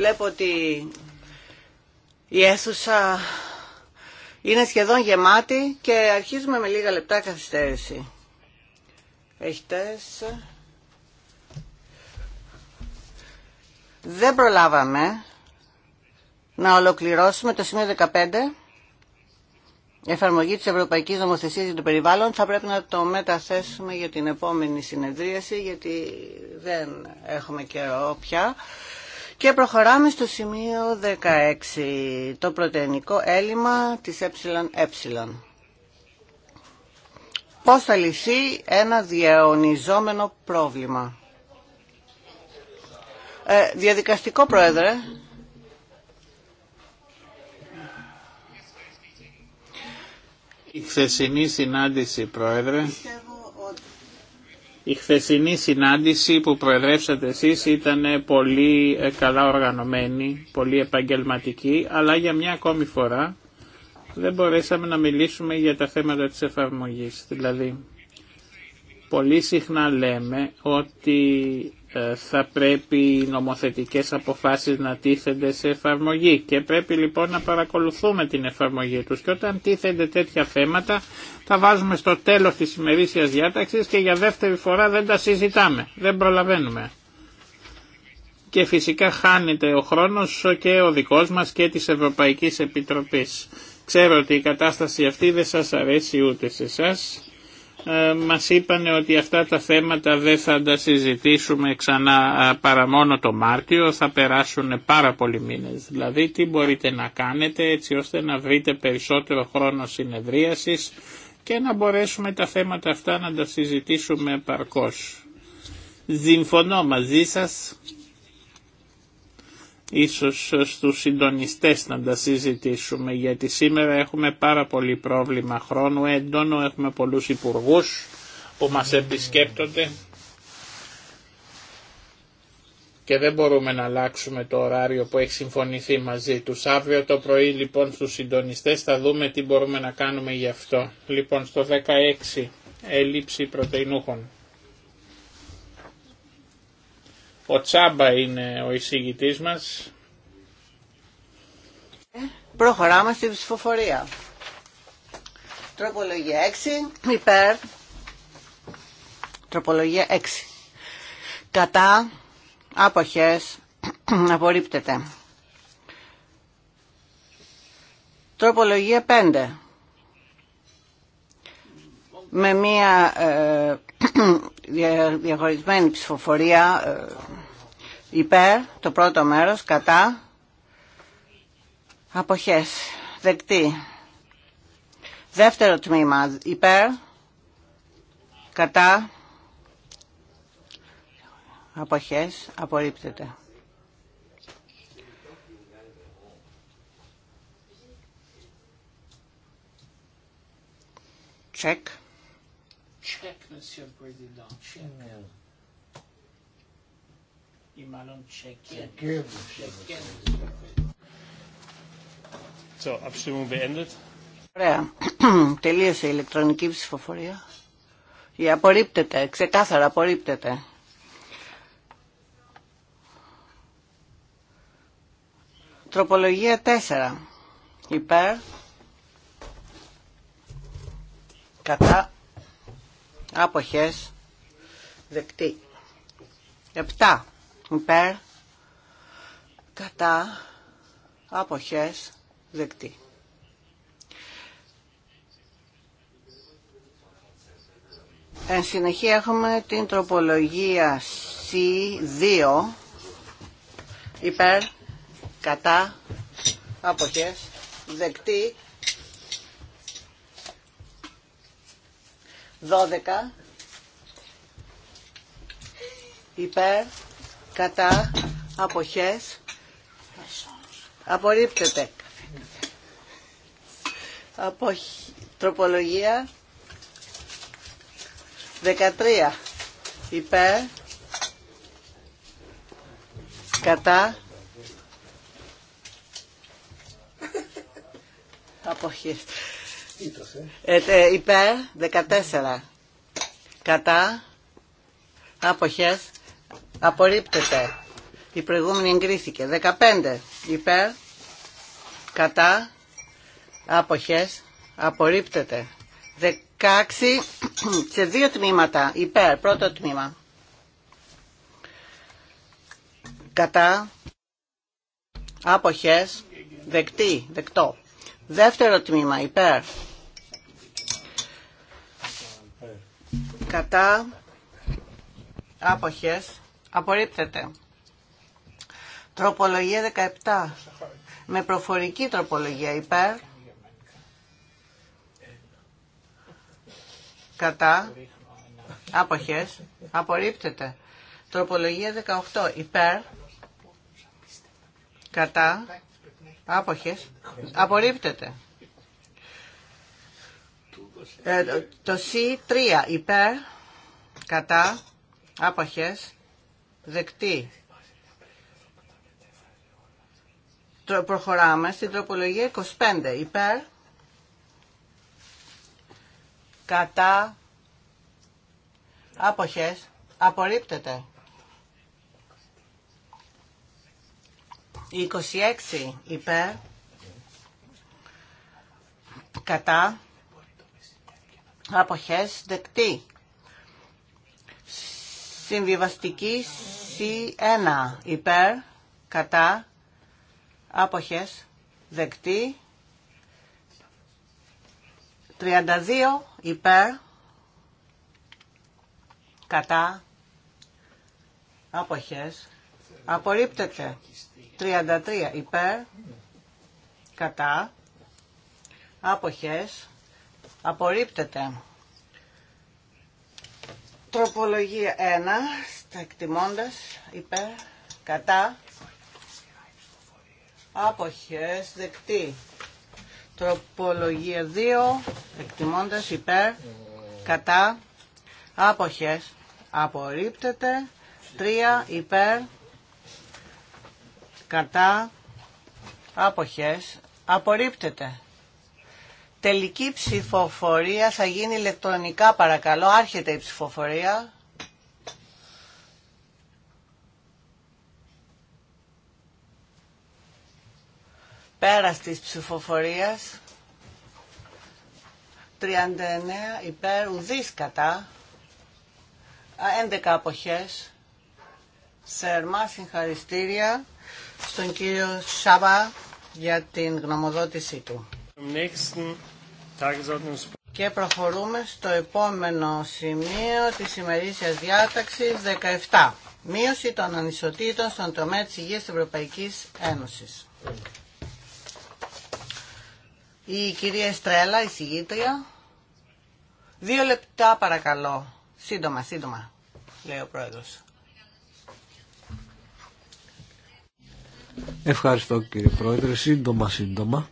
Βλέπω ότι η αίθουσα είναι σχεδόν γεμάτη και αρχίζουμε με λίγα λεπτά καθυστέρηση. Έχτες. Δεν προλάβαμε να ολοκληρώσουμε το σημείο 15. Εφαρμογή της Ευρωπαϊκής Νομοθεσίας για το περιβάλλον θα πρέπει να το μεταθέσουμε για την επόμενη συνεδρίαση γιατί δεν έχουμε καιρό πια. Και προχωράμε στο σημείο 16, το πρωτεϊνικό έλλειμμα της ΕΕ. Πώς θα λυθεί ένα διαονιζόμενο πρόβλημα. Ε, διαδικαστικό πρόεδρε. Η χθεσινή συνάντηση πρόεδρε. Η χθεσινή συνάντηση που προεδρεύσατε εσείς ήταν πολύ ε, καλά οργανωμένη, πολύ επαγγελματική, αλλά για μια ακόμη φορά δεν μπορέσαμε να μιλήσουμε για τα θέματα της εφαρμογής. Δηλαδή, πολύ συχνά λέμε ότι ε, θα πρέπει οι νομοθετικές αποφάσεις να τίθενται σε εφαρμογή και πρέπει λοιπόν να παρακολουθούμε την εφαρμογή τους και όταν τίθενται τέτοια θέματα τα βάζουμε στο τέλος της ημερήσιας διάταξης και για δεύτερη φορά δεν τα συζητάμε, δεν προλαβαίνουμε. Και φυσικά χάνεται ο χρόνος και ο δικός μας και της Ευρωπαϊκής Επιτροπής. Ξέρω ότι η κατάσταση αυτή δεν σας αρέσει ούτε σε εσάς ε, μας είπαν ότι αυτά τα θέματα δεν θα τα συζητήσουμε ξανά παρά μόνο το Μάρτιο, θα περάσουν πάρα πολλοί μήνες. Δηλαδή τι μπορείτε να κάνετε έτσι ώστε να βρείτε περισσότερο χρόνο συνεδρίασης και να μπορέσουμε τα θέματα αυτά να τα συζητήσουμε παρκώς. Συμφωνώ μαζί σας ίσως στους συντονιστές να τα συζητήσουμε γιατί σήμερα έχουμε πάρα πολύ πρόβλημα χρόνου έντονο, έχουμε πολλούς υπουργούς που μας επισκέπτονται και δεν μπορούμε να αλλάξουμε το ωράριο που έχει συμφωνηθεί μαζί τους. Αύριο το πρωί λοιπόν στους συντονιστές θα δούμε τι μπορούμε να κάνουμε γι' αυτό. Λοιπόν στο 16 έλλειψη πρωτεϊνούχων. Ο Τσάμπα είναι ο εισηγητής μας. Προχωράμε στην ψηφοφορία. Τροπολογία 6, υπέρ. Τροπολογία 6. Κατά, άποχες, απορρίπτεται. Τροπολογία 5 με μια ε, διαχωρισμένη ψηφοφορία ε, υπέρ, το πρώτο μέρος, κατά, αποχές, δεκτή. Δεύτερο τμήμα, υπέρ, κατά, αποχές, απορρίπτεται. Check. Check, Monsieur le Président, check. Mm. check Check m'allons check Checker, So, Abstimmung beendet. Ωραία. Τελείωσε η ηλεκτρονική ψηφοφορία. Η απορρίπτεται, ξεκάθαρα απορρίπτεται. Τροπολογία 4. Υπέρ. Κατά. Άποχες. Δεκτή. Επτά. Υπέρ. Κατά. Άποχες. Δεκτή. Εν συνεχεία έχουμε την τροπολογία C2 υπέρ, κατά, αποχές, δεκτή 12 υπέρ, κατά, αποχές, απορρίπτεται. Από τροπολογία 13 υπέρ, κατά, αποχές. Ε. Ε, υπέρ 14. Κατά. Αποχές. Απορρίπτεται. Η προηγούμενη εγκρίθηκε. 15. Υπέρ. Κατά. Αποχές. Απορρίπτεται. 16 σε δύο τμήματα. Υπέρ. Πρώτο τμήμα. Κατά. Αποχές. Δεκτή. Δεκτό. Δεύτερο τμήμα. Υπέρ. κατά άποχες απορρίπτεται. Τροπολογία 17 με προφορική τροπολογία υπέρ κατά άποχες απορρίπτεται. Τροπολογία 18 υπέρ κατά άποχες απορρίπτεται. Ε, το C3 υπέρ, κατά, άποχες, δεκτή. Προχωράμε στην τροπολογία 25 υπέρ, κατά, άποχες, απορρίπτεται. 26 υπέρ, κατά, αποχές δεκτή. Συμβιβαστική C1 υπέρ, κατά, άποχες, δεκτή. 32 υπέρ, κατά, άποχες, απορρίπτεται. 33 υπέρ, κατά, άποχες, Απορρίπτεται. Τροπολογία 1, στα εκτιμώντας, υπέρ, κατά, άποχες, δεκτή. Τροπολογία 2, εκτιμώντας, υπέρ, κατά, άποχες, απορρίπτεται. 3, υπέρ, κατά, άποχες, απορρίπτεται. Τελική ψηφοφορία θα γίνει ηλεκτρονικά παρακαλώ. Άρχεται η ψηφοφορία. Πέρας της ψηφοφορίας. 39 υπέρ ουδής κατά. 11 αποχές. Σερμά συγχαριστήρια στον κύριο Σάμπα για την γνωμοδότησή του. Και προχωρούμε στο επόμενο σημείο της ημερήσιας διάταξης 17. Μείωση των ανισοτήτων στον τομέα της υγείας της Ευρωπαϊκής Ένωσης. Η κυρία Στρέλα, η συγγήτρια. Δύο λεπτά παρακαλώ. Σύντομα, σύντομα, λέει ο πρόεδρος. Ευχαριστώ κύριε πρόεδρε. Σύντομα, σύντομα.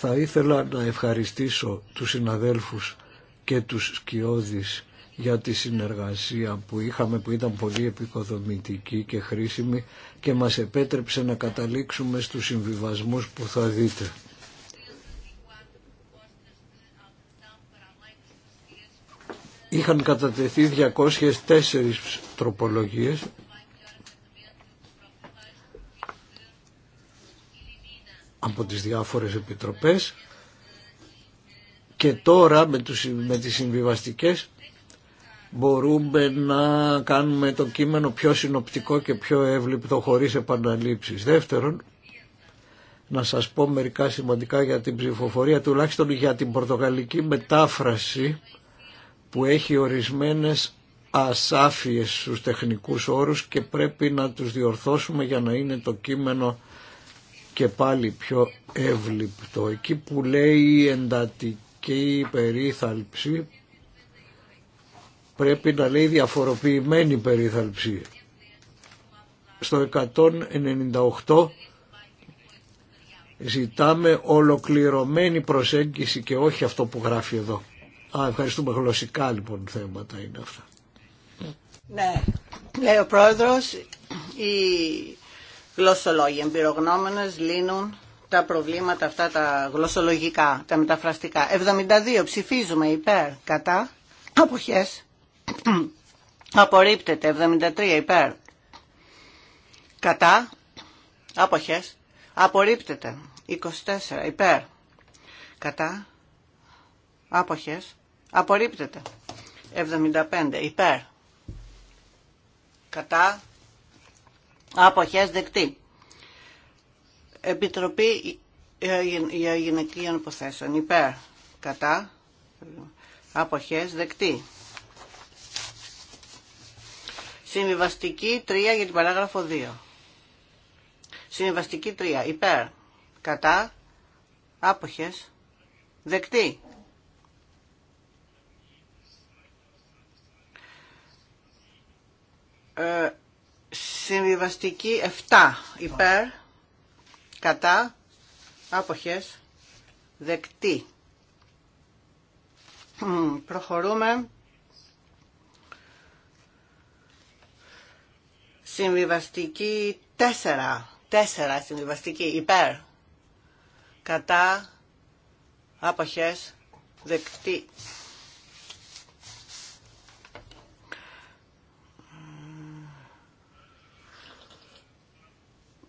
Θα ήθελα να ευχαριστήσω τους συναδέλφους και τους σκιώδεις για τη συνεργασία που είχαμε που ήταν πολύ επικοδομητική και χρήσιμη και μας επέτρεψε να καταλήξουμε στους συμβιβασμούς που θα δείτε. Είχαν κατατεθεί 204 τροπολογίες από τις διάφορες επιτροπές και τώρα με, τους, με τις συμβιβαστικές μπορούμε να κάνουμε το κείμενο πιο συνοπτικό και πιο εύληπτο χωρίς επαναλήψεις. Δεύτερον, να σας πω μερικά σημαντικά για την ψηφοφορία, τουλάχιστον για την πορτογαλική μετάφραση που έχει ορισμένες ασάφειες στους τεχνικούς όρους και πρέπει να τους διορθώσουμε για να είναι το κείμενο και πάλι πιο εύληπτο. Εκεί που λέει εντατική περίθαλψη πρέπει να λέει διαφοροποιημένη περίθαλψη. Στο 198 ζητάμε ολοκληρωμένη προσέγγιση και όχι αυτό που γράφει εδώ. Α, ευχαριστούμε γλωσσικά λοιπόν θέματα είναι αυτά. Ναι, λέει ο πρόεδρος, η γλωσσολόγοι, εμπειρογνώμονες λύνουν τα προβλήματα αυτά τα γλωσσολογικά, τα μεταφραστικά. 72 ψηφίζουμε υπέρ, κατά, αποχές, απορρίπτεται, 73 υπέρ, κατά, αποχές, απορρίπτεται, 24 υπέρ, κατά, άποχες, απορρίπτεται, 75 υπέρ, κατά, Αποχές δεκτή. Επιτροπή ε, για γυναικείων υποθέσεων. Υπέρ. Κατά. Αποχές δεκτή. Συμβιβαστική 3 για την παράγραφο 2. Συμβιβαστική 3. Υπέρ. Κατά. Άποχες. Δεκτή. Ε, Συμβιβαστική 7 υπέρ, κατά, άποχες, δεκτή. Προχωρούμε. Συμβιβαστική 4. 4 συμβιβαστική υπέρ. Κατά, άποχες, δεκτή.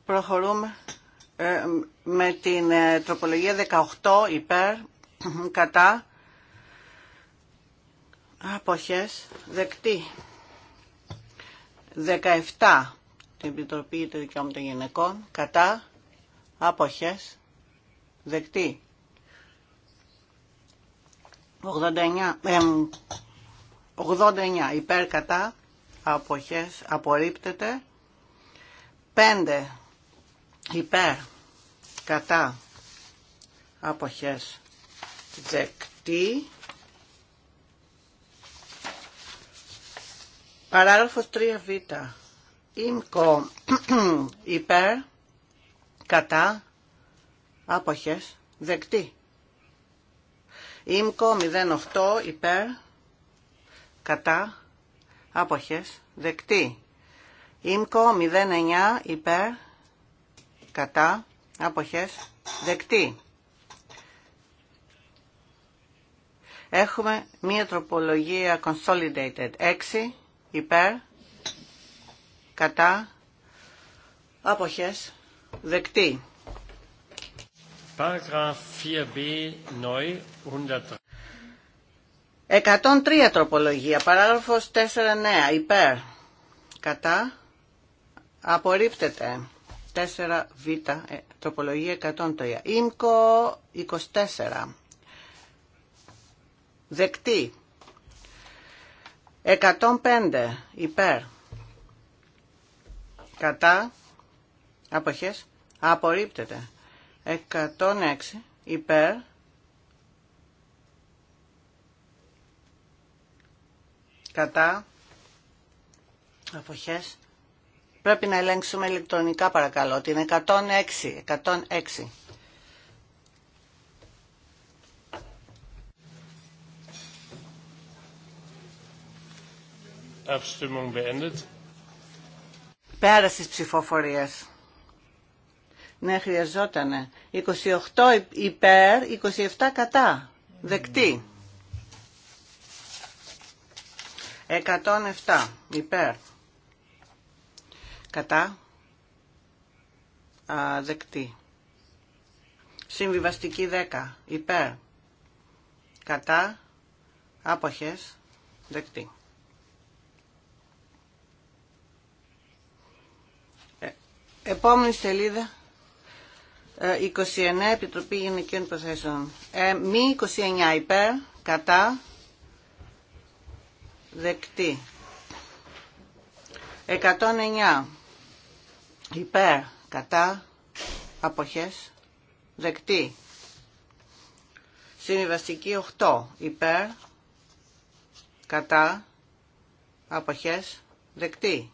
Προχωρούμε ε, με την ε, τροπολογία 18 υπέρ, κατά, αποχές, δεκτή. 17 την Επιτροπή του Δικαιωμάτων των Γυναικών, κατά, αποχές, δεκτή. 89, 89 υπέρ, κατά, αποχές, απορρίπτεται. 5 υπέρ κατά αποχές δεκτή παράγραφος 3β ΙΜΚΟ υπέρ κατά άποχες δεκτή ΙΜΚΟ 08 υπέρ κατά άποχες δεκτή ΙΜΚΟ 09 υπέρ κατά, αποχές, δεκτή. Έχουμε μία τροπολογία consolidated, 6, υπέρ, κατά, αποχές, δεκτή. 4b, 103. 103 τροπολογία, παράγραφος 4 νέα, υπέρ, κατά, απορρίπτεται. 4β, ε, τροπολογία 103. Ήμκο 24. Δεκτή. 105 υπέρ. Κατά. Αποχές. Απορρίπτεται. 106 υπέρ. Κατά. Αποχές. Πρέπει να ελέγξουμε ηλεκτρονικά παρακαλώ την 106. 106. Abstimmung beendet. Πέρασε Ναι, χρειαζότανε. 28 υπέρ, 27 κατά. Δεκτή. 107 mm. υπέρ. Κατά. Α, δεκτή. Συμβιβαστική 10. Υπέρ. Κατά. Άποχες. Δεκτή. Ε, επόμενη σελίδα. 29 ε, Επιτροπή Γυναικείων Υποθέσεων. Ε, μη 29 υπέρ, κατά, δεκτή. 109 υπέρ κατά αποχές δεκτή. Συμβιβαστική 8 υπέρ κατά αποχές δεκτή.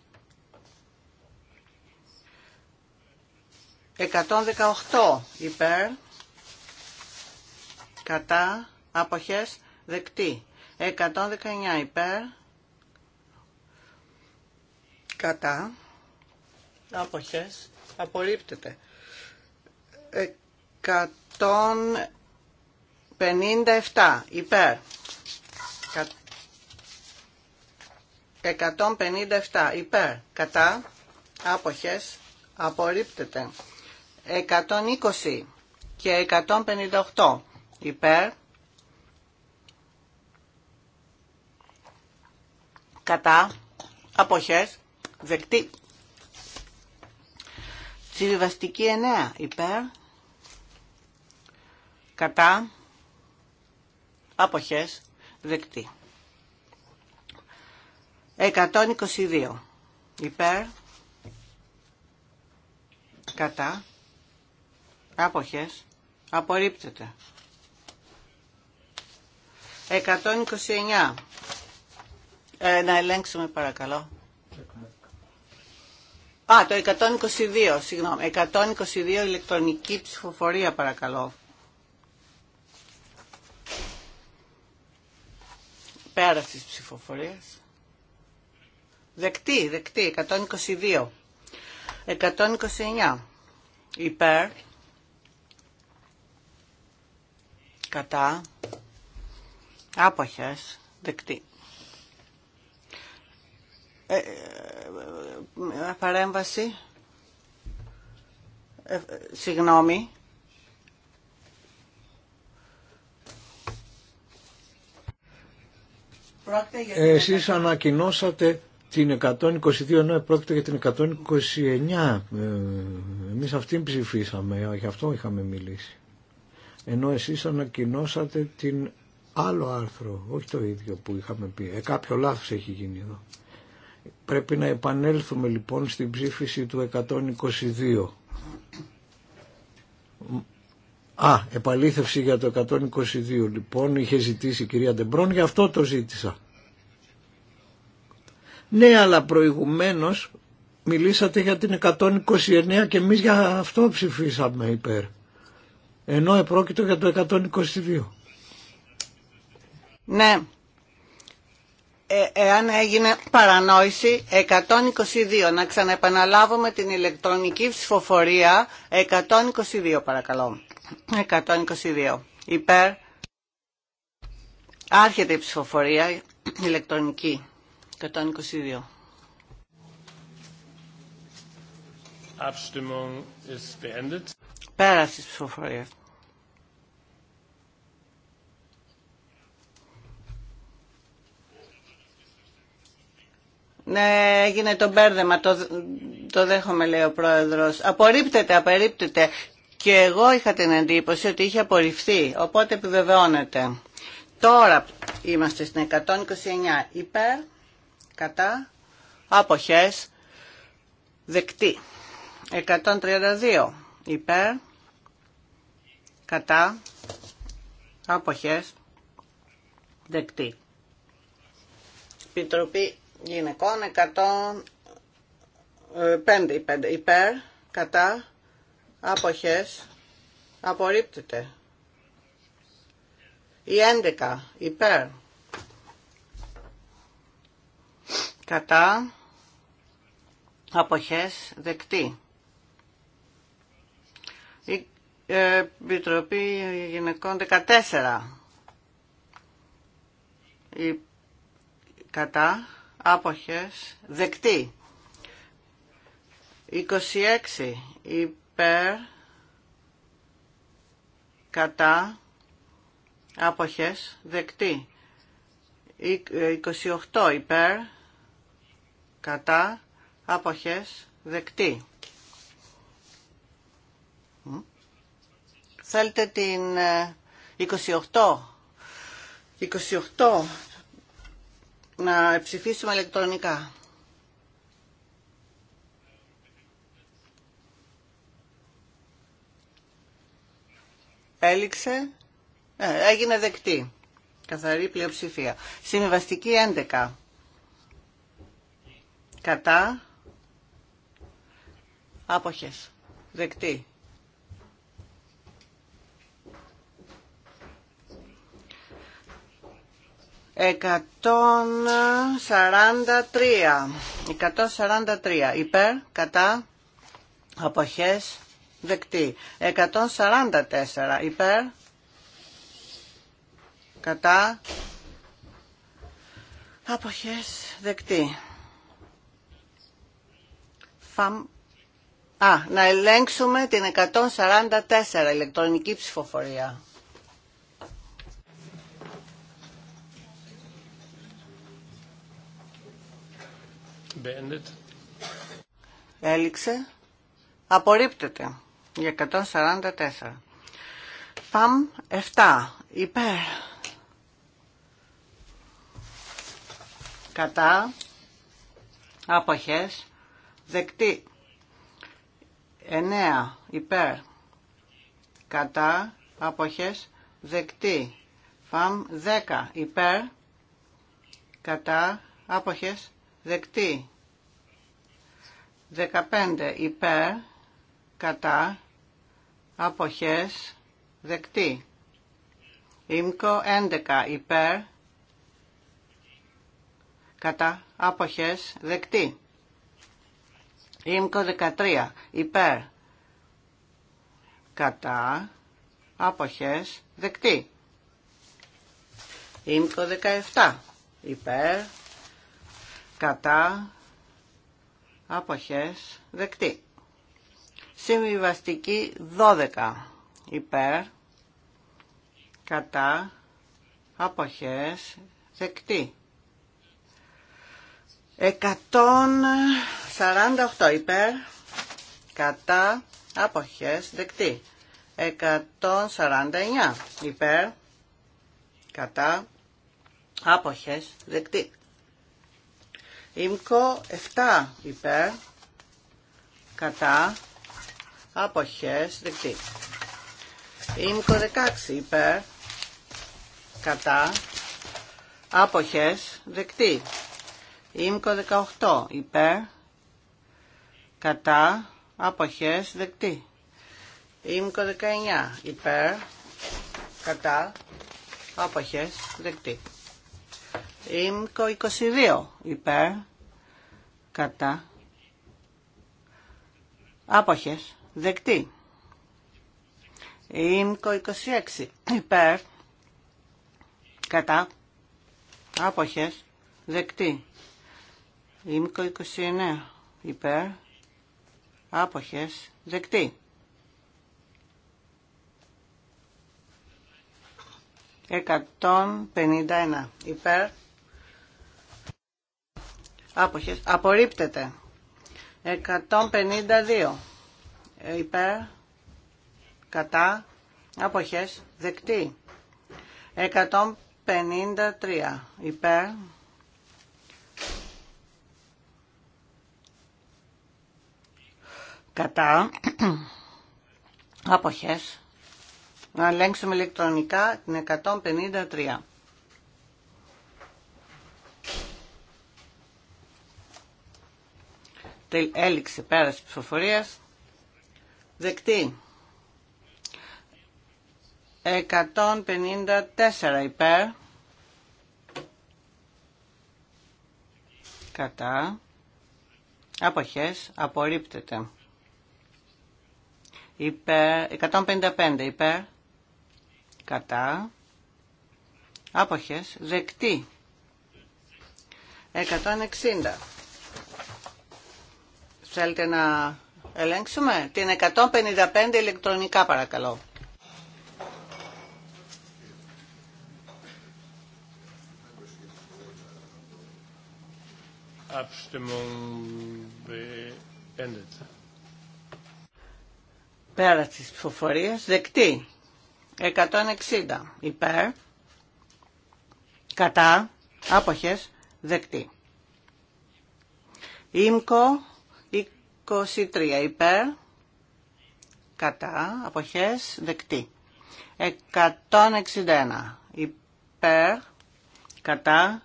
118 υπέρ κατά αποχές δεκτή. 119 υπέρ κατά αποχές απορρίπτεται 157 υπέρ 157 υπέρ κατά άποχες απορρίπτεται 120 και 158 υπέρ κατά αποχές δεκτή Συμβιβαστική 9 υπέρ. Κατά. Αποχές. Δεκτή. 122 υπέρ. Κατά. Άποχες. Απορρίπτεται. 129. Ε, να ελέγξουμε παρακαλώ. Α, το 122, συγγνώμη. 122 ηλεκτρονική ψηφοφορία παρακαλώ. Πέρας της ψηφοφορίας. Δεκτή, δεκτή, 122. 129. Υπέρ. Κατά. Άποχες. Δεκτή. Ε, ε, ε, παρέμβαση, συγγνώμη, Εσείς ανακοινώσατε την 122 ενώ πρόκειται για την 129. Ναι, εμείς αυτήν ψηφίσαμε, γι' αυτό είχαμε μιλήσει. Ενώ εσείς ανακοινώσατε την άλλο άρθρο, όχι το ίδιο που είχαμε πει. Ε, κάποιο λάθος έχει γίνει εδώ. Πρέπει να επανέλθουμε λοιπόν στην ψήφιση του 122. Α, επαλήθευση για το 122 λοιπόν είχε ζητήσει η κυρία Ντεμπρόν, γι' αυτό το ζήτησα. Ναι, αλλά προηγουμένως μιλήσατε για την 129 και εμείς για αυτό ψηφίσαμε υπέρ. Ενώ επρόκειτο για το 122. Ναι, ε, εάν έγινε παρανόηση 122. Να ξαναεπαναλάβουμε την ηλεκτρονική ψηφοφορία 122 παρακαλώ. 122. Υπέρ. Άρχεται η ψηφοφορία ηλεκτρονική. 122. Abstimmung ist beendet. Πέραση ψηφοφορία. Ναι, έγινε το μπέρδεμα, το, το δέχομαι λέει ο πρόεδρος. Απορρίπτεται, απορρίπτεται. Και εγώ είχα την εντύπωση ότι είχε απορριφθεί, οπότε επιβεβαιώνεται. Τώρα είμαστε στην 129 υπέρ, κατά, αποχές, δεκτή. 132 υπέρ, κατά, αποχές, δεκτή. Επιτροπή γυναικών 105 ε, υπέρ κατά αποχές απορρίπτεται η 11 υπέρ κατά αποχές δεκτή η ε, Επιτροπή Γυναικών 14 η, κατά άποχες, δεκτή. 26 υπέρ, κατά, άποχες, δεκτή. 28 ε, υπέρ, κατά, άποχες, δεκτή. Θέλετε την 28. Ε, 28 να ψηφίσουμε ηλεκτρονικά. Έληξε. Ε, έγινε δεκτή. Καθαρή πλειοψηφία. συμβαστική 11. Κατά. Άποχες. Δεκτή. 143. 143. Υπέρ, κατά, αποχές, δεκτή. 144. Υπέρ, κατά, αποχές, δεκτή. Φαμ... Α, να ελέγξουμε την 144 ηλεκτρονική ψηφοφορία. Έληξε. Απορρίπτεται. Για 144. Παμ 7. Υπέρ. Κατά. Αποχές. Δεκτή. 9. Υπέρ. Κατά. Αποχές. Δεκτή. Φαμ 10. Υπέρ. Κατά. Άποχες. Δεκτή. 15 υπέρ κατά αποχές δεκτή. Ήμκο 11 υπέρ κατά αποχές δεκτή. Ήμκο 13 υπέρ κατά αποχές δεκτή. Ήμκο 17 υπέρ κατά αποχές δεκτή. Συμβιβαστική 12 υπέρ κατά αποχές δεκτή. 148 υπέρ κατά αποχές δεκτή. 149 υπέρ κατά αποχές δεκτή. Ήμκο 7 υπέρ, κατά, αποχές, δεκτή. Ήμκο 16 υπέρ, κατά, αποχές, δεκτή. Ήμκο 18 υπέρ, κατά, αποχές, δεκτή. Ήμκο 19 υπέρ, κατά, αποχές, δεκτή. Ήμκο 22 υπέρ κατά άποχες δεκτή Ήμκο 26 υπέρ κατά άποχες δεκτή Ήμκο 29 υπέρ άποχες δεκτή 151 υπέρ Άποχες. Απορρίπτεται. 152. Ε, υπέρ. Κατά. Άποχες. Δεκτή. 153. Υπέρ. Κατά. Άποχες. Να ελέγξουμε ηλεκτρονικά την 153. Έληξε πέρας ψηφοφορίας. Δεκτή. 154 υπέρ. Κατά. Αποχές. Απορρίπτεται. Υπέρ. 155 υπέρ. Κατά. Άποχες. Δεκτεί. 160. Θέλετε να ελέγξουμε την 155 ηλεκτρονικά παρακαλώ. Πέρα τη ψηφοφορία, δεκτή. 160 υπέρ, κατά, άποχες, δεκτή. Ήμκο 23 υπέρ, κατά, αποχές, δεκτή. 161 υπέρ, κατά,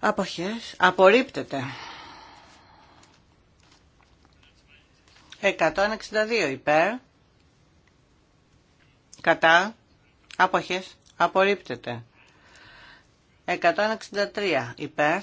αποχές, απορρίπτεται. 162 υπέρ, κατά, αποχές, απορρίπτεται. 163 υπέρ,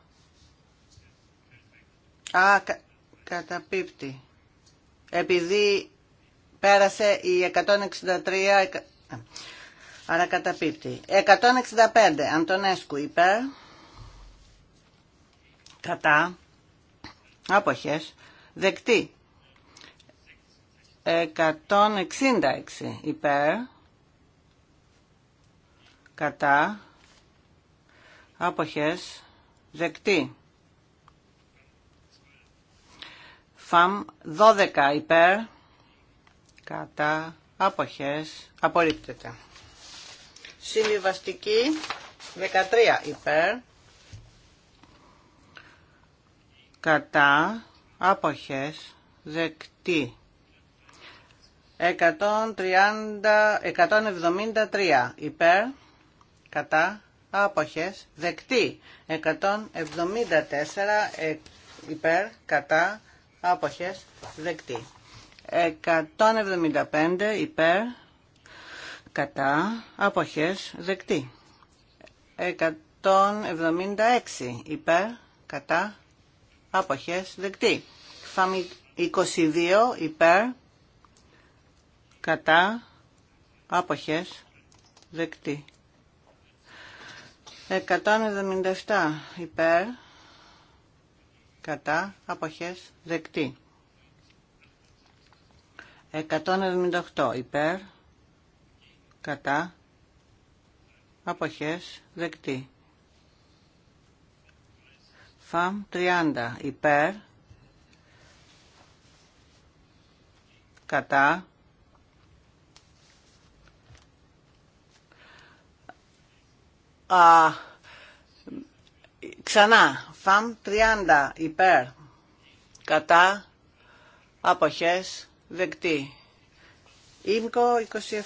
Α, καταπίπτει. Επειδή πέρασε η 163, άρα καταπίπτει. 165, Αντωνέσκου υπέρ, κατά, άποχες, δεκτή. 166 υπέρ, κατά, άποχες, δεκτή. ΦΑΜ 12 υπέρ κατά αποχές απορρίπτεται. Συμβιβαστική 13 υπέρ κατά άποχες δεκτή 130, 173 υπέρ κατά άποχες δεκτή 174 ε, υπέρ κατά Αποχές. Δεκτή. 175 υπέρ. Κατά. Αποχές. Δεκτή. 176 υπέρ. Κατά. Αποχές. Δεκτή. 22 υπέρ. Κατά. Άποχες. Δεκτή. 177 υπέρ κατά αποχές δεκτή. 178 υπέρ κατά αποχές δεκτή. ΦΑΜ 30 υπέρ κατά Α, Ξανά, ΦΑΜ 30 υπέρ, κατά, αποχές, δεκτή. ΙΜΚΟ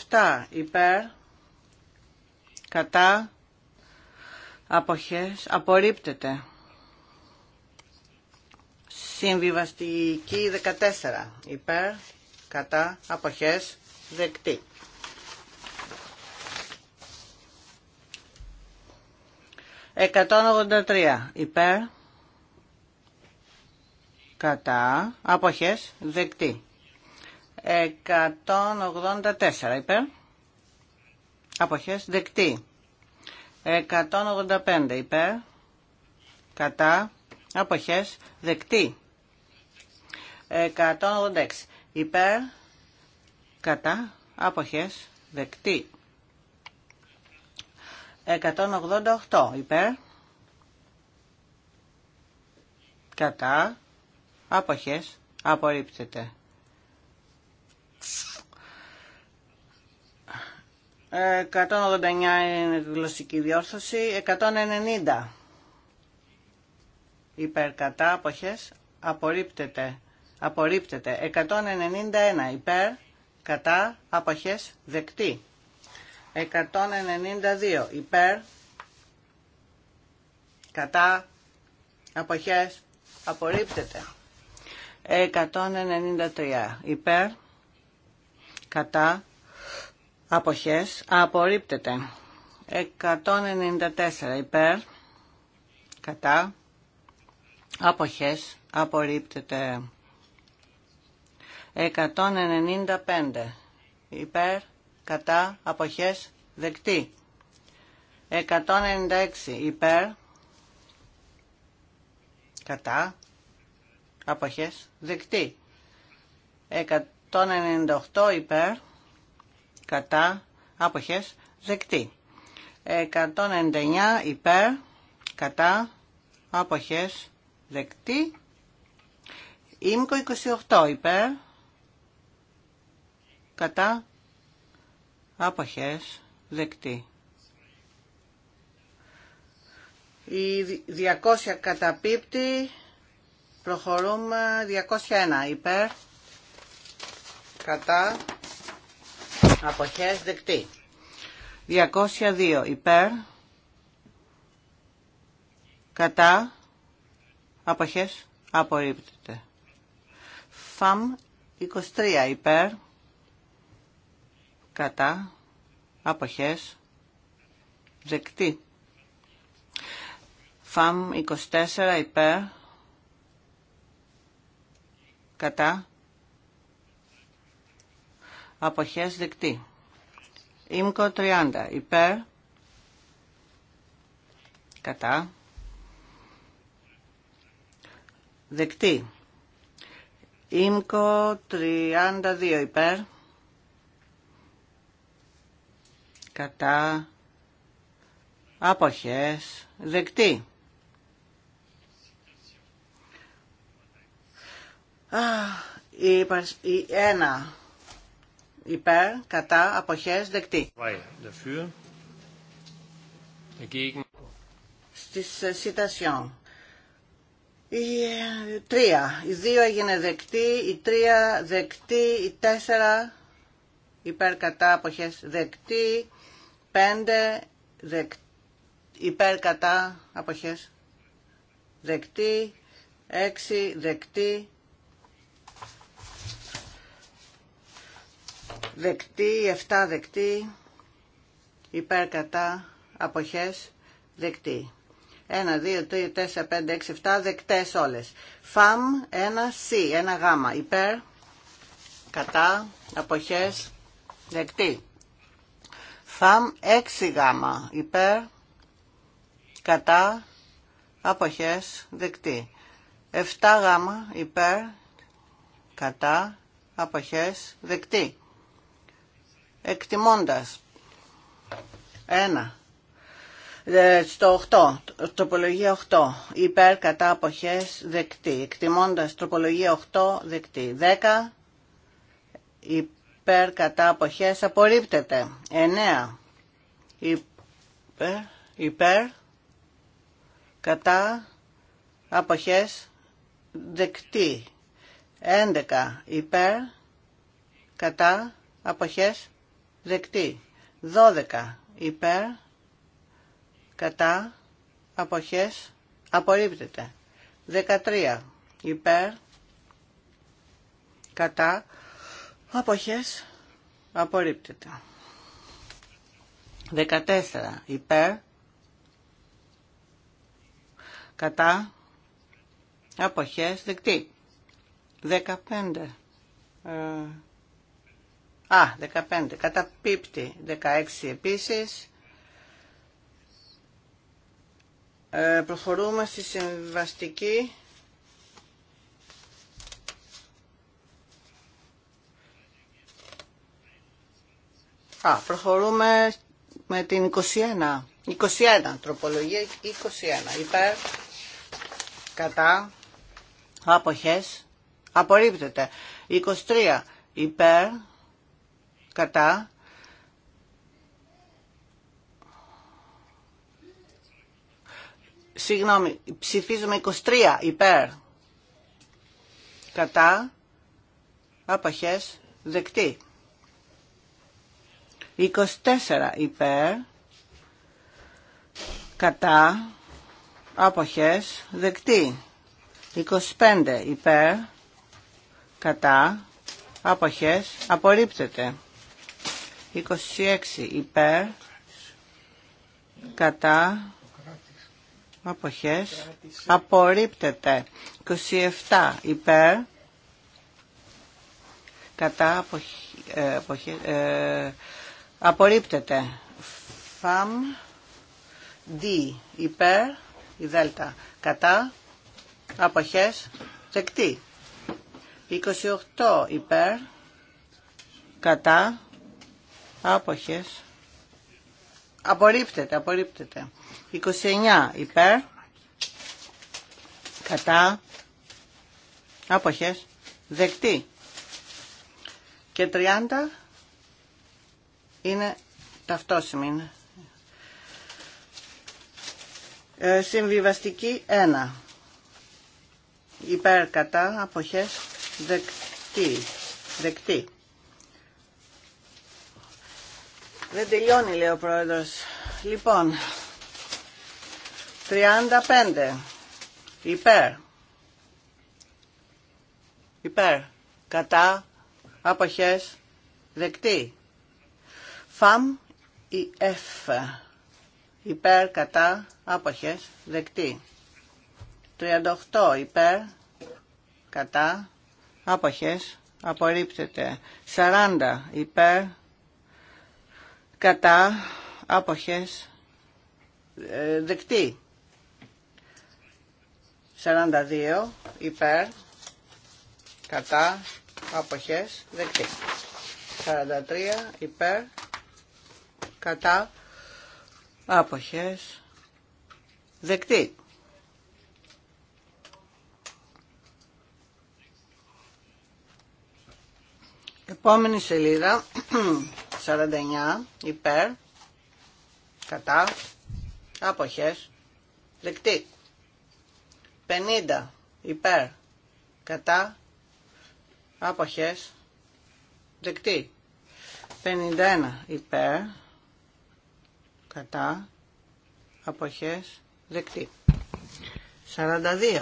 27 υπέρ, κατά, αποχές, απορρίπτεται. Συμβιβαστική 14 υπέρ, κατά, αποχές, δεκτή. 183 υπέρ κατά αποχές δεκτή 184 υπέρ αποχές δεκτή 185 υπέρ κατά αποχές δεκτή 186 υπέρ κατά αποχές δεκτή 188 υπέρ. Κατά. Άποχες. Απορρίπτεται. Ε, 189 είναι γλωσσική διόρθωση. 190 υπέρ κατά άποχες. Απορρίπτεται. Απορρίπτεται. 191 υπέρ κατά άποχες δεκτή. 192 υπέρ κατά αποχές απορρίπτεται 193 υπέρ κατά αποχές απορρίπτεται 194 υπέρ κατά αποχές απορρίπτεται 195 υπέρ κατά αποχές δεκτή. 196 υπέρ κατά αποχές δεκτή. 198 υπέρ κατά αποχές δεκτή. 199 υπέρ κατά αποχές δεκτή. Ήμκο 28 υπέρ κατά Αποχές. Δεκτή. Η 200 καταπίπτει. Προχωρούμε 201 υπέρ. Κατά. Αποχές δεκτή. 202 υπέρ. Κατά. Αποχές απορρίπτεται. ΦΑΜ 23 υπέρ κατά, αποχές, δεκτή. ΦΑΜ 24 υπέρ, κατά, αποχές, δεκτή. Ήμκο 30 υπέρ, κατά, δεκτή. Ήμκο 32 υπέρ, κατά αποχές δεκτή. Η, η ένα υπέρ κατά αποχές δεκτή. Στις σιτασιόν. Ε, η ε, τρία. Η δύο έγινε δεκτή, η τρία δεκτή, η τέσσερα υπέρ κατά αποχές δεκτή, 5 δεκ, υπέρ κατά αποχές δεκτή 6 δεκτή δεκτή 7 δεκτή υπέρ αποχές δεκτή 1, 2, 3, 4, 5, 6, 7 δεκτές όλες φαμ 1, c 1 γ υπέρ κατά αποχές δεκτή ΦΑΜ 6 γάμα υπέρ κατά αποχές δεκτή. 7 γάμα υπέρ κατά αποχές δεκτή. Εκτιμώντας 1. Ε, στο 8, τροπολογία 8, υπέρ κατά αποχές δεκτή. Εκτιμώντας τροπολογία 8, δεκτή. 10, υπέρ κατά αποχές απορρίπτεται. 9 υπέρ, υπέρ κατά αποχές δεκτή. 11 υπέρ κατά αποχές δεκτή. 12 υπέρ κατά αποχές απορρίπτεται. 13 υπέρ κατά Αποχές. Απορρίπτεται. 14. Υπέρ. Κατά. Αποχές. Δεκτή. 15. Ε, α, 15. Κατά πίπτη 16 επίσης. Ε, προχωρούμε στη συμβαστική Α, προχωρούμε με την 21. 21, τροπολογία 21. Υπέρ, κατά, αποχές, απορρίπτεται. 23, υπέρ, κατά, Συγγνώμη, ψηφίζουμε 23 υπέρ, κατά, αποχές, δεκτή. 24 υπέρ, κατά, άποχες, δεκτή. 25 υπέρ, κατά, άποχες, απορρίπτεται. 26 υπέρ, κατά, αποχές, απορρίπτεται. 27 υπέρ, κατά, αποχές, Απορρίπτεται. Φαμ. Δι. Υπέρ. Η δέλτα. Κατά. Αποχές. Δεκτή. 28 υπέρ. Κατά. Άποχες. Απορρίπτεται, απορρίπτεται. 29 υπέρ. Κατά. Άποχες. Δεκτή. Και 30 είναι ταυτόσιμη. Ε, συμβιβαστική 1. Υπέρ κατά αποχές δεκτή. δεκτή. Δεν τελειώνει λέει ο πρόεδρος. Λοιπόν, 35. Υπέρ. Υπέρ. Κατά. Αποχές. Δεκτή. ΦΑΜ ή F. Υπέρ, κατά, άποχες, δεκτή. 38. Υπέρ, κατά, άποχες, απορρίπτεται. 40. Ε, υπέρ, κατά, άποχες, δεκτή. 42. Υπέρ, κατά, άποχες, δεκτή. 43. Υπέρ, κατά άποχες δεκτή. Επόμενη σελίδα, 49, υπέρ, κατά, άποχες, δεκτή. 50, υπέρ, κατά, άποχες, δεκτή. 51, υπέρ, κατά αποχές δεκτή. 42,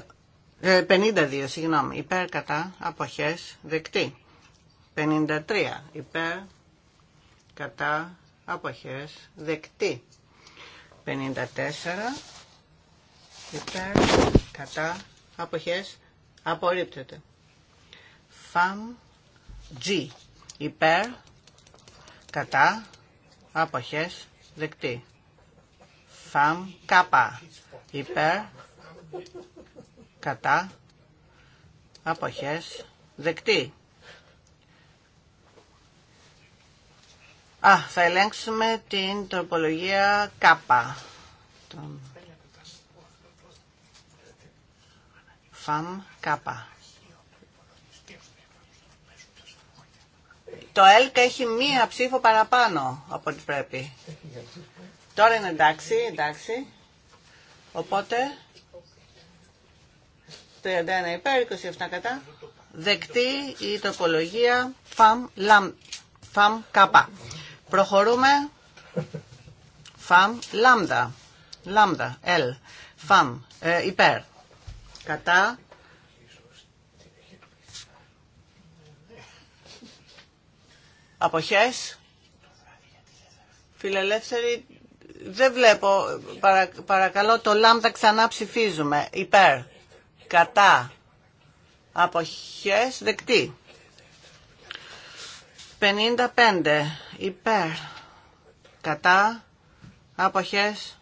52 ε, συγγνώμη, υπέρ κατά αποχές δεκτή. 53 υπέρ κατά αποχές δεκτή. 54 υπέρ κατά αποχές απορρίπτεται. Φαμ G υπέρ κατά αποχές Δεκτή. Φαμ κάπα. Υπέρ. Κατά. Αποχές. Δεκτή. Α, θα ελέγξουμε την τροπολογία κάπα. Φαμ κάπα. Το ΕΛΚ έχει μία ψήφο παραπάνω από ό,τι πρέπει. Τώρα είναι εντάξει, εντάξει. Οπότε, 31 υπέρ, 27 κατά. Δεκτή η τοπολογία ΦΑΜ, λαμ, φαμ καπα. Προχωρούμε. ΦΑΜ λάμδα. Λάμδα, L. ΦΑΜ, ε, υπέρ. Κατά, Αποχές. Φιλελεύθεροι, δεν βλέπω, παρακαλώ το λάμδα ξανά ψηφίζουμε. Υπέρ, κατά, αποχές, δεκτή. 55, υπέρ, κατά, αποχές,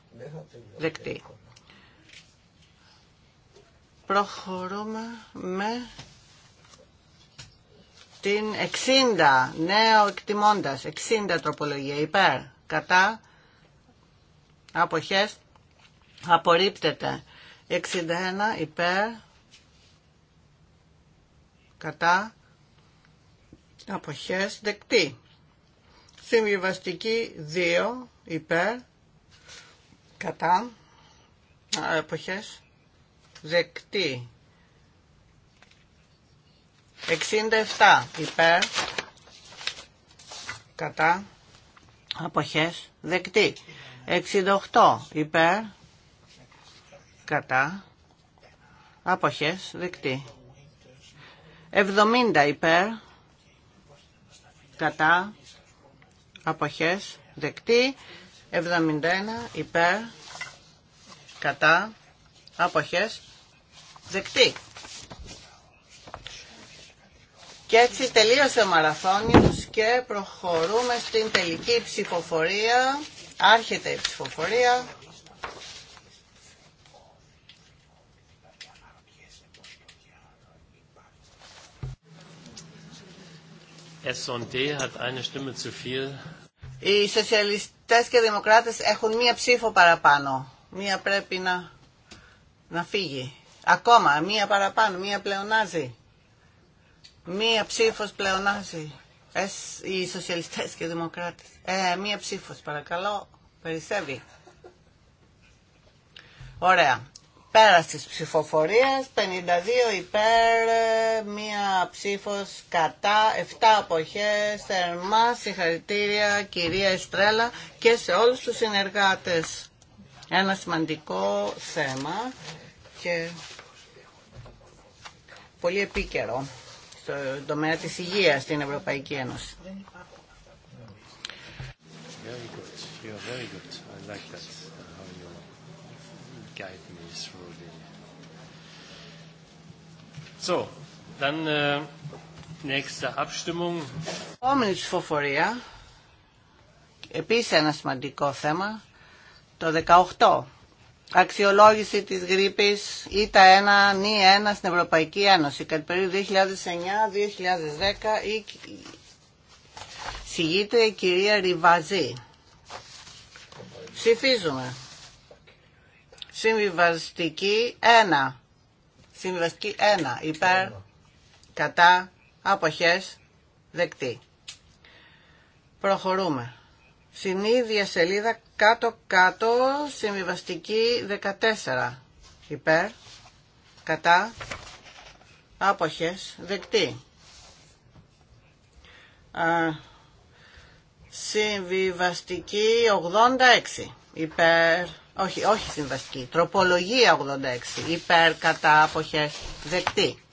δεκτή. Προχωρούμε με την 60, νέο εκτιμώντας, 60 τροπολογία, υπέρ, κατά, αποχές, απορρίπτεται. 61 υπέρ, κατά, αποχές, δεκτή. Συμβιβαστική 2 υπέρ, κατά, αποχές, δεκτή. 67 υπέρ κατά αποχές δεκτή 68 υπέρ κατά αποχές δεκτή 70 υπέρ κατά αποχές δεκτή 71 υπέρ κατά αποχές δεκτή και έτσι τελείωσε ο μαραθώνιος και προχωρούμε στην τελική ψηφοφορία. Άρχεται η ψηφοφορία. Οι σοσιαλιστές και δημοκράτες έχουν μία ψήφο παραπάνω. Μία πρέπει να, να φύγει. Ακόμα, μία παραπάνω, μία πλεονάζει. Μία ψήφος πλεονάζει. οι σοσιαλιστέ και οι δημοκράτες. Ε, μία ψήφος παρακαλώ. Περισσεύει. Ωραία. Πέρα τη ψηφοφορία, 52 υπέρ, ε, μία ψήφος κατά, 7 αποχές, θερμά συγχαρητήρια κυρία Εστρέλα και σε όλους τους συνεργάτε. Ένα σημαντικό θέμα και πολύ επίκαιρο. Το τομέα της υγείας στην Ευρωπαϊκή Ένωση. So, Επόμενη ψηφοφορία, επίσης ένα σημαντικό θέμα, το 18 αξιολόγηση της γρήπης 2009-2010. Συγγείτε η κυρία Ριβαζή. Ψηφίζουμε. Συμβιβαζιστική 1 νη 1 στην Ευρωπαϊκή Ένωση κατά περίοδο 2009-2010 ή συγείται η κυρία Ριβαζή. Ψηφίζουμε. Συμβιβαστική 1. Συμβιβαστική 1. Υπέρ, κατά, αποχές, δεκτή. Προχωρούμε. Στην ίδια σελίδα κάτω-κάτω συμβιβαστική 14. Υπέρ, κατά, άποχες, δεκτή. Α, συμβιβαστική 86. Υπέρ, όχι, όχι συμβαστική, τροπολογία 86. Υπέρ, κατά, άποχες, δεκτή.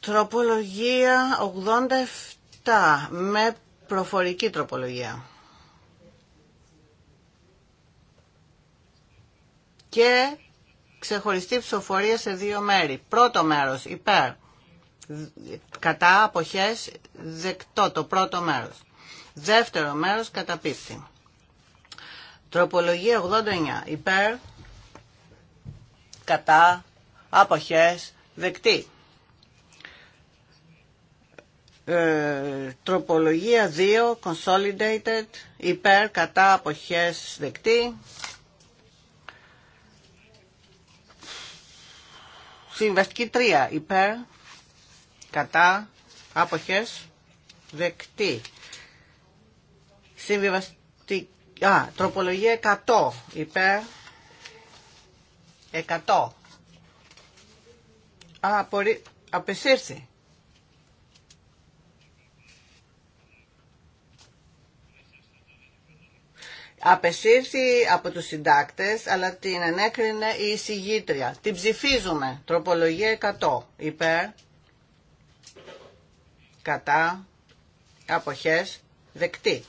Τροπολογία 87 με προφορική τροπολογία. Και ξεχωριστή ψηφοφορία σε δύο μέρη. Πρώτο μέρος υπέρ, κατά αποχές δεκτό το πρώτο μέρος. Δεύτερο μέρος πίστη. Τροπολογία 89 υπέρ, κατά αποχές δεκτή. Ε, τροπολογία 2, consolidated, υπέρ, κατά, αποχές, δεκτή. Συμβαστική 3, υπέρ, κατά, αποχές, δεκτή. Συμβιβαστική, α, τροπολογία 100, υπέρ, 100. Α, απεσύρθη από τους συντάκτες, αλλά την ενέκρινε η εισηγήτρια. Την ψηφίζουμε. Τροπολογία 100. Υπέρ, κατά, αποχές, δεκτή.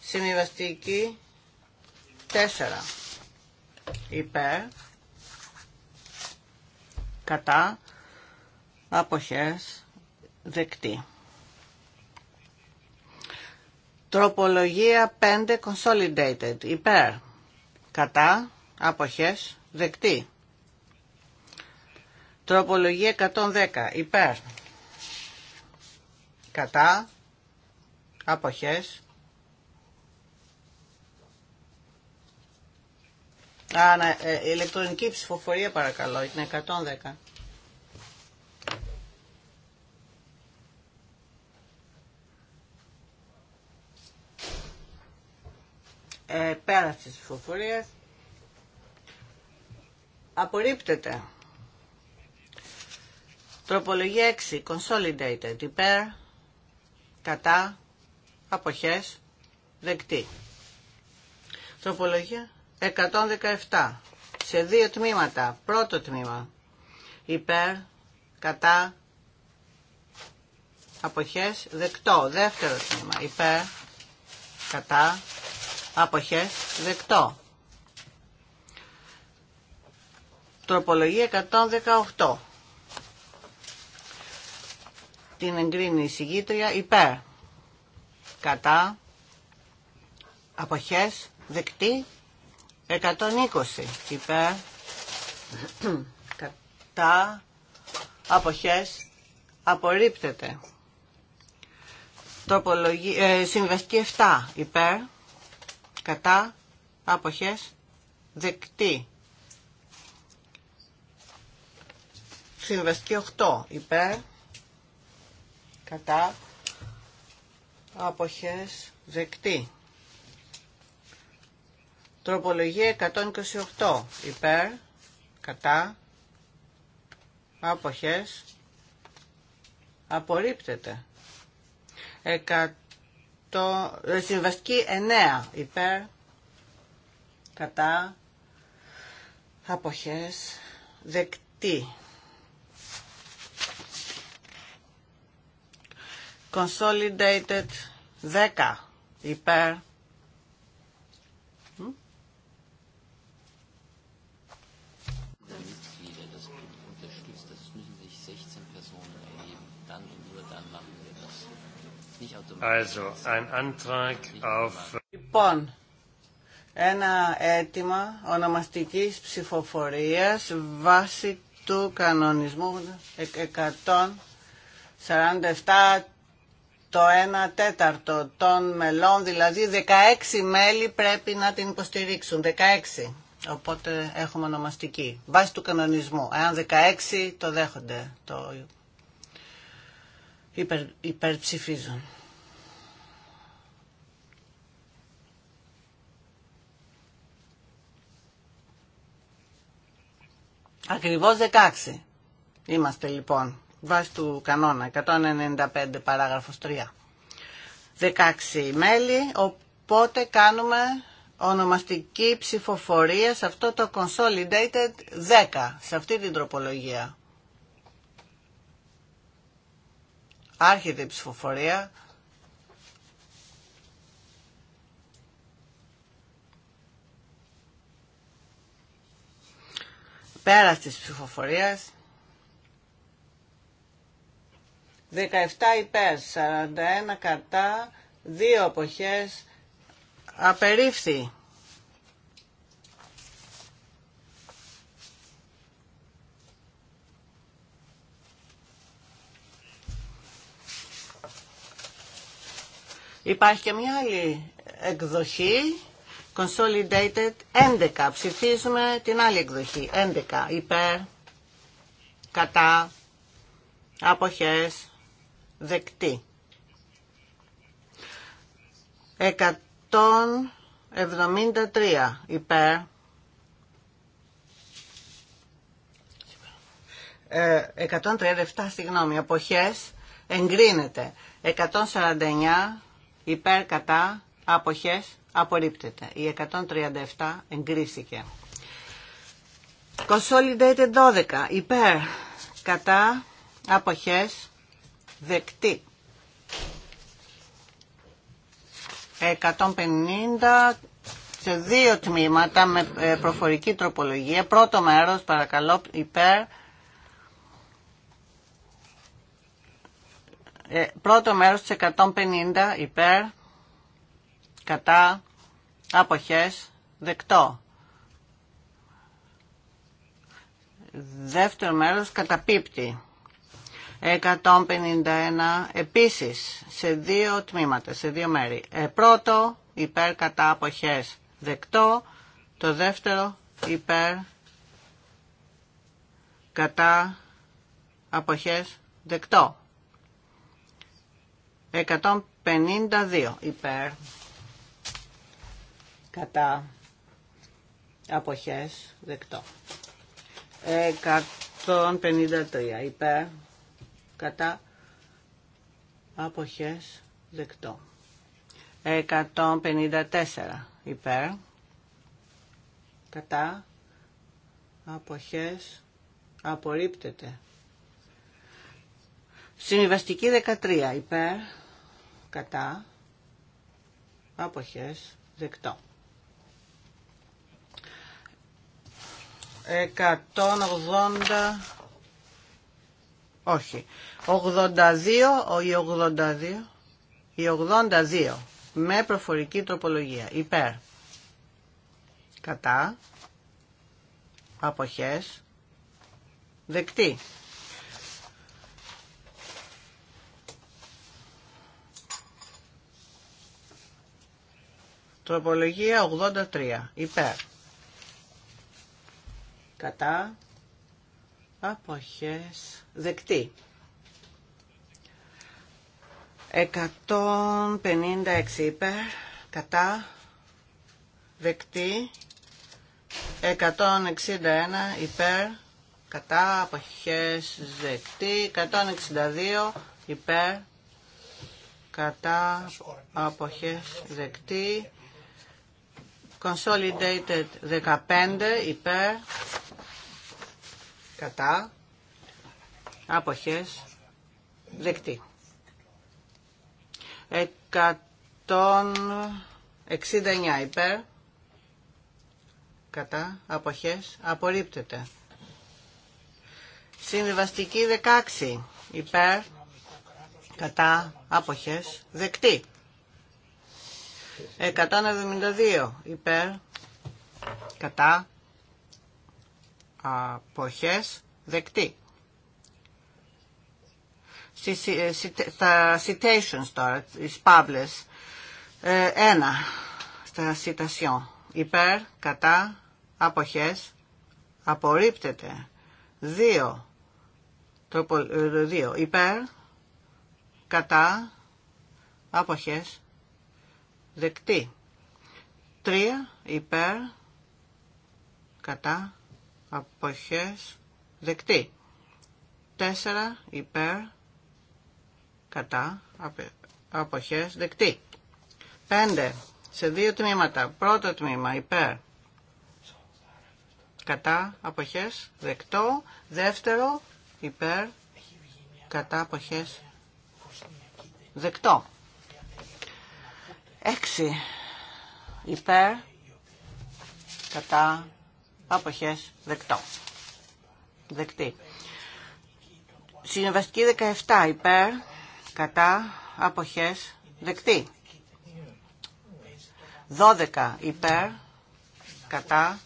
Συμβιβαστική 4. Υπέρ, κατά, αποχές, δεκτή. Τροπολογία 5 consolidated. Υπέρ. Κατά. Αποχές. Δεκτή. Τροπολογία 110. Υπέρ. Κατά. Αποχές. Α, ναι, ε, ηλεκτρονική ψηφοφορία παρακαλώ. Είναι 110. ε, πέρας της απορρίπτεται τροπολογία 6 consolidated υπέρ κατά αποχές δεκτή τροπολογία 117 σε δύο τμήματα πρώτο τμήμα υπέρ κατά αποχές δεκτό δεύτερο τμήμα υπέρ κατά αποχές δεκτό. Τροπολογία 118. Την εγκρίνει η συγγήτρια. υπέρ. Κατά. Αποχές. Δεκτή. 120. Υπέρ. Κατά. Αποχές. Απορρίπτεται. Τροπολογία, ε, συμβαστική 7. Υπέρ κατά, άποχες, δεκτή. Συμβαστική 8, υπέρ, κατά, άποχες, δεκτή. Τροπολογία 128, υπέρ, κατά, άποχες, απορρίπτεται το ε, συμβαστική 9 υπέρ κατά αποχές δεκτή. Consolidated 10 υπέρ Λοιπόν, ένα αίτημα ονομαστικής ψηφοφορίας βάσει του κανονισμού 147 το 1 τέταρτο των μελών, δηλαδή 16 μέλη πρέπει να την υποστηρίξουν, 16. Οπότε έχουμε ονομαστική, βάσει του κανονισμού. Εάν 16 το δέχονται, το υπερψηφίζουν. Ακριβώς 16 είμαστε λοιπόν, βάσει του κανόνα 195 παράγραφος 3. 16 μέλη, οπότε κάνουμε ονομαστική ψηφοφορία σε αυτό το consolidated 10, σε αυτή την τροπολογία. Άρχεται η ψηφοφορία. Πέρας της ψηφοφορίας. 17 υπέρ, 41 κατά, 2 αποχές, απερίφθη. Υπάρχει και μια άλλη εκδοχή Consolidated 11. Ψηφίζουμε την άλλη εκδοχή. 11. Υπέρ, κατά, αποχές, δεκτή. 173. Υπέρ. Ε, 137 συγγνώμη, αποχές εγκρίνεται 149 υπέρ κατά αποχές απορρίπτεται. Η 137 εγκρίθηκε. Consolidated 12 υπέρ κατά αποχές δεκτή. 150 σε δύο τμήματα με ε, προφορική τροπολογία. Πρώτο μέρος παρακαλώ υπέρ. Ε, πρώτο μέρος της 150 υπέρ κατά Αποχές. Δεκτό. Δεύτερο μέρος καταπίπτει. 151 επίσης σε δύο τμήματα, σε δύο μέρη. Ε, πρώτο υπέρ κατά αποχές δεκτό, το δεύτερο υπέρ κατά αποχές δεκτό. 152 υπέρ κατά αποχές δεκτό. 153 υπέρ κατά αποχές δεκτό. 154 υπέρ κατά αποχές απορρίπτεται. σύμβαστική 13 υπέρ κατά αποχές δεκτό. 180 όχι 82 ή 82 ή 82 με προφορική τροπολογία υπέρ κατά αποχές δεκτή Τροπολογία 83. Υπέρ κατά αποχές δεκτή. 156 υπέρ κατά δεκτή. 161 υπέρ κατά αποχές δεκτή. 162 υπέρ κατά αποχές δεκτή. Consolidated 15 υπέρ κατά, αποχές, δεκτή. 169 υπέρ, κατά, αποχές, απορρίπτεται. Συμβιβαστική 16 υπέρ, κατά, αποχές, δεκτή. 172 υπέρ, κατά, αποχές δεκτή. Ε, στα citations τώρα, τις παύλες, ε, ένα στα citation, υπέρ, κατά, αποχές, απορρίπτεται. Δύο, τροπο, ε, δύο υπέρ, κατά, αποχές, δεκτή. Τρία, υπέρ, κατά, αποχές δεκτή. Τέσσερα υπέρ κατά αποχές δεκτή. Πέντε σε δύο τμήματα. Πρώτο τμήμα υπέρ κατά αποχές δεκτό. Δεύτερο υπέρ κατά αποχές δεκτό. Έξι υπέρ κατά αποχές δεκτό. Δεκτή. Συνεβαστική 17 υπέρ, κατά, αποχές, δεκτή. 12 υπέρ, κατά,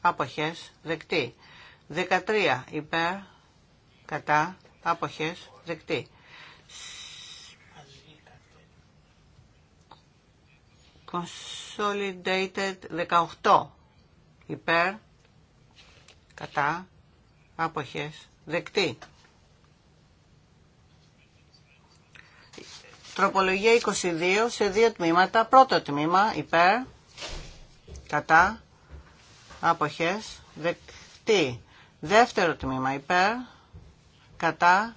αποχές, δεκτή. 13 υπέρ, κατά, αποχές, δεκτή. Consolidated 18 υπέρ, κατά, αποχές, δεκτή. Τροπολογία 22 σε δύο τμήματα. Πρώτο τμήμα υπέρ, κατά, αποχές, δεκτή. Δεύτερο τμήμα υπέρ, κατά,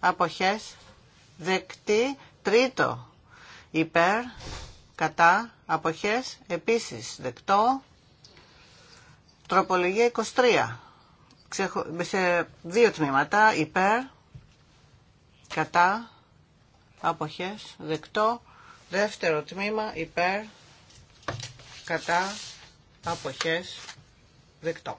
αποχές, δεκτή. Τρίτο υπέρ, κατά, αποχές, επίσης δεκτό. Τροπολογία 23. Σε δύο τμήματα. Υπέρ, κατά, αποχές, δεκτό. Δεύτερο τμήμα. Υπέρ, κατά, αποχές, δεκτό.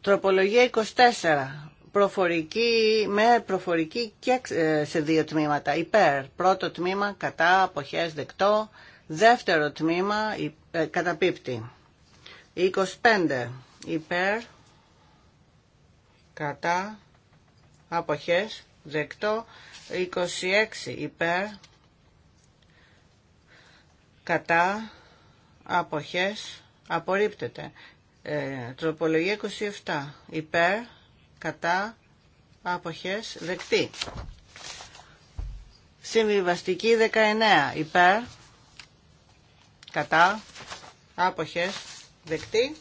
Τροπολογία 24. Προφορική, με προφορική και ε, σε δύο τμήματα. Υπέρ, πρώτο τμήμα, κατά, αποχές, δεκτό. Δεύτερο τμήμα ε, καταπίπτει. 25 υπέρ κατά αποχές δεκτό. 26 υπέρ κατά αποχές απορρίπτεται. Ε, τροπολογία 27 υπέρ κατά αποχές δεκτή. Συμβιβαστική 19 υπέρ κατά, άποχες, δεκτή.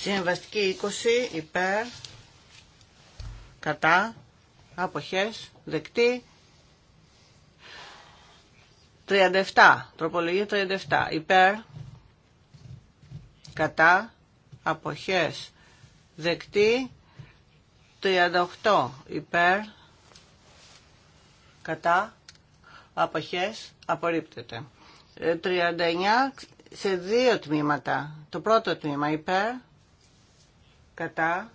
Συμβαστική 20 υπέρ, κατά, άποχες, δεκτή. 37, τροπολογία 37, υπέρ, κατά, αποχές, δεκτή, 38, υπέρ, κατά, αποχές, απορρίπτεται. 39 ε, σε δύο τμήματα. Το πρώτο τμήμα υπέρ, κατά,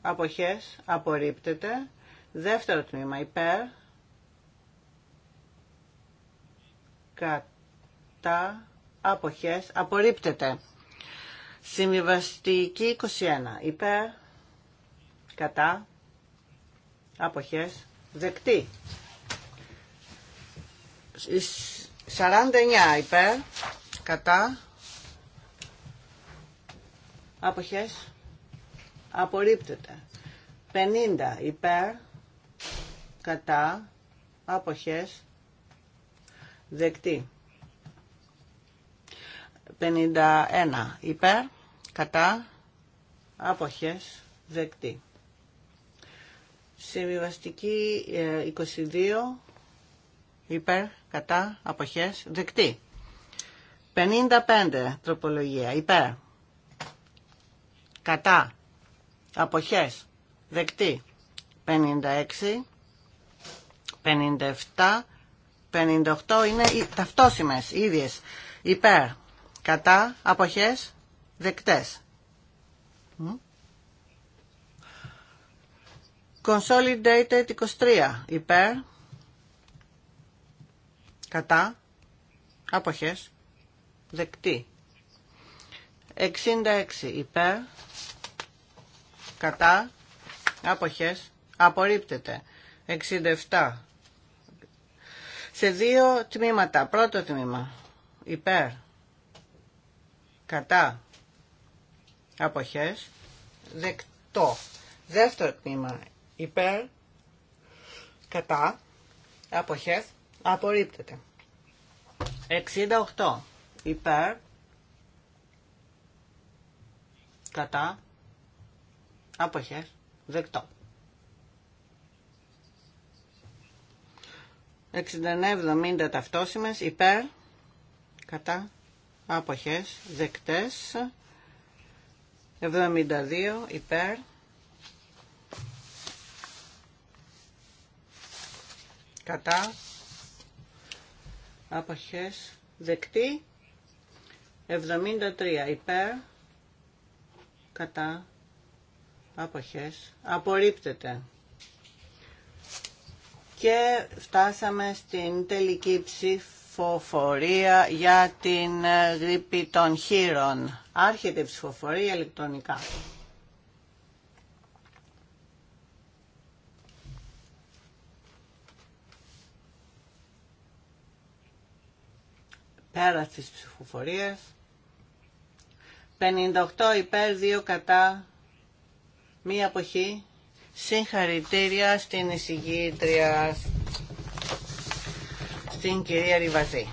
αποχές, απορρίπτεται. Δεύτερο τμήμα υπέρ, κατά, αποχές, απορρίπτεται. Συμβιβαστική 21 υπέρ, κατά, αποχές, δεκτή. 49 υπέρ, κατά, αποχές, απορρίπτεται. 50 υπέρ, κατά, αποχές, δεκτή. 51 υπέρ, κατά, αποχές, δεκτή. Συμβιβαστική 22 ε, υπέρ, κατά, αποχές, δεκτή. 55 τροπολογία, υπέρ, κατά, αποχές, δεκτή. 56, 57, 58 είναι ταυτόσιμες, ίδιες, υπέρ, κατά, αποχές, δεκτές. Consolidated 23 υπέρ, κατά, αποχές, δεκτή. 66 υπέρ, κατά, άποχες, απορρίπτεται. 67. Σε δύο τμήματα. Πρώτο τμήμα, υπέρ, κατά, άποχες, δεκτό. Δεύτερο τμήμα, υπέρ, κατά, άποχες, Απορρίπτεται. 68. Υπέρ. Κατά. Αποχές. Δεκτό. 69-70 ταυτόσημες. Υπέρ. Κατά. Αποχές. Δεκτές. 72. Υπέρ. Κατά αποχές δεκτή 73 υπέρ κατά αποχές απορρίπτεται και φτάσαμε στην τελική ψηφοφορία για την ε, γρήπη των χείρων. Άρχεται η ψηφοφορία ηλεκτρονικά. Πέρα της ψηφοφορίας. 58 υπέρ, 2 κατά, μία αποχή. Συγχαρητήρια στην εισηγήτρια, στην κυρία Ριβαζή.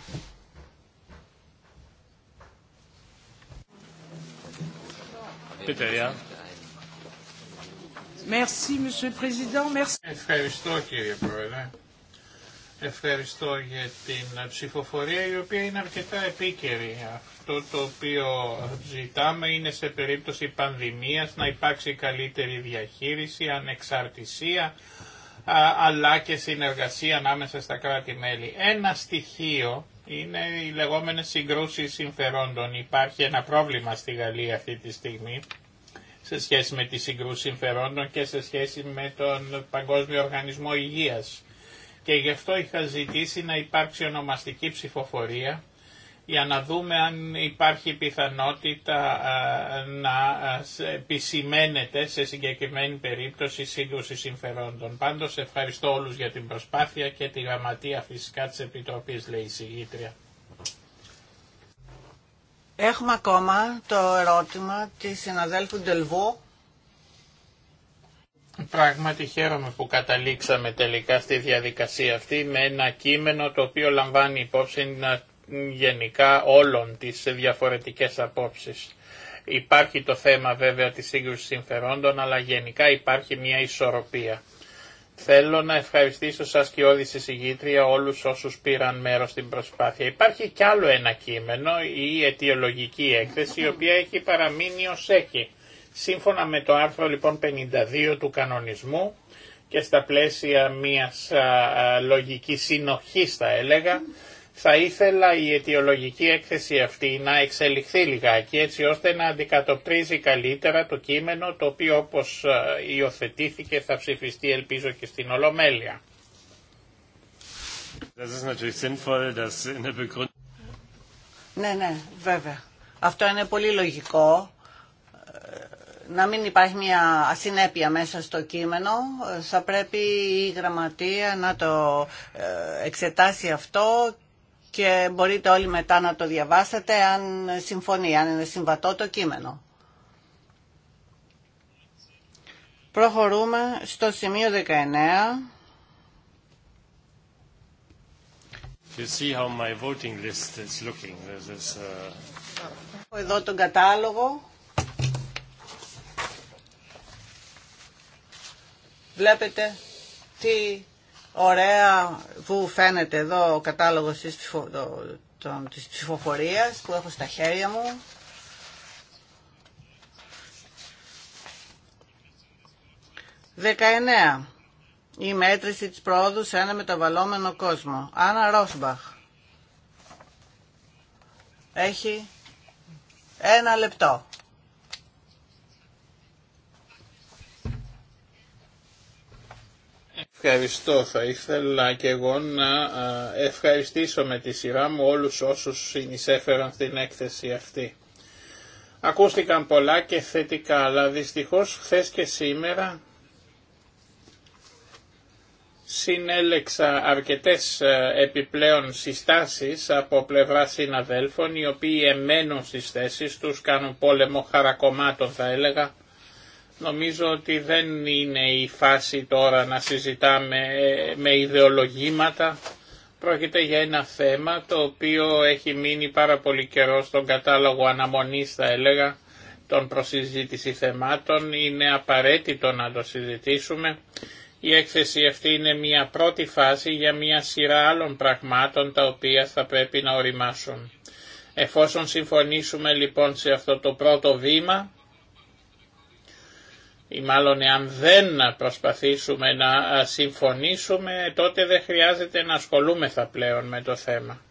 Ευχαριστώ κύριε Πρόεδρε. Ευχαριστώ για την ψηφοφορία η οποία είναι αρκετά επίκαιρη. Αυτό το οποίο ζητάμε είναι σε περίπτωση πανδημίας να υπάρξει καλύτερη διαχείριση, ανεξαρτησία αλλά και συνεργασία ανάμεσα στα κράτη-μέλη. Ένα στοιχείο είναι οι λεγόμενες συγκρούσεις συμφερόντων. Υπάρχει ένα πρόβλημα στη Γαλλία αυτή τη στιγμή σε σχέση με τις συγκρούσεις συμφερόντων και σε σχέση με τον Παγκόσμιο Οργανισμό Υγείας και γι' αυτό είχα ζητήσει να υπάρξει ονομαστική ψηφοφορία για να δούμε αν υπάρχει πιθανότητα να επισημαίνεται σε συγκεκριμένη περίπτωση σύγκρουση συμφερόντων. Πάντως ευχαριστώ όλους για την προσπάθεια και τη γραμματεία φυσικά της Επιτροπής, λέει η συγγήτρια. Έχουμε ακόμα το ερώτημα της συναδέλφου Ντελβού. Πράγματι χαίρομαι που καταλήξαμε τελικά στη διαδικασία αυτή με ένα κείμενο το οποίο λαμβάνει υπόψη γενικά όλων τις διαφορετικές απόψεις. Υπάρχει το θέμα βέβαια της σύγκρουσης συμφερόντων αλλά γενικά υπάρχει μια ισορροπία. Θέλω να ευχαριστήσω σας και όλη συγγήτρια όλους όσους πήραν μέρος στην προσπάθεια. Υπάρχει κι άλλο ένα κείμενο, η αιτιολογική έκθεση, η οποία έχει παραμείνει ως έχει. Σύμφωνα με το άρθρο λοιπόν 52 του κανονισμού και στα πλαίσια μιας λογικής συνοχής θα έλεγα, θα ήθελα η αιτιολογική έκθεση αυτή να εξελιχθεί λιγάκι έτσι ώστε να αντικατοπτρίζει καλύτερα το κείμενο το οποίο όπως υιοθετήθηκε θα ψηφιστεί ελπίζω και στην Ολομέλεια. Ναι, ναι, βέβαια. Αυτό είναι πολύ λογικό να μην υπάρχει μια ασυνέπεια μέσα στο κείμενο. Θα πρέπει η γραμματεία να το ε, εξετάσει αυτό και μπορείτε όλοι μετά να το διαβάσετε αν συμφωνεί, αν είναι συμβατό το κείμενο. Προχωρούμε στο σημείο 19. Uh, εδώ τον κατάλογο Βλέπετε τι ωραία που φαίνεται εδώ ο κατάλογος της, ψηφο, της ψηφοφορίας που έχω στα χέρια μου. Δεκαεννέα. Η μέτρηση της πρόοδου σε ένα μεταβαλλόμενο κόσμο. Άννα Ρόσμπαχ. Έχει ένα λεπτό. Ευχαριστώ. Θα ήθελα και εγώ να ευχαριστήσω με τη σειρά μου όλους όσους συνεισέφεραν στην έκθεση αυτή. Ακούστηκαν πολλά και θετικά, αλλά δυστυχώς χθε και σήμερα συνέλεξα αρκετές επιπλέον συστάσεις από πλευρά συναδέλφων οι οποίοι εμένουν στις θέσεις τους, κάνουν πόλεμο χαρακομμάτων θα έλεγα Νομίζω ότι δεν είναι η φάση τώρα να συζητάμε ε, με ιδεολογήματα. Πρόκειται για ένα θέμα το οποίο έχει μείνει πάρα πολύ καιρό στον κατάλογο αναμονής θα έλεγα των προσυζήτηση θεμάτων. Είναι απαραίτητο να το συζητήσουμε. Η έκθεση αυτή είναι μια πρώτη φάση για μια σειρά άλλων πραγμάτων τα οποία θα πρέπει να οριμάσουν. Εφόσον συμφωνήσουμε λοιπόν σε αυτό το πρώτο βήμα, ή μάλλον εάν δεν προσπαθήσουμε να συμφωνήσουμε τότε δεν χρειάζεται να ασχολούμεθα πλέον με το θέμα.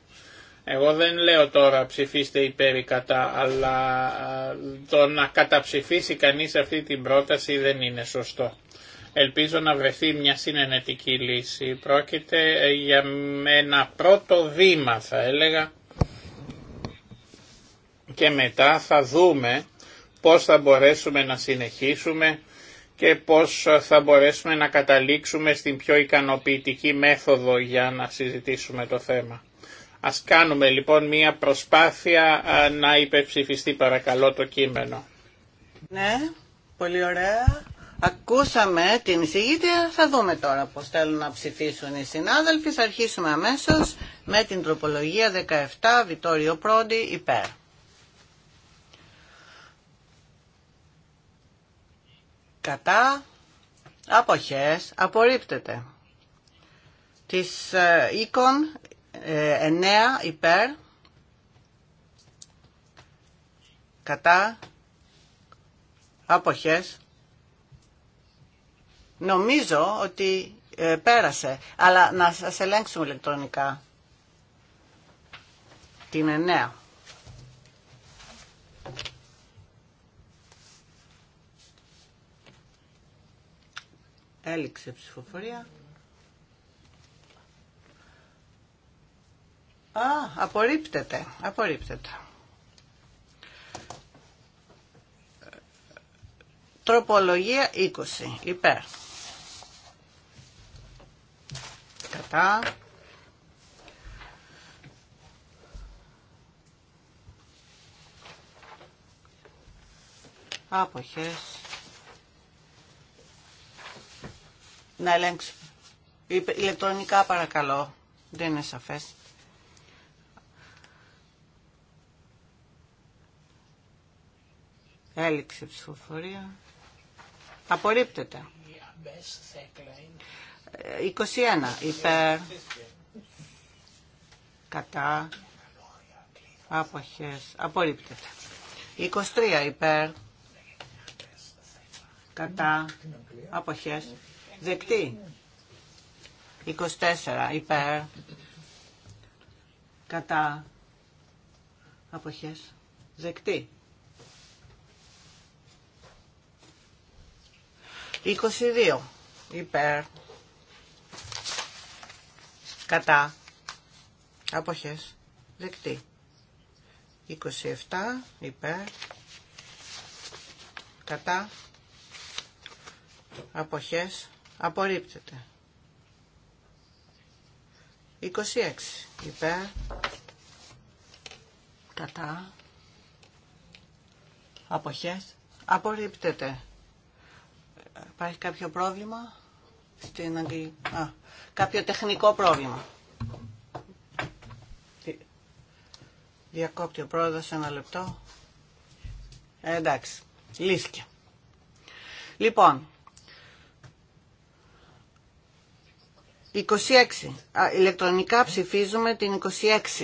Εγώ δεν λέω τώρα ψηφίστε υπέρ ή κατά, αλλά το να καταψηφίσει κανείς αυτή την πρόταση δεν είναι σωστό. Ελπίζω να βρεθεί μια συνενετική λύση. Πρόκειται ε, για ένα πρώτο βήμα θα έλεγα και μετά θα δούμε πώς θα μπορέσουμε να συνεχίσουμε και πώς θα μπορέσουμε να καταλήξουμε στην πιο ικανοποιητική μέθοδο για να συζητήσουμε το θέμα. Ας κάνουμε λοιπόν μία προσπάθεια να υπερψηφιστεί παρακαλώ το κείμενο. Ναι, πολύ ωραία. Ακούσαμε την εισηγήτρια, θα δούμε τώρα πώς θέλουν να ψηφίσουν οι συνάδελφοι. Θα αρχίσουμε αμέσως με την τροπολογία 17, Βιτόριο Πρόντι, υπέρ. κατά, αποχές, απορρίπτεται. Της ε, οίκων 9 ε, υπέρ, κατά, αποχές. Νομίζω ότι ε, πέρασε, αλλά να σας ελέγξουμε ηλεκτρονικά. Την 9. Έληξε ψηφοφορία. Α, απορρίπτεται, απορρίπτεται. Τροπολογία 20, υπέρ. Κατά. Άποχες. Να ελέγξουμε. Ηλεκτρονικά παρακαλώ. Δεν είναι σαφές. Έληξε ψηφοφορία. Απορρίπτεται. 21 ε, υπέρ. Κατά. Αποχές. Απορρίπτεται. 23 υπέρ. Κατά. Αποχές. Δεκτή. 24 υπέρ. Κατά. Αποχές. Δεκτή. 22 υπέρ. Κατά. Αποχές. Δεκτή. 27 υπέρ. Κατά. Αποχές Απορρίπτεται. 26 υπέρ. Κατά. Αποχές. Απορρίπτεται. Υπάρχει κάποιο πρόβλημα στην Αγγλία. Α, κάποιο τεχνικό πρόβλημα. Διακόπτει ο πρόεδρος ένα λεπτό. Ε, εντάξει. Λύθηκε. Λοιπόν, 26. Ηλεκτρονικά ψηφίζουμε την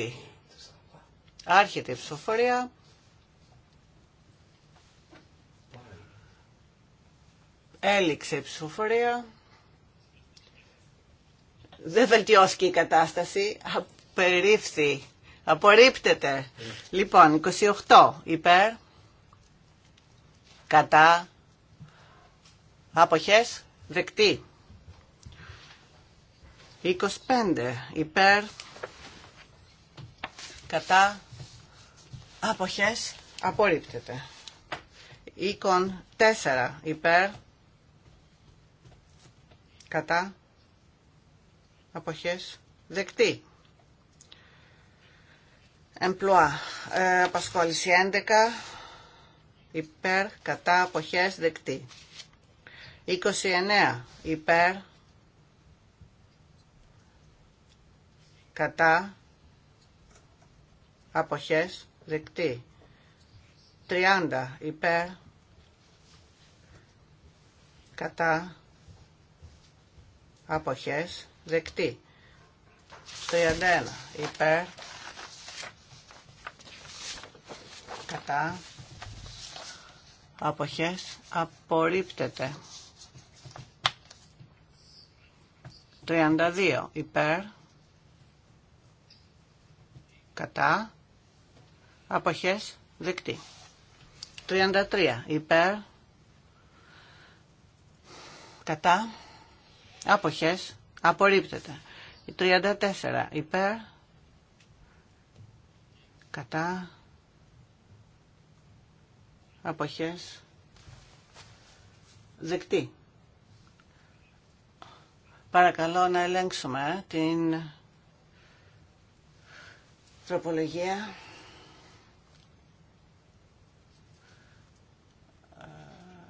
26. Άρχεται η ψηφοφορία. Έληξε η ψηφοφορία. Δεν βελτιώθηκε η κατάσταση. Απερίφθη. Απορρίπτεται. Λοιπόν, 28 υπέρ. Κατά. Άποχες. Δεκτή. 25 υπέρ κατά αποχές απορρίπτεται. Οίκον 4 υπέρ κατά αποχές δεκτή. Εμπλουά. Ε, απασχόληση 11 υπέρ κατά αποχές δεκτή. 29 υπέρ κατά αποχές δεκτή 30 υπέρ κατά αποχές δεκτή 31 υπέρ κατά αποχές απορρίπτεται 32 υπέρ κατά, αποχές, δεκτή. 33 υπέρ, κατά, αποχές, απορρίπτεται. 34 υπέρ, κατά, αποχές, δεκτή. Παρακαλώ να ελέγξουμε την Τροπολογία.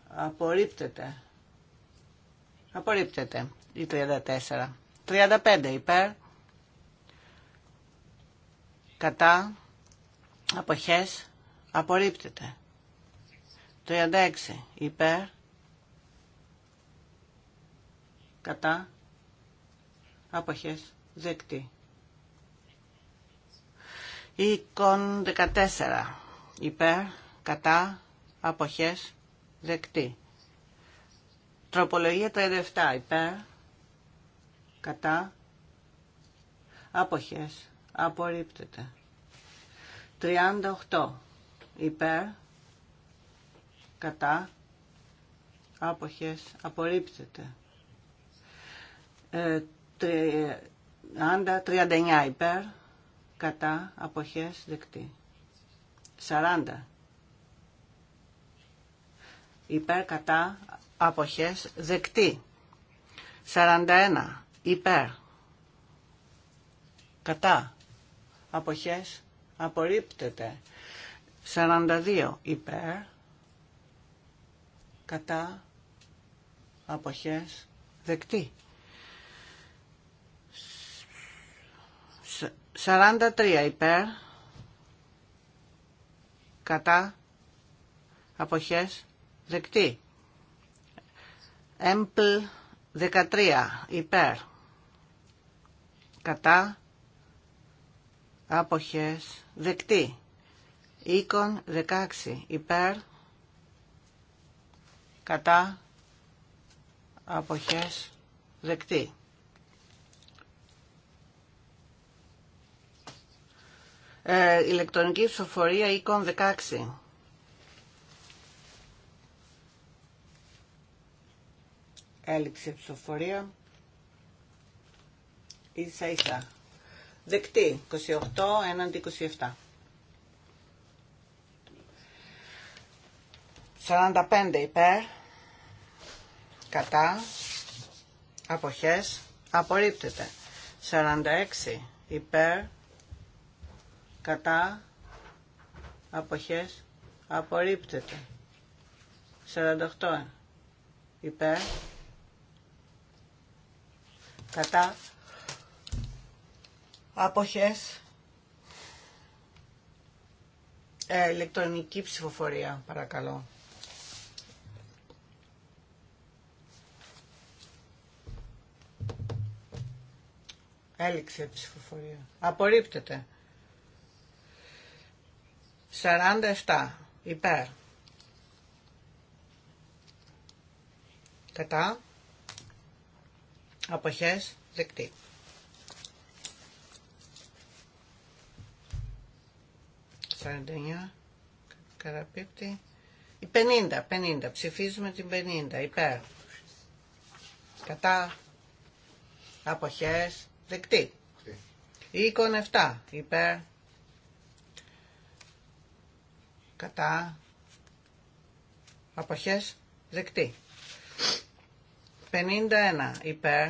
Απορρίπτεται. Απορρίπτεται η 34. 35 υπέρ. Κατά. Αποχές. Απορρίπτεται. 36 υπέρ. Κατά. Αποχές. Δεκτή. Είκον 14. Υπέρ, κατά, αποχές, δεκτή. Τροπολογία 37. Υπέρ, κατά, αποχές, απορρίπτεται. 38. Υπέρ, κατά, άποχες, απορρίπτεται. Ε, 39 υπέρ, κατά αποχές δεκτή. 40. Υπέρ κατά αποχές δεκτή. 41. Υπέρ. Κατά. Αποχές απορρίπτεται. 42. Υπέρ. Κατά. Αποχές δεκτή. 43 υπέρ, κατά, αποχές, δεκτή. Έμπλ 13 υπέρ, κατά, αποχές, δεκτή. Οίκον 16 υπέρ, κατά, αποχές, δεκτή. ε, ηλεκτρονική ψηφοφορία οίκων 16. Έλλειψη ψηφοφορία. Ίσα ίσα. Δεκτή. 28 έναντι 27. 45 υπέρ. Κατά. Αποχές. Απορρίπτεται. 46 υπέρ κατά αποχές απορρίπτεται 48 υπέρ κατά αποχές ε, ηλεκτρονική ψηφοφορία παρακαλώ Έληξε ψηφοφορία. Απορρίπτεται. 47 υπέρ. Κατά. Αποχές δεκτή. Καραπίπτη. Η 50, 50. Ψηφίζουμε την 50. Υπέρ. Κατά. Αποχές. Δεκτή. Η 27. Υπέρ κατά αποχές δεκτή. 51 υπέρ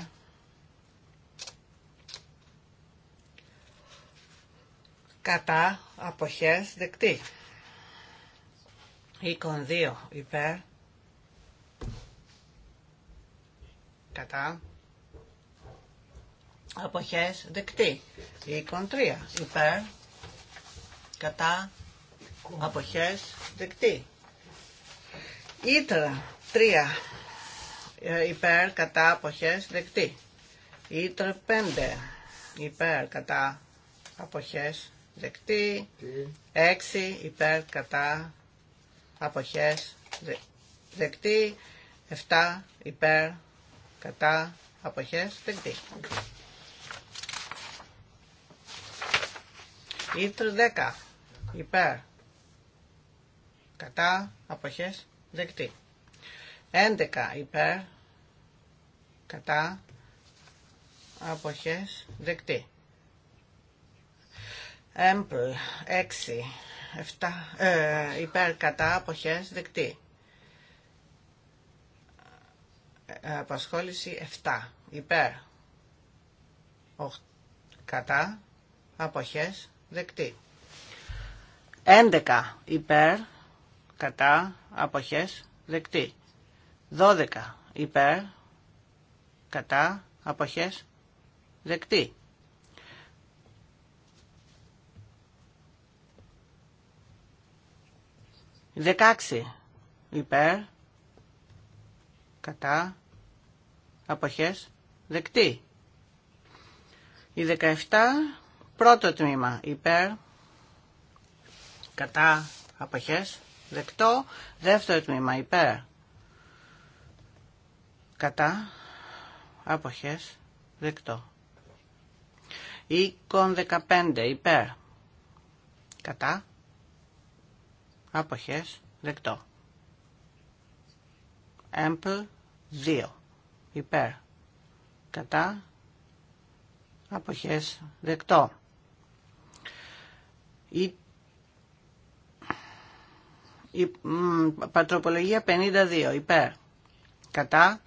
κατά αποχές δεκτή. Οίκον 2 υπέρ κατά αποχές δεκτή. Οίκον 3 υπέρ κατά αποχές δεκτή. Ήτρα 3 ε, υπέρ κατά αποχές δεκτή. Ήτρα 5 υπέρ κατά αποχές δεκτή. 6 υπέρ κατά αποχές δεκτή. 7 υπέρ κατά αποχές δεκτή. Ήτρα 10 υπέρ κατά, αποχές, δεκτή. 11 υπέρ, κατά, αποχές, δεκτή. Έμπλ, 6, 7, ε, υπέρ, κατά, αποχές, δεκτή. Απασχόληση 7, υπέρ, 8, κατά, αποχές, δεκτή. 11 υπέρ, κατά, αποχές, δεκτή. 12 υπέρ, κατά, αποχές, δεκτή. Δεκάξι υπέρ, κατά, αποχές, δεκτή. Η 17 πρώτο τμήμα υπέρ, κατά, αποχές, Δεκτό. Δεύτερο τμήμα υπέρ. Κατά. Άποχες. Δεκτό. Οίκον 15 υπέρ. Κατά. Άποχες. Δεκτό. Έμπλ 2 υπέρ. Κατά. Άποχες. Δεκτό. Η πατροπολογία 52 υπέρ. Κατά.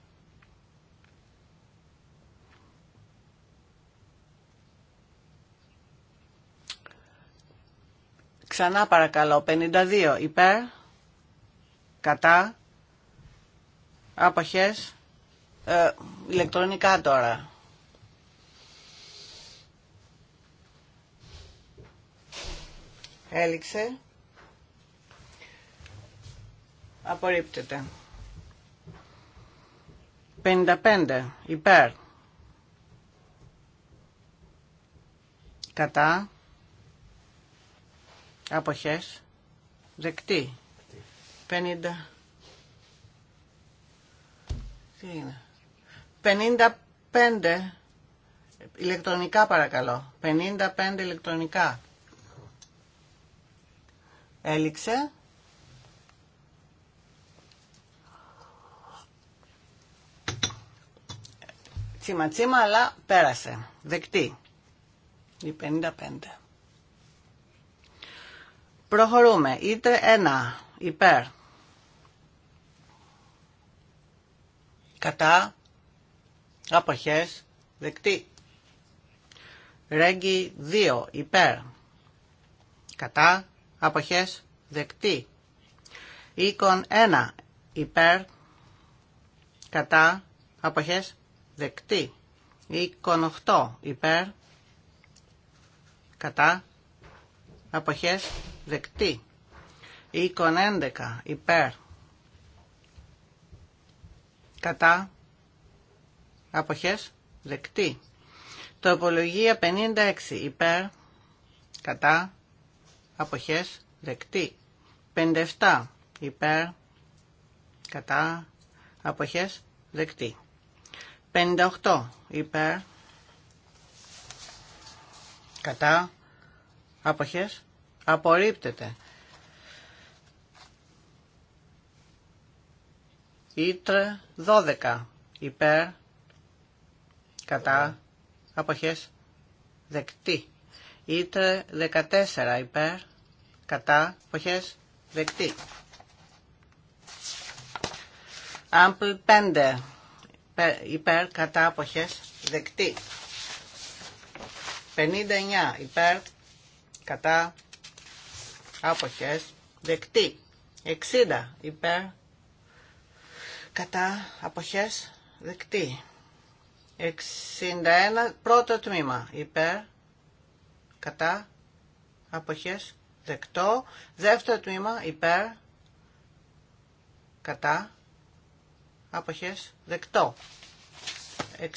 Ξανά παρακαλώ. 52 υπέρ. Κατά. Άποχες. Ε, ηλεκτρονικά τώρα. Έληξε. Απορρίπτεται. 55. Υπέρ. Κατά. Αποχές. Δεκτή. 50. Τι είναι. 55 ηλεκτρονικά παρακαλώ. 55 ηλεκτρονικά. Έληξε. τσίμα τσίμα, αλλά πέρασε. Δεκτή. Η 55. Προχωρούμε. Είτε 1. Υπέρ. Κατά. Αποχές. Δεκτή. Ρέγγι 2. Υπέρ. Κατά. Αποχές. Δεκτή. Οίκον 1. Υπέρ. Κατά. Αποχές δεκτή. 28 υπέρ, κατά, αποχές, δεκτή. 11 υπέρ, κατά, αποχές, δεκτή. απολογία 56 υπέρ, κατά, αποχές, δεκτή. 57 υπέρ, κατά, αποχές, δεκτή. 58 υπέρ κατά αποχές απορρίπτεται. Ήτρε 12 υπέρ κατά αποχές δεκτή. Ήτρε 14 υπέρ κατά αποχές δεκτή. Άμπλ 5 υπέρ κατά αποχές δεκτή. 59 υπέρ κατά αποχές δεκτή. 60 υπέρ κατά αποχές δεκτή. 61 πρώτο τμήμα υπέρ κατά αποχές δεκτό. Δεύτερο τμήμα υπέρ κατά αποχές δεκτό.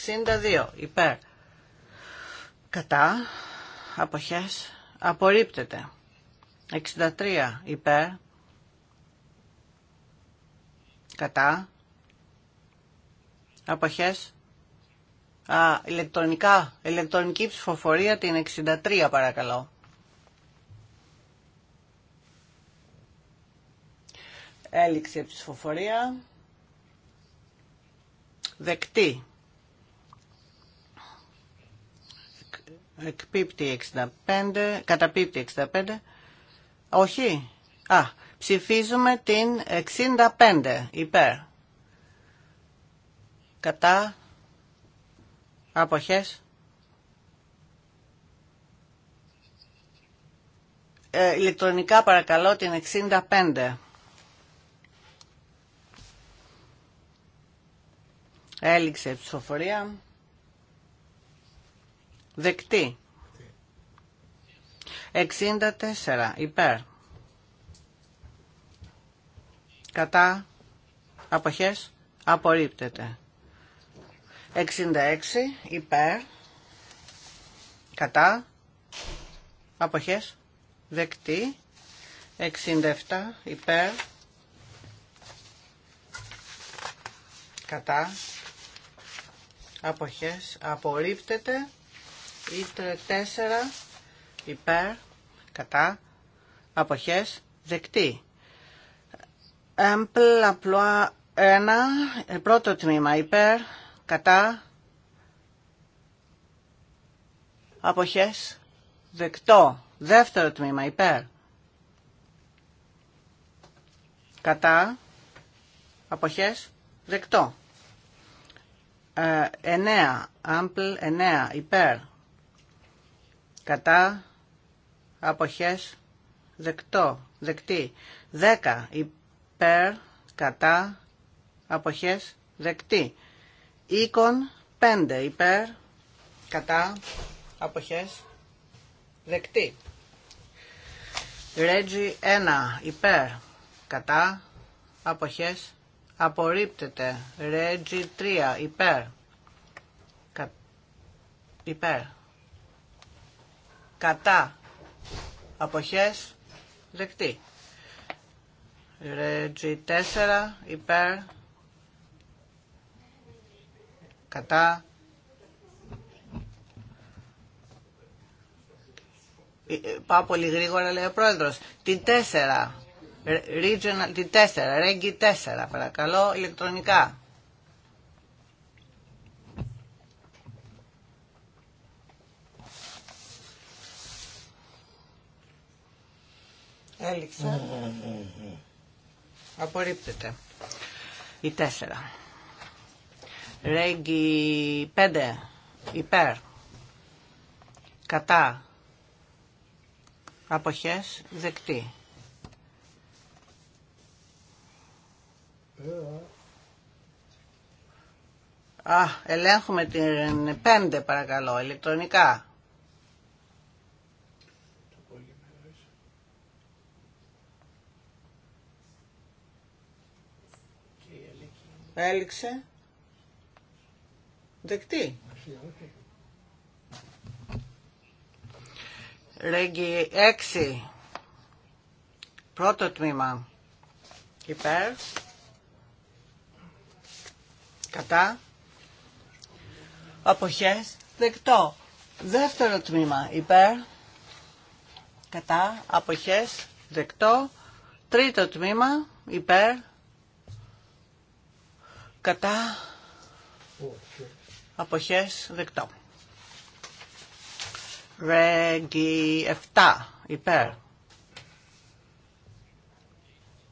62 υπέρ κατά αποχές απορρίπτεται. 63 υπέρ κατά αποχές Α, ηλεκτρονικά, ηλεκτρονική ψηφοφορία την 63 παρακαλώ. Έληξε ψηφοφορία δεκτή. Εκπίπτει 65, καταπίπτει 65. Όχι. Α, ψηφίζουμε την 65 υπέρ. Κατά αποχές. Ε, ηλεκτρονικά παρακαλώ την 65. Έληξε ψηφοφορία. Δεκτή. 64 υπέρ. Κατά. Αποχές. Απορρίπτεται. 66 υπέρ. Κατά. Αποχές. Δεκτή. 67 υπέρ. Κατά αποχές απορρίπτεται ήτρε τέσσερα υπέρ κατά αποχές δεκτή έμπλ απλώ 1 ε, πρώτο τμήμα υπέρ κατά αποχές δεκτό δεύτερο τμήμα υπέρ κατά αποχές δεκτό 9. Ε, Άμπλ 9. Υπέρ. Κατά. Αποχές. Δεκτό. Δεκτή. 10. Υπέρ. Κατά. Αποχές. Δεκτή. Οίκον 5. Υπέρ. Κατά. Αποχές. Δεκτή. Ρέτζι 1. Υπέρ. Κατά. Αποχές. Απορρίπτεται. Ρέτζι 3. Υπέρ. Κα... Υπέρ. Κατά. Αποχές. Δεκτή. Ρέτζι 4. Υπέρ. Κατά. Ε, ε, πάω πολύ γρήγορα λέει ο πρόεδρος. Την 4. Regional, τη 4, Regi 4, παρακαλώ, ηλεκτρονικά. Έληξα. Απορρίπτεται. Η 4. Ρέγγι 5. Υπέρ. Κατά. Αποχές. Δεκτή. Α, ελέγχουμε την πέντε παρακαλώ, ηλεκτρονικά. Έληξε. Δεκτή. Ρέγγι έξι. Πρώτο τμήμα. Υπέρ κατά, αποχές, δεκτό. Δεύτερο τμήμα, υπέρ, κατά, αποχές, δεκτό. Τρίτο τμήμα, υπέρ, κατά, αποχές, δεκτό. Ρέγγι 7, υπέρ,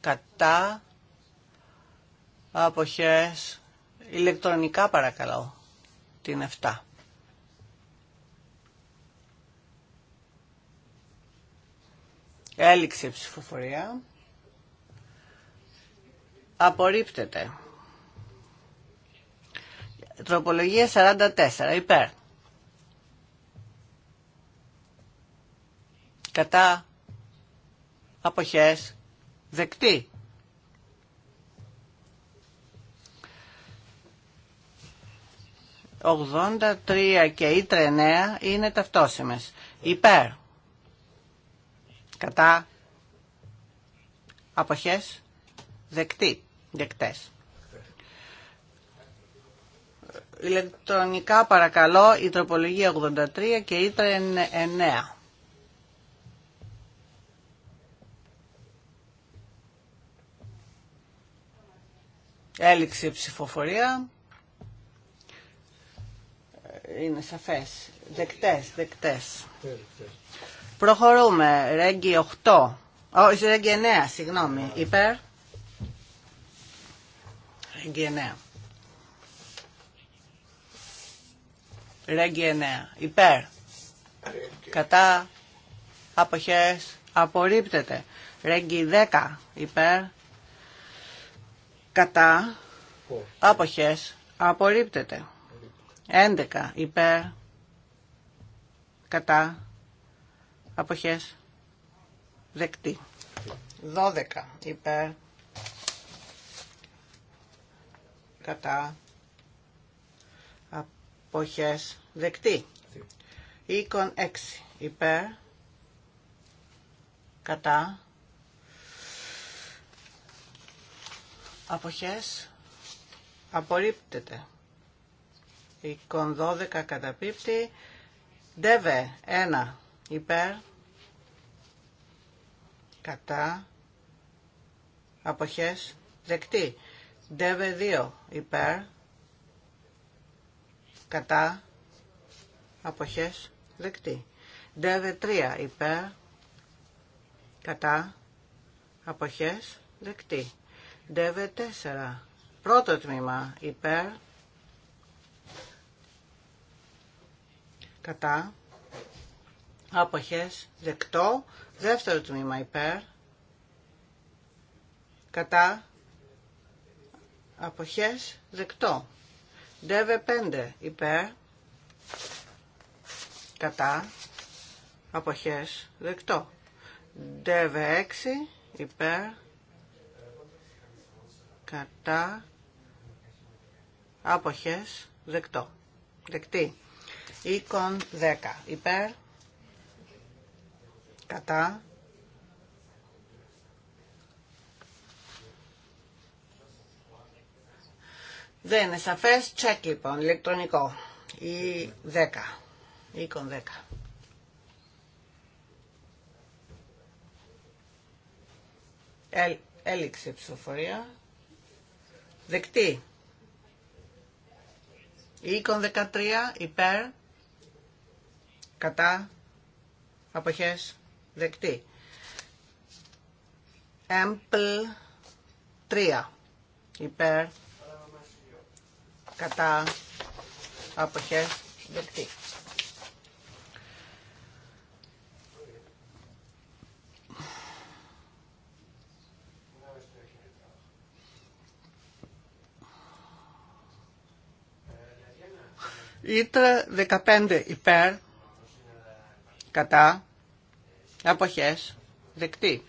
κατά, αποχές, Ηλεκτρονικά παρακαλώ. Την 7. Έληξε η ψηφοφορία. Απορρίπτεται. Τροπολογία 44. Υπέρ. Κατά. Αποχές. Δεκτή. 83 και η 9 είναι ταυτόσιμες. Υπέρ. Κατά. Αποχές. Δεκτή. Δεκτές. Ηλεκτρονικά παρακαλώ η τροπολογία 83 και η 9. Έληξε ψηφοφορία είναι σαφές. Δεκτές, δεκτές. Προχωρούμε. Ρέγγι 8. Όχι, Ρέγγι 9, συγγνώμη. Ναι. Υπέρ. Ρέγγι 9. Ρέγγι 9. Υπέρ. Κατά. Αποχές. Απορρίπτεται. Ρέγγι 10. Υπέρ. Κατά. Αποχές. Απορρίπτεται. 11 υπέρ κατά αποχές δεκτή. 12 υπέρ κατά αποχές δεκτή. Οίκον 6 υπέρ κατά αποχές απορρίπτεται. Οίκον 12 καταπίπτει. ΔΕΒΕ 1 υπέρ. Κατά. Αποχές δεκτή. ΔΕΒΕ 2 υπέρ. Κατά. Αποχές δεκτή. ΔΕΒΕ 3 υπέρ. Κατά. Αποχές δεκτή. ΔΕΒΕ 4. Πρώτο τμήμα υπέρ κατά, άποχες, δεκτό, δεύτερο τμήμα υπέρ, κατά, αποχές, δεκτό. Δεύε 5 υπέρ, κατά, αποχές, δεκτό. Δεύε 6 υπέρ, κατά, άποχες, δεκτό. Δεκτή. Οίκον 10. Υπέρ. Κατά. Δεν είναι σαφές. Τσεκ λοιπόν. Ηλεκτρονικό. Ή 10. Οίκον 10. Έλ, έληξε η ψηφοφορία. Δεκτή. Οίκον 13 υπέρ κατά, αποχές, δεκτή. Έμπλ 3 υπέρ, κατά, αποχές, δεκτή. Ήτρα 15 υπέρ, κατά, αποχές, δεκτή.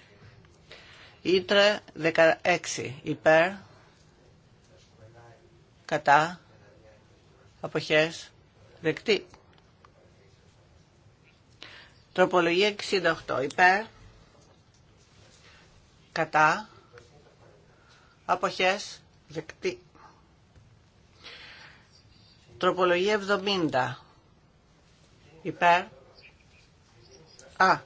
Ήτρε 16 υπέρ, κατά, αποχές, δεκτή. Τροπολογία 68 υπέρ, κατά, αποχές, δεκτή. Τροπολογία 70 υπέρ, Α.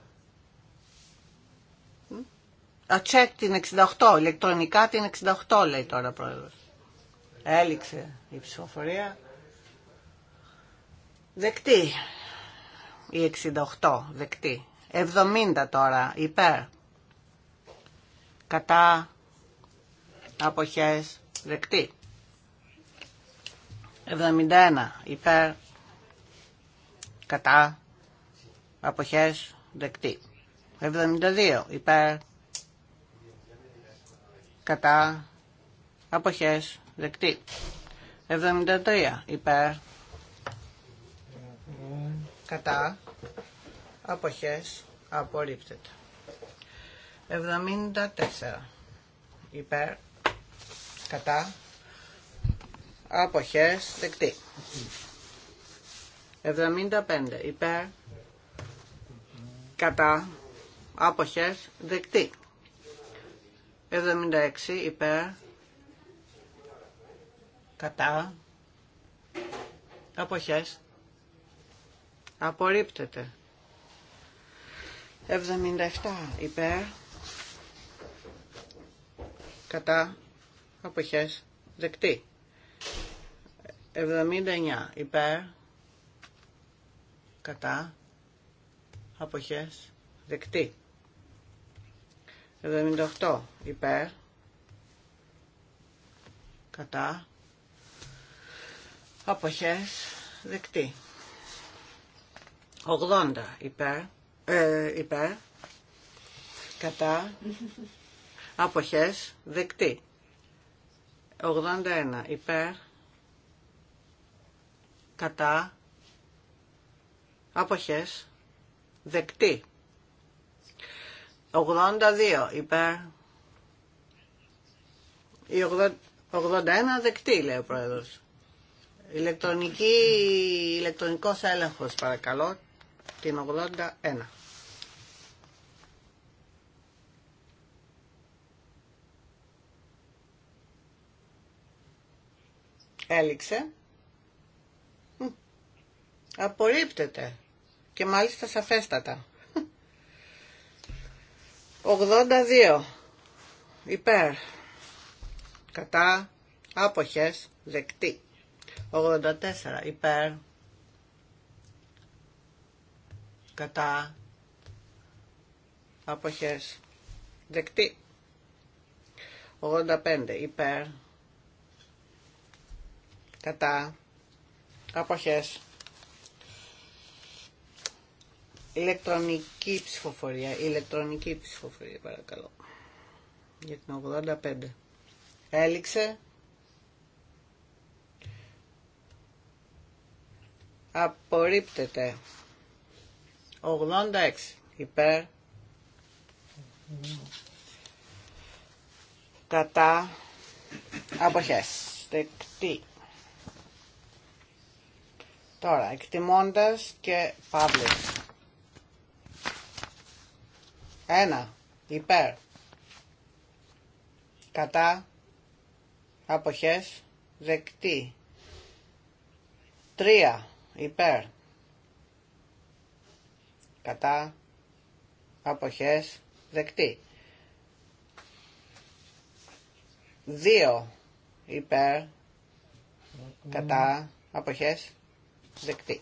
Α, τσεκ την 68, ηλεκτρονικά την 68 λέει τώρα ο πρόεδρος. Έληξε η ψηφοφορία. Δεκτή η 68, δεκτή. 70 τώρα, υπέρ. Κατά αποχές, δεκτή. 71, υπέρ. Κατά αποχές, δεκτή. 72 υπέρ κατά αποχές δεκτή. 73 υπέρ κατά αποχές απορρίπτεται. 74 υπέρ κατά αποχές δεκτή. 75 υπέρ κατά άποχες δεκτή 76 υπέρ κατά άποχες απορρίπτεται 77 υπέρ κατά αποχές δεκτή 79 υπέρ κατά αποχές δεκτή 78 υπέρ κατά αποχές δεκτή 80 υπέρ ε, υπέρ κατά αποχές δεκτή 81 υπέρ κατά αποχές δεκτή. 82 υπέρ. 81 δεκτή λέει ο πρόεδρος. Ηλεκτρονική, ηλεκτρονικός έλεγχος παρακαλώ την 81. Έληξε. Απορρίπτεται και μάλιστα σαφέστατα. 82 υπέρ κατά άποχες δεκτή. 84 υπέρ κατά άποχες δεκτή. 85 υπέρ κατά αποχές Ηλεκτρονική ψηφοφορία. Ηλεκτρονική ψηφοφορία παρακαλώ. Για την 85. Έληξε. Απορρίπτεται. 86. Υπέρ. Κατά. Αποχές. Δεκτή. Τώρα, εκτιμώντας και παύλες. Ένα υπέρ κατά αποχές δεκτή Τρία υπέρ κατά αποχές δεκτή Δύο υπέρ κατά αποχές δεκτή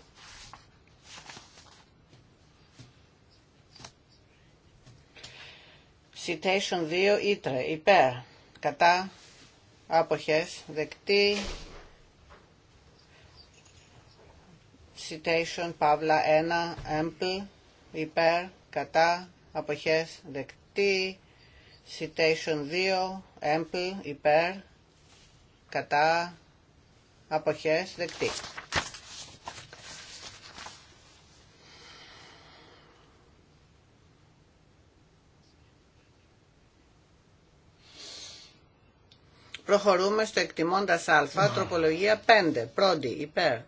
Citation 2 Ήτρε. Υπέρ. Κατά. Άποχες. Δεκτή. Citation Παύλα 1 Έμπλ. Υπέρ. Κατά. Αποχές. Δεκτή. Citation 2 Έμπλ. Υπέρ. Κατά. Αποχές. Δεκτή. Προχωρούμε στο εκτιμώντας α, τροπολογία 5, πρώτη, υπέρ.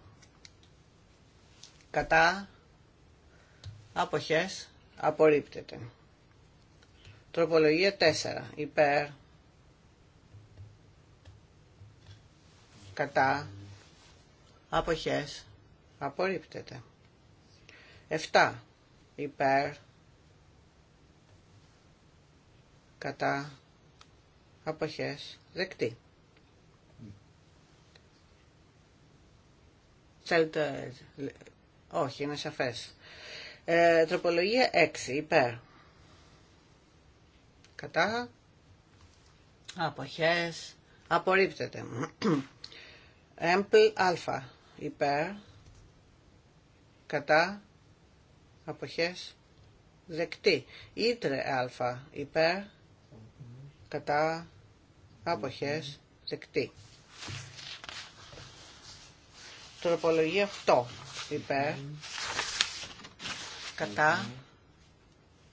Κατά, αποχές, απορρίπτεται. Τροπολογία 4, υπέρ. Κατά, αποχές, απορρίπτεται. 7, υπέρ. Κατά, αποχές, Δεκτή. Θέλετε... Όχι, είναι σαφές. Ε, τροπολογία 6, υπέρ. Κατά. Αποχές. Απορρίπτεται. Έμπλ α, υπέρ. Κατά. Αποχές. Δεκτή. Ήτρε α, υπέρ. Κατά αποχές δεκτή. Τροπολογία 8 υπέρ κατά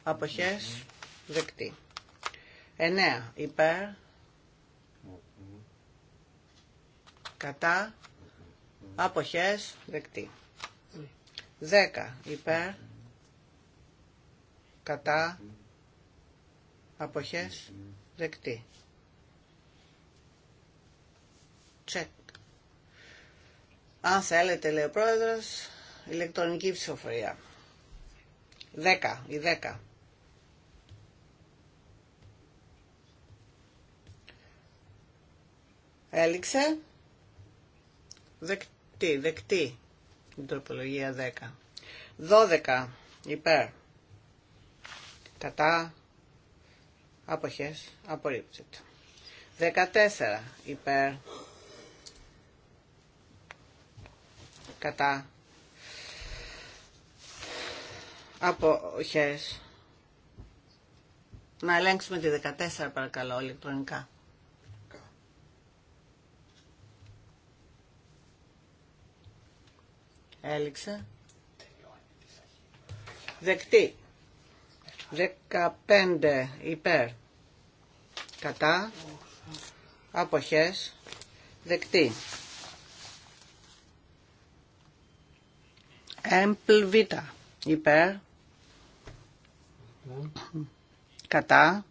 αποχές δεκτή. 9 υπέρ κατά αποχές δεκτή. 10 υπέρ κατά αποχές δεκτή check. Αν θέλετε, λέει ο πρόεδρο, ηλεκτρονική ψηφοφορία. 10, η 10. Έληξε. Δεκτή, δεκτή. Η τροπολογία 10. 12 υπέρ. Κατά. Αποχές. Απορρίπτεται. 14 υπέρ. κατά αποχές. Να ελέγξουμε τη 14 παρακαλώ ηλεκτρονικά. Έληξε. Δεκτή. 15 υπέρ. Κατά. Αποχές. Δεκτή. Έμπλ Β. Υπέρ. Κατά.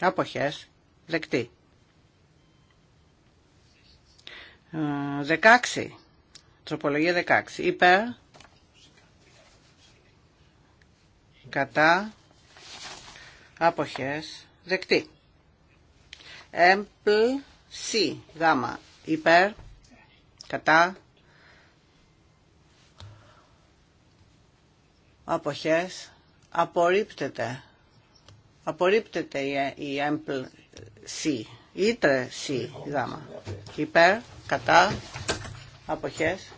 Αποχές. Δεκτή. Ε, δεκάξι, Τροπολογία δεκάξι, Υπέρ. Κατά. Αποχές. Δεκτή. Έμπλ Σ. Γάμα. Υπέρ. Κατά. αποχές απορρίπτεται. Απορρίπτεται η έμπλ C, ήτρε C γάμα. Υπέρ, κατά, αποχές,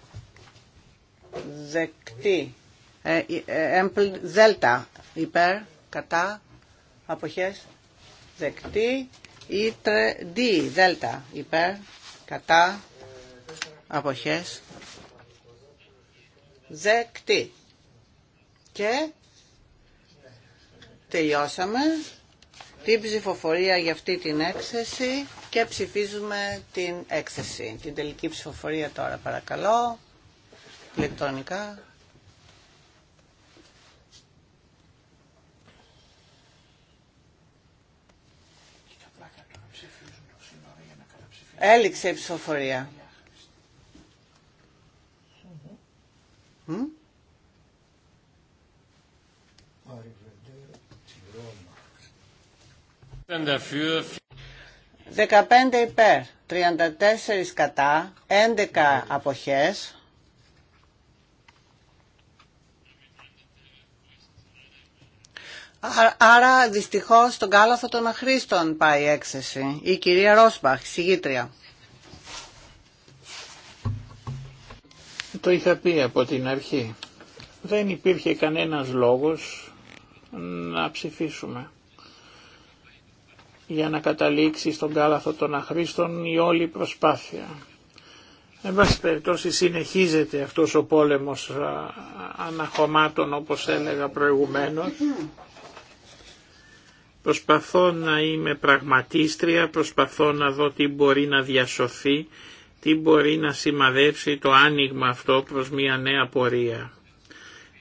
δεκτή. Ε, ε, έμπλ δέλτα, υπέρ, κατά, αποχές, δεκτή. Ήτρε D, δέλτα, υπέρ, κατά, αποχές, δεκτή. Και τελειώσαμε την ψηφοφορία για αυτή την έκθεση και ψηφίζουμε την έκθεση. Την τελική ψηφοφορία τώρα παρακαλώ, ηλεκτρονικά. Έληξε η ψηφοφορία. 15 υπέρ, 34 κατά, 11 αποχές. Άρα δυστυχώς στον κάλαθο των αχρήστων πάει η έξεση. Η κυρία Ρόσπαχ, συγγήτρια. Το είχα πει από την αρχή. Δεν υπήρχε κανένας λόγος να ψηφίσουμε για να καταλήξει στον κάλαθο των αχρήστων η όλη προσπάθεια. Εν πάση περιπτώσει συνεχίζεται αυτός ο πόλεμος αναχωμάτων όπως έλεγα προηγουμένως. Προσπαθώ να είμαι πραγματίστρια, προσπαθώ να δω τι μπορεί να διασωθεί, τι μπορεί να σημαδέψει το άνοιγμα αυτό προς μια νέα πορεία.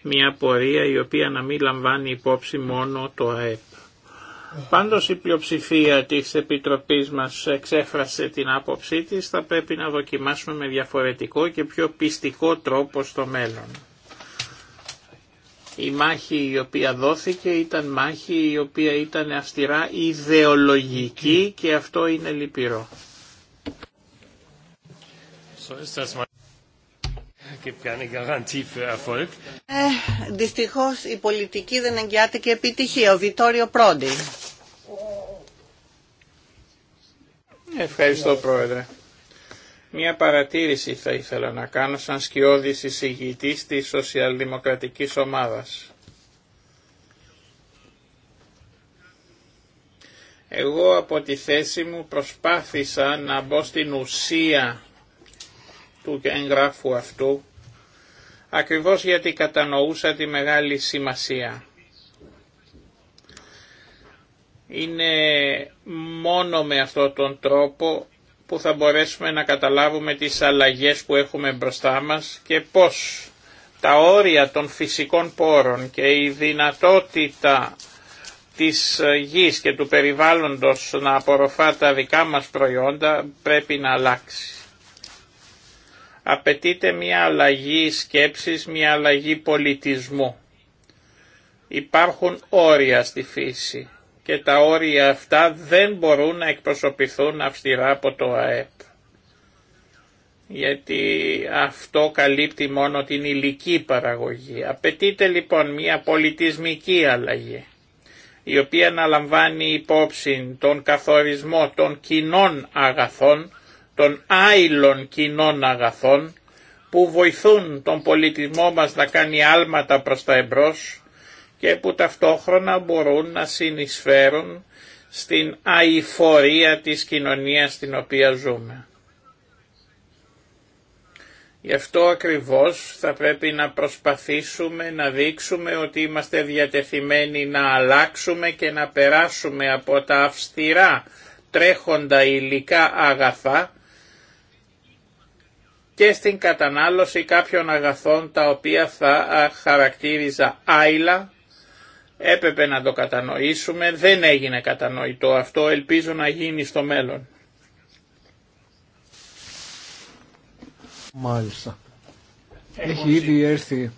Μια πορεία η οποία να μην λαμβάνει υπόψη μόνο το ΑΕΠ. Πάντως η πλειοψηφία της Επιτροπής μας εξέφρασε την άποψή της, θα πρέπει να δοκιμάσουμε με διαφορετικό και πιο πιστικό τρόπο στο μέλλον. Η μάχη η οποία δόθηκε ήταν μάχη η οποία ήταν αυστηρά ιδεολογική και αυτό είναι λυπηρό. Ε, δυστυχώς η πολιτική δεν εγγυάται και επιτυχία. Ο Βιτόριο Πρόντι. Ευχαριστώ Πρόεδρε. Μια παρατήρηση θα ήθελα να κάνω σαν σκιώδη εισηγητής της σοσιαλδημοκρατικής ομάδας. Εγώ από τη θέση μου προσπάθησα να μπω στην ουσία του εγγράφου αυτού ακριβώς γιατί κατανοούσα τη μεγάλη σημασία. Είναι μόνο με αυτόν τον τρόπο που θα μπορέσουμε να καταλάβουμε τις αλλαγές που έχουμε μπροστά μας και πώς τα όρια των φυσικών πόρων και η δυνατότητα της γης και του περιβάλλοντος να απορροφά τα δικά μας προϊόντα πρέπει να αλλάξει. Απαιτείται μια αλλαγή σκέψης, μια αλλαγή πολιτισμού. Υπάρχουν όρια στη φύση και τα όρια αυτά δεν μπορούν να εκπροσωπηθούν αυστηρά από το ΑΕΠ. Γιατί αυτό καλύπτει μόνο την υλική παραγωγή. Απαιτείται λοιπόν μια πολιτισμική αλλαγή η οποία να λαμβάνει υπόψη τον καθορισμό των κοινών αγαθών, των άειλων κοινών αγαθών, που βοηθούν τον πολιτισμό μας να κάνει άλματα προς τα εμπρός, και που ταυτόχρονα μπορούν να συνεισφέρουν στην αηφορία της κοινωνίας στην οποία ζούμε. Γι' αυτό ακριβώς θα πρέπει να προσπαθήσουμε να δείξουμε ότι είμαστε διατεθειμένοι να αλλάξουμε και να περάσουμε από τα αυστηρά τρέχοντα υλικά αγαθά και στην κατανάλωση κάποιων αγαθών τα οποία θα χαρακτήριζα άειλα Έπρεπε να το κατανοήσουμε, δεν έγινε κατανοητό αυτό, ελπίζω να γίνει στο μέλλον. Μάλιστα. Έχει ήδη έρθει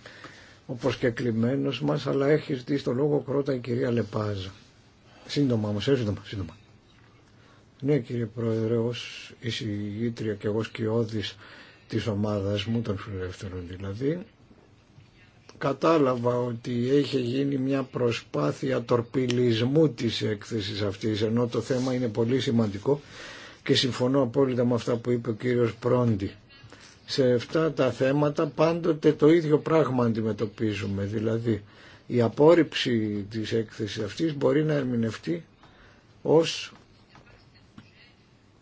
ο προσκεκλημένος μας, αλλά έχει ζητήσει το λόγο πρώτα η κυρία Λεπάζα. Σύντομα όμως, ε, σύντομα, σύντομα. Ναι κύριε Πρόεδρε, ως εισηγήτρια και εγώ σκιώδης της ομάδας μου, των φιλελεύθερων δηλαδή, κατάλαβα ότι έχει γίνει μια προσπάθεια τορπιλισμού της έκθεσης αυτής ενώ το θέμα είναι πολύ σημαντικό και συμφωνώ απόλυτα με αυτά που είπε ο κύριος Πρόντι. Σε αυτά τα θέματα πάντοτε το ίδιο πράγμα αντιμετωπίζουμε, δηλαδή η απόρριψη της έκθεσης αυτής μπορεί να ερμηνευτεί ως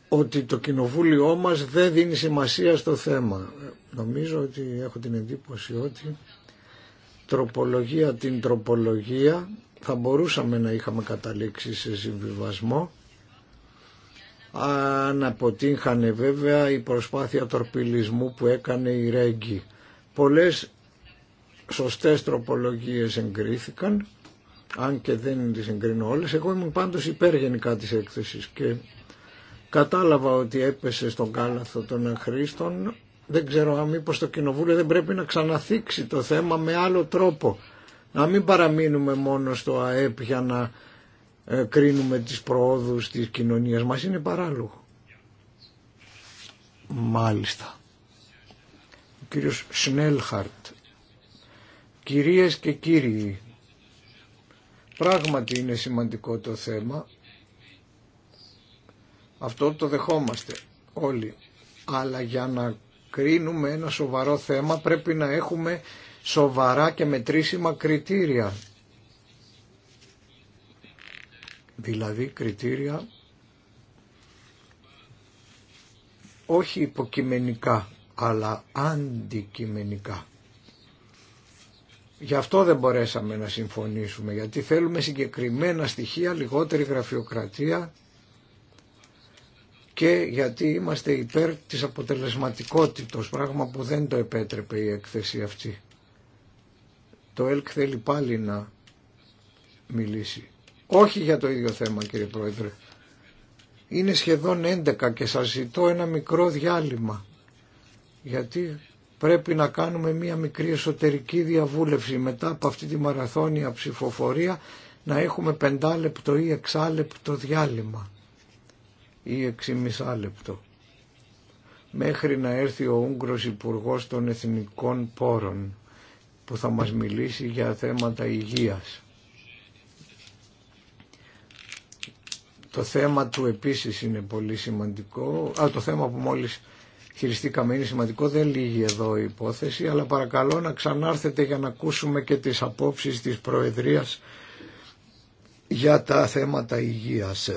ότι το κοινοβούλιο μας δεν δίνει σημασία στο θέμα. Νομίζω ότι έχω την εντύπωση ότι τροπολογία την τροπολογία θα μπορούσαμε να είχαμε καταλήξει σε συμβιβασμό αν αποτύχανε βέβαια η προσπάθεια τορπιλισμού που έκανε η Ρέγγι. Πολλές σωστές τροπολογίες εγκρίθηκαν, αν και δεν τις εγκρίνω όλες. Εγώ ήμουν πάντως υπέρ γενικά της έκθεσης και κατάλαβα ότι έπεσε στον κάλαθο των αχρήστων δεν ξέρω αν μήπως το κοινοβούλιο δεν πρέπει να ξαναθίξει το θέμα με άλλο τρόπο. Να μην παραμείνουμε μόνο στο ΑΕΠ για να ε, κρίνουμε τις προόδους της κοινωνίας μας. Είναι παράλογο. Μάλιστα. Ο κύριος Σνέλχαρτ. Κυρίες και κύριοι, πράγματι είναι σημαντικό το θέμα. Αυτό το δεχόμαστε όλοι. Αλλά για να κρίνουμε ένα σοβαρό θέμα πρέπει να έχουμε σοβαρά και μετρήσιμα κριτήρια. Δηλαδή κριτήρια όχι υποκειμενικά αλλά αντικειμενικά. Γι' αυτό δεν μπορέσαμε να συμφωνήσουμε, γιατί θέλουμε συγκεκριμένα στοιχεία, λιγότερη γραφειοκρατία και γιατί είμαστε υπέρ της αποτελεσματικότητος, πράγμα που δεν το επέτρεπε η έκθεση αυτή. Το ΕΛΚ θέλει πάλι να μιλήσει. Όχι για το ίδιο θέμα κύριε Πρόεδρε. Είναι σχεδόν 11 και σας ζητώ ένα μικρό διάλειμμα. Γιατί πρέπει να κάνουμε μία μικρή εσωτερική διαβούλευση μετά από αυτή τη μαραθώνια ψηφοφορία να έχουμε πεντάλεπτο ή εξάλεπτο διάλειμμα ή 6,5 λεπτό μέχρι να έρθει ο Ούγγρος Υπουργό των Εθνικών Πόρων που θα μας μιλήσει για θέματα υγείας. Το θέμα του επίσης είναι πολύ σημαντικό. Α, το θέμα που μόλις χειριστήκαμε είναι σημαντικό. Δεν λύγει εδώ η υπόθεση, αλλά παρακαλώ να ξανάρθετε για να ακούσουμε και τις απόψεις της Προεδρίας για τα θέματα υγείας.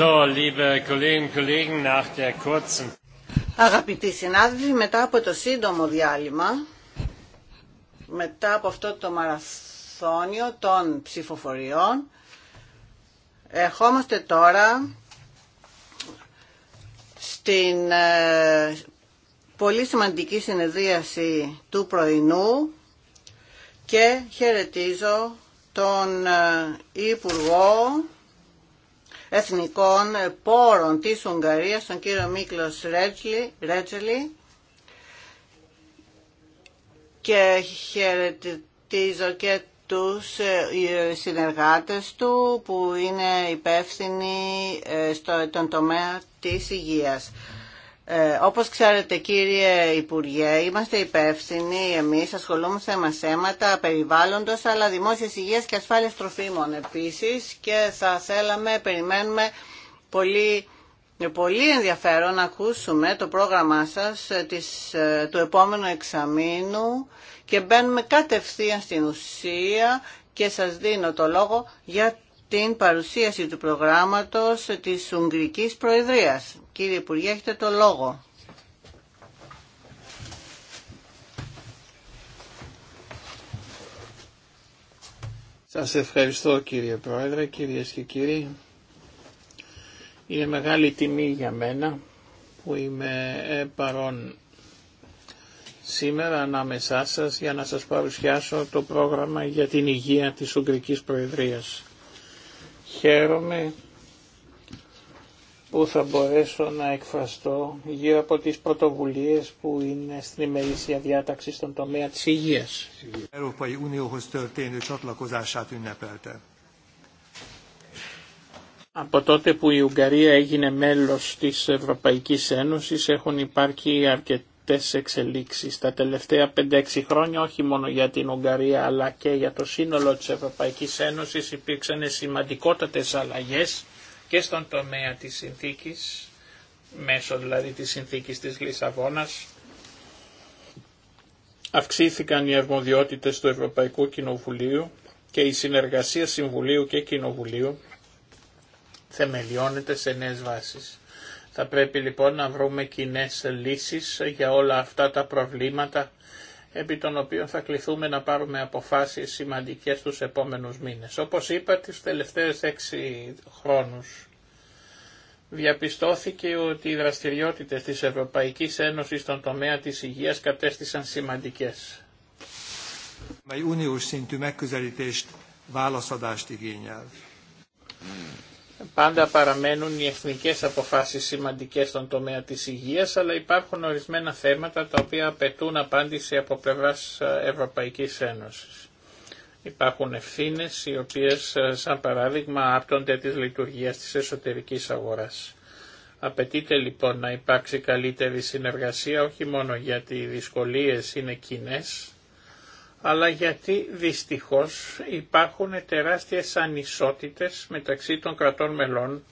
So, Αγαπητοί συνάδελφοι, μετά από το σύντομο διάλειμμα, μετά από αυτό το μαραθώνιο των ψηφοφοριών, ερχόμαστε τώρα στην ε, πολύ σημαντική συνεδρίαση του πρωινού και χαιρετίζω τον ε, Υπουργό εθνικών πόρων της Ουγγαρίας, τον κύριο Μίκλος Ρέτζελη και χαιρετίζω και τους ε, συνεργάτες του που είναι υπεύθυνοι ε, στον τομέα της υγείας. Ε, όπως ξέρετε κύριε Υπουργέ, είμαστε υπεύθυνοι, εμείς ασχολούμαστε με θέματα περιβάλλοντος, αλλά δημόσιας υγείας και ασφάλειας τροφίμων επίσης και θα θέλαμε, περιμένουμε πολύ, πολύ ενδιαφέρον να ακούσουμε το πρόγραμμά σας ε, της, ε, του επόμενου εξαμήνου και μπαίνουμε κατευθείαν στην ουσία και σας δίνω το λόγο για την παρουσίαση του προγράμματος της Ουγγρικής Προεδρίας. Κύριε Υπουργέ, έχετε το λόγο. Σας ευχαριστώ κύριε Πρόεδρε, κυρίες και κύριοι. Είναι μεγάλη τιμή για μένα που είμαι παρόν σήμερα ανάμεσά σας για να σας παρουσιάσω το πρόγραμμα για την υγεία της Ουγγρικής Προεδρίας. Χαίρομαι που θα μπορέσω να εκφραστώ γύρω από τις πρωτοβουλίες που είναι στην ημερήσια διάταξη στον τομέα της υγείας. Από τότε που η Ουγγαρία έγινε μέλος της Ευρωπαϊκής Ένωσης έχουν υπάρξει αρκετές εξελίξεις τα τελευταία 5-6 χρόνια όχι μόνο για την Ουγγαρία αλλά και για το σύνολο της Ευρωπαϊκής Ένωσης υπήρξαν σημαντικότατες αλλαγές και στον τομέα της συνθήκης, μέσω δηλαδή της συνθήκης της Λισαβόνας, αυξήθηκαν οι αρμοδιότητες του Ευρωπαϊκού Κοινοβουλίου και η συνεργασία Συμβουλίου και Κοινοβουλίου θεμελιώνεται σε νέες βάσεις. Θα πρέπει λοιπόν να βρούμε κοινέ λύσεις για όλα αυτά τα προβλήματα επί των οποίων θα κληθούμε να πάρουμε αποφάσεις σημαντικές τους επόμενους μήνες. Όπως είπα, τις τελευταίες έξι χρόνους διαπιστώθηκε ότι οι δραστηριότητες της Ευρωπαϊκής Ένωσης στον τομέα της υγείας κατέστησαν σημαντικές. Πάντα παραμένουν οι εθνικές αποφάσεις σημαντικές στον τομέα της υγείας, αλλά υπάρχουν ορισμένα θέματα τα οποία απαιτούν απάντηση από πλευράς ε, Ευρωπαϊκής Ένωσης. Υπάρχουν ευθύνε οι οποίες ε, σαν παράδειγμα άπτονται της λειτουργίας της εσωτερικής αγοράς. Απαιτείται λοιπόν να υπάρξει καλύτερη συνεργασία όχι μόνο γιατί οι δυσκολίες είναι κοινέ, αλλά γιατί δυστυχώς υπάρχουν τεράστιες ανισότητες μεταξύ των κρατών μελών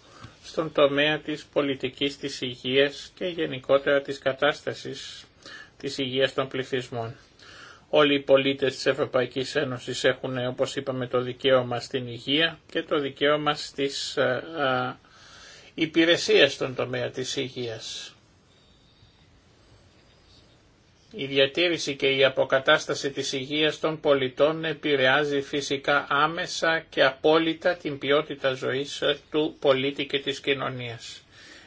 στον τομέα της πολιτικής της υγείας και γενικότερα της κατάστασης της υγείας των πληθυσμών. Όλοι οι πολίτες της Ευρωπαϊκής Ένωσης έχουν, όπως είπαμε, το δικαίωμα στην υγεία και το δικαίωμα στις ε, ε, υπηρεσίες στον τομέα της υγείας. Η διατήρηση και η αποκατάσταση της υγείας των πολιτών επηρεάζει φυσικά άμεσα και απόλυτα την ποιότητα ζωής του πολίτη και της κοινωνίας.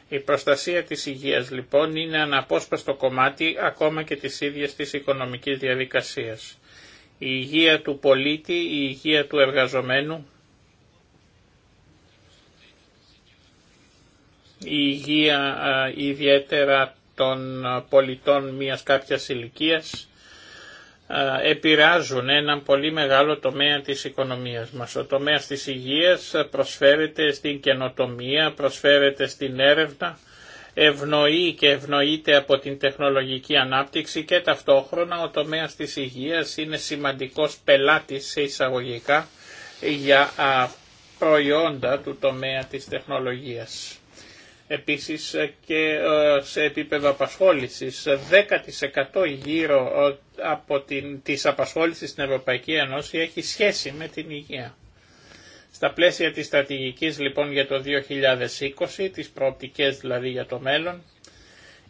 Η προστασία της υγείας λοιπόν είναι αναπόσπαστο κομμάτι ακόμα και της ίδιας της οικονομικής διαδικασίας. Η υγεία του πολίτη, η υγεία του εργαζομένου, η υγεία ιδιαίτερα των πολιτών μιας κάποιας ηλικίας επηρεάζουν έναν πολύ μεγάλο τομέα της οικονομίας μας. Ο τομέας της υγείας προσφέρεται στην καινοτομία, προσφέρεται στην έρευνα, ευνοεί και ευνοείται από την τεχνολογική ανάπτυξη και ταυτόχρονα ο τομέας της υγείας είναι σημαντικός πελάτης σε εισαγωγικά για προϊόντα του τομέα της τεχνολογίας. Επίσης ε, και ε, σε επίπεδο απασχόλησης 10% ε, γύρω από την, της απασχόλησης στην Ευρωπαϊκή Ένωση έχει σχέση με την υγεία. Στα πλαίσια της στρατηγικής λοιπόν για το 2020, τις προοπτικές δηλαδή για το μέλλον,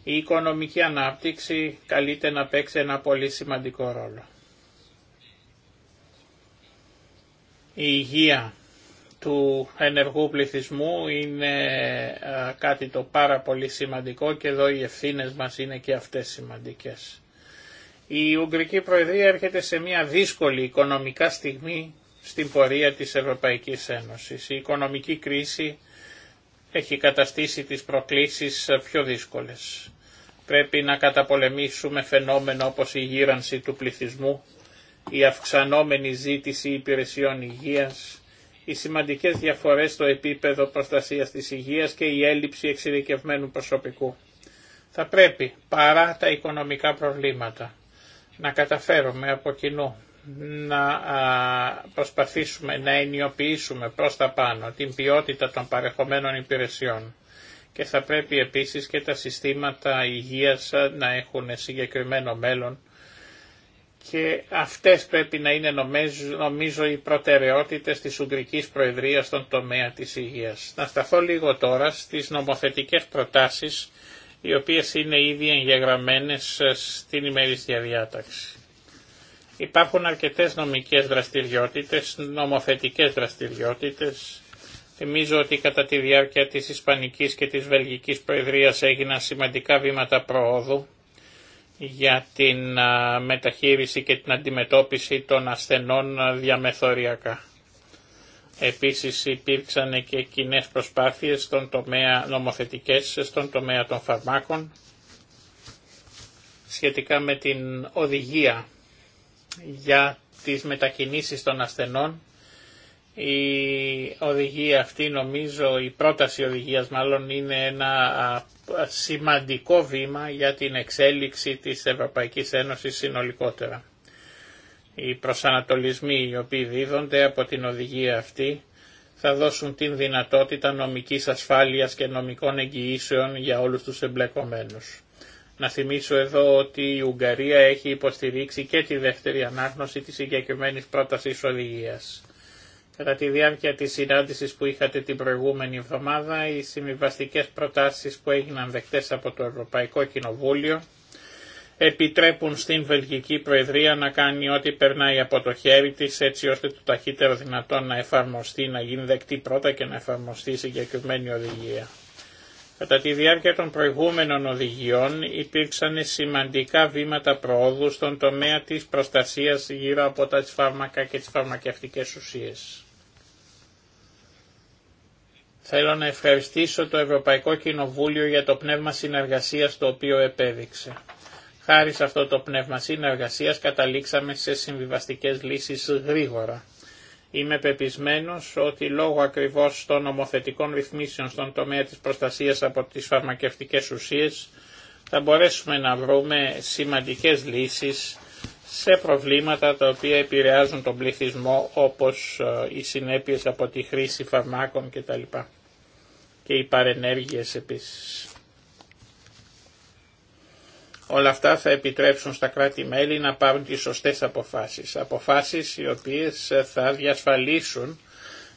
η οικονομική ανάπτυξη καλείται να παίξει ένα πολύ σημαντικό ρόλο. Η υγεία του ενεργού πληθυσμού είναι ε, κάτι το πάρα πολύ σημαντικό και εδώ οι ευθύνε μας είναι και αυτές σημαντικές. Η Ουγγρική Προεδρία έρχεται σε μια δύσκολη οικονομικά στιγμή στην πορεία της Ευρωπαϊκής Ένωσης. Η οικονομική κρίση έχει καταστήσει τις προκλήσεις ε, πιο δύσκολες. Πρέπει να καταπολεμήσουμε φαινόμενα όπως η γύρανση του πληθυσμού, η αυξανόμενη ζήτηση υπηρεσιών υγείας, οι σημαντικές διαφορές στο επίπεδο προστασίας της υγείας και η έλλειψη εξειδικευμένου προσωπικού. Θα πρέπει, παρά τα οικονομικά προβλήματα, να καταφέρουμε από κοινού να προσπαθήσουμε να ενιοποιήσουμε προς τα πάνω την ποιότητα των παρεχομένων υπηρεσιών και θα πρέπει επίσης και τα συστήματα υγείας να έχουν συγκεκριμένο μέλλον και αυτές πρέπει να είναι νομίζω οι προτεραιότητες της Ουγγρικής Προεδρίας στον τομέα της υγείας. Να σταθώ λίγο τώρα στις νομοθετικές προτάσεις οι οποίες είναι ήδη εγγεγραμμένες ε, στην ημερήσια διάταξη. Υπάρχουν αρκετές νομικές δραστηριότητες, νομοθετικές δραστηριότητες. Θυμίζω ότι κατά τη διάρκεια της Ισπανικής και της Βελγικής Προεδρίας έγιναν σημαντικά βήματα προόδου για την μεταχείριση και την αντιμετώπιση των ασθενών διαμεθοριακά. Επίσης υπήρξαν και κοινέ προσπάθειες στον τομέα νομοθετικές, στον τομέα των φαρμάκων, σχετικά με την οδηγία για τις μετακινήσεις των ασθενών η οδηγία αυτή νομίζω, η πρόταση οδηγίας μάλλον είναι ένα σημαντικό βήμα για την εξέλιξη της Ευρωπαϊκής Ένωσης συνολικότερα. Οι προσανατολισμοί οι οποίοι δίδονται από την οδηγία αυτή θα δώσουν την δυνατότητα νομικής ασφάλειας και νομικών εγγυήσεων για όλους τους εμπλεκομένους. Να θυμίσω εδώ ότι η Ουγγαρία έχει υποστηρίξει και τη δεύτερη ανάγνωση της συγκεκριμένη πρότασης οδηγίας. Κατά τη διάρκεια της συνάντησης που είχατε την προηγούμενη εβδομάδα, οι συμβιβαστικέ προτάσεις που έγιναν δεκτές από το Ευρωπαϊκό Κοινοβούλιο επιτρέπουν στην Βελγική Προεδρία να κάνει ό,τι περνάει από το χέρι της έτσι ώστε το ταχύτερο δυνατόν να εφαρμοστεί, να γίνει δεκτή πρώτα και να εφαρμοστεί η συγκεκριμένη οδηγία. Κατά τη διάρκεια των προηγούμενων οδηγιών υπήρξαν σημαντικά βήματα προόδου στον τομέα της προστασίας γύρω από τα φάρμακα και τις φαρμακευτικές ουσίες. Θέλω να ευχαριστήσω το Ευρωπαϊκό Κοινοβούλιο για το πνεύμα συνεργασίας το οποίο επέδειξε. Χάρη σε αυτό το πνεύμα συνεργασίας καταλήξαμε σε συμβιβαστικές λύσεις γρήγορα. Είμαι πεπισμένο ότι λόγω ακριβώ των νομοθετικών ρυθμίσεων στον τομέα της προστασίας από τις φαρμακευτικές ουσίες θα μπορέσουμε να βρούμε σημαντικέ λύσεις σε προβλήματα τα οποία επηρεάζουν τον πληθυσμό όπως ε, οι συνέπειες από τη χρήση φαρμάκων κτλ. Και οι παρενέργειες επίσης. Όλα αυτά θα επιτρέψουν στα κράτη-μέλη να πάρουν τις σωστές αποφάσεις. Αποφάσεις οι οποίες θα διασφαλίσουν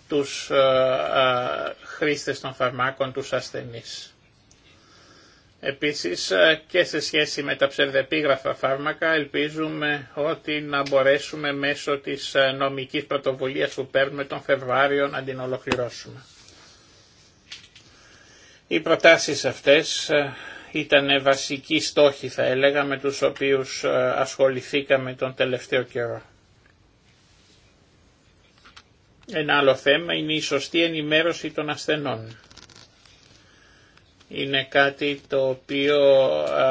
τους ε, ε, χρήστες των φαρμάκων, τους ασθενείς. Επίσης ε, και σε σχέση με τα ψευδεπίγραφα φάρμακα ελπίζουμε ότι να μπορέσουμε μέσω της νομικής πρωτοβουλίας που παίρνουμε τον Φεβρουάριο να την ολοκληρώσουμε. Οι προτάσεις αυτές ήταν βασικοί στόχοι θα έλεγα με τους οποίους ε, ασχοληθήκαμε τον τελευταίο καιρό. Ένα άλλο θέμα είναι η σωστή ενημέρωση των ασθενών. Είναι κάτι το οποίο ε,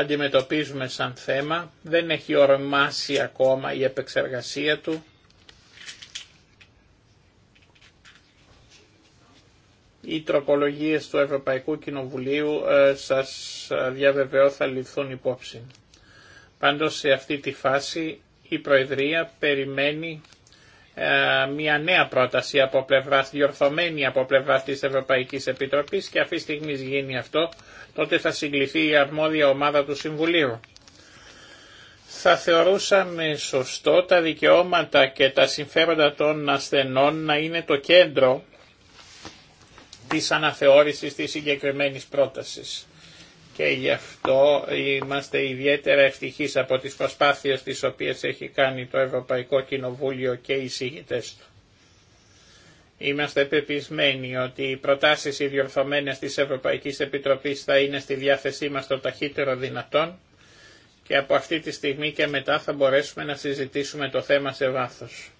αντιμετωπίζουμε σαν θέμα, δεν έχει ορμάσει ακόμα η επεξεργασία του Οι τροπολογίες του Ευρωπαϊκού Κοινοβουλίου ε, σας ε, διαβεβαιώ θα ληφθούν υπόψη. Πάντως σε αυτή τη φάση η Προεδρία περιμένει ε, μια νέα πρόταση από πλευράς, διορθωμένη από πλευρά της Ευρωπαϊκής Επιτροπής και αυτή τη στιγμή γίνει αυτό, τότε θα συγκληθεί η αρμόδια ομάδα του Συμβουλίου. Θα θεωρούσαμε σωστό τα δικαιώματα και τα συμφέροντα των ασθενών να είναι το κέντρο της αναθεώρησης της συγκεκριμένης πρότασης. Και γι' αυτό είμαστε ιδιαίτερα ευτυχείς από τις προσπάθειες τις οποίες έχει κάνει το Ευρωπαϊκό Κοινοβούλιο και οι σύγητες του. Είμαστε πεπισμένοι ότι οι προτάσεις οι διορθωμένες της Ευρωπαϊκής Επιτροπής θα είναι στη διάθεσή μας το ταχύτερο δυνατόν και από αυτή τη στιγμή και μετά θα μπορέσουμε να συζητήσουμε το θέμα σε βάθος.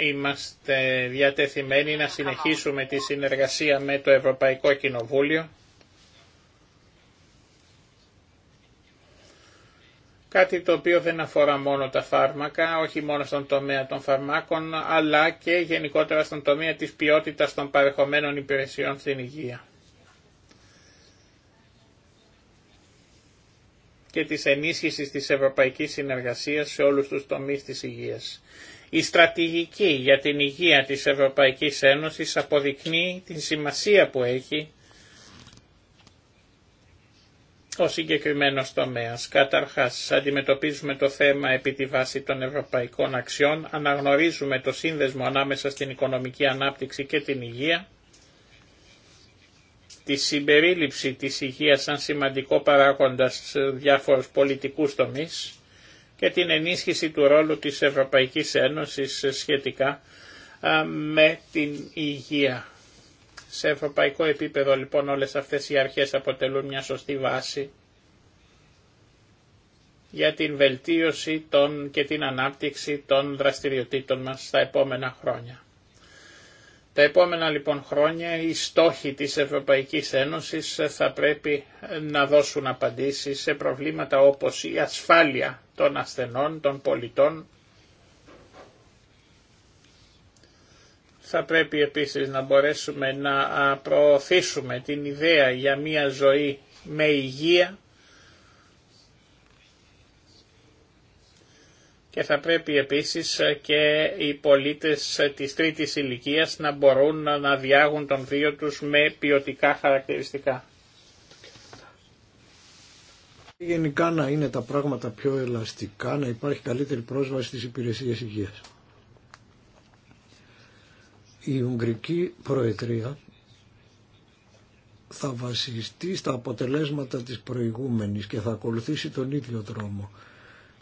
Είμαστε διατεθειμένοι να συνεχίσουμε τη συνεργασία με το Ευρωπαϊκό Κοινοβούλιο. Κάτι το οποίο δεν αφορά μόνο τα φάρμακα, όχι μόνο στον τομέα των φαρμάκων, αλλά και γενικότερα στον τομέα της ποιότητας των παρεχομένων υπηρεσιών στην υγεία. και της ενίσχυσης της ευρωπαϊκής συνεργασίας σε όλους τους τομείς της υγείας. Η στρατηγική για την υγεία της Ευρωπαϊκής Ένωσης αποδεικνύει την σημασία που έχει ο συγκεκριμένο τομέα. Καταρχά, αντιμετωπίζουμε το θέμα επί τη βάση των ευρωπαϊκών αξιών, αναγνωρίζουμε το σύνδεσμο ανάμεσα στην οικονομική ανάπτυξη και την υγεία, τη συμπερίληψη της υγείας σαν σημαντικό παράγοντα σε διάφορους πολιτικούς τομείς, και την ενίσχυση του ρόλου της Ευρωπαϊκής Ένωσης σχετικά με την υγεία. Σε ευρωπαϊκό επίπεδο λοιπόν όλες αυτές οι αρχές αποτελούν μια σωστή βάση για την βελτίωση των και την ανάπτυξη των δραστηριοτήτων μας στα επόμενα χρόνια. Τα επόμενα λοιπόν χρόνια οι στόχοι της Ευρωπαϊκής Ένωσης θα πρέπει να δώσουν απαντήσεις σε προβλήματα όπως η ασφάλεια των ασθενών, των πολιτών. Θα πρέπει επίσης να μπορέσουμε να προωθήσουμε την ιδέα για μια ζωή με υγεία και θα πρέπει επίσης και οι πολίτες της τρίτης ηλικίας να μπορούν να διάγουν τον βίο τους με ποιοτικά χαρακτηριστικά. Γενικά να είναι τα πράγματα πιο ελαστικά, να υπάρχει καλύτερη πρόσβαση στις υπηρεσίες υγείας. Η Ουγγρική Προεδρία θα βασιστεί στα αποτελέσματα της προηγούμενης και θα ακολουθήσει τον ίδιο δρόμο.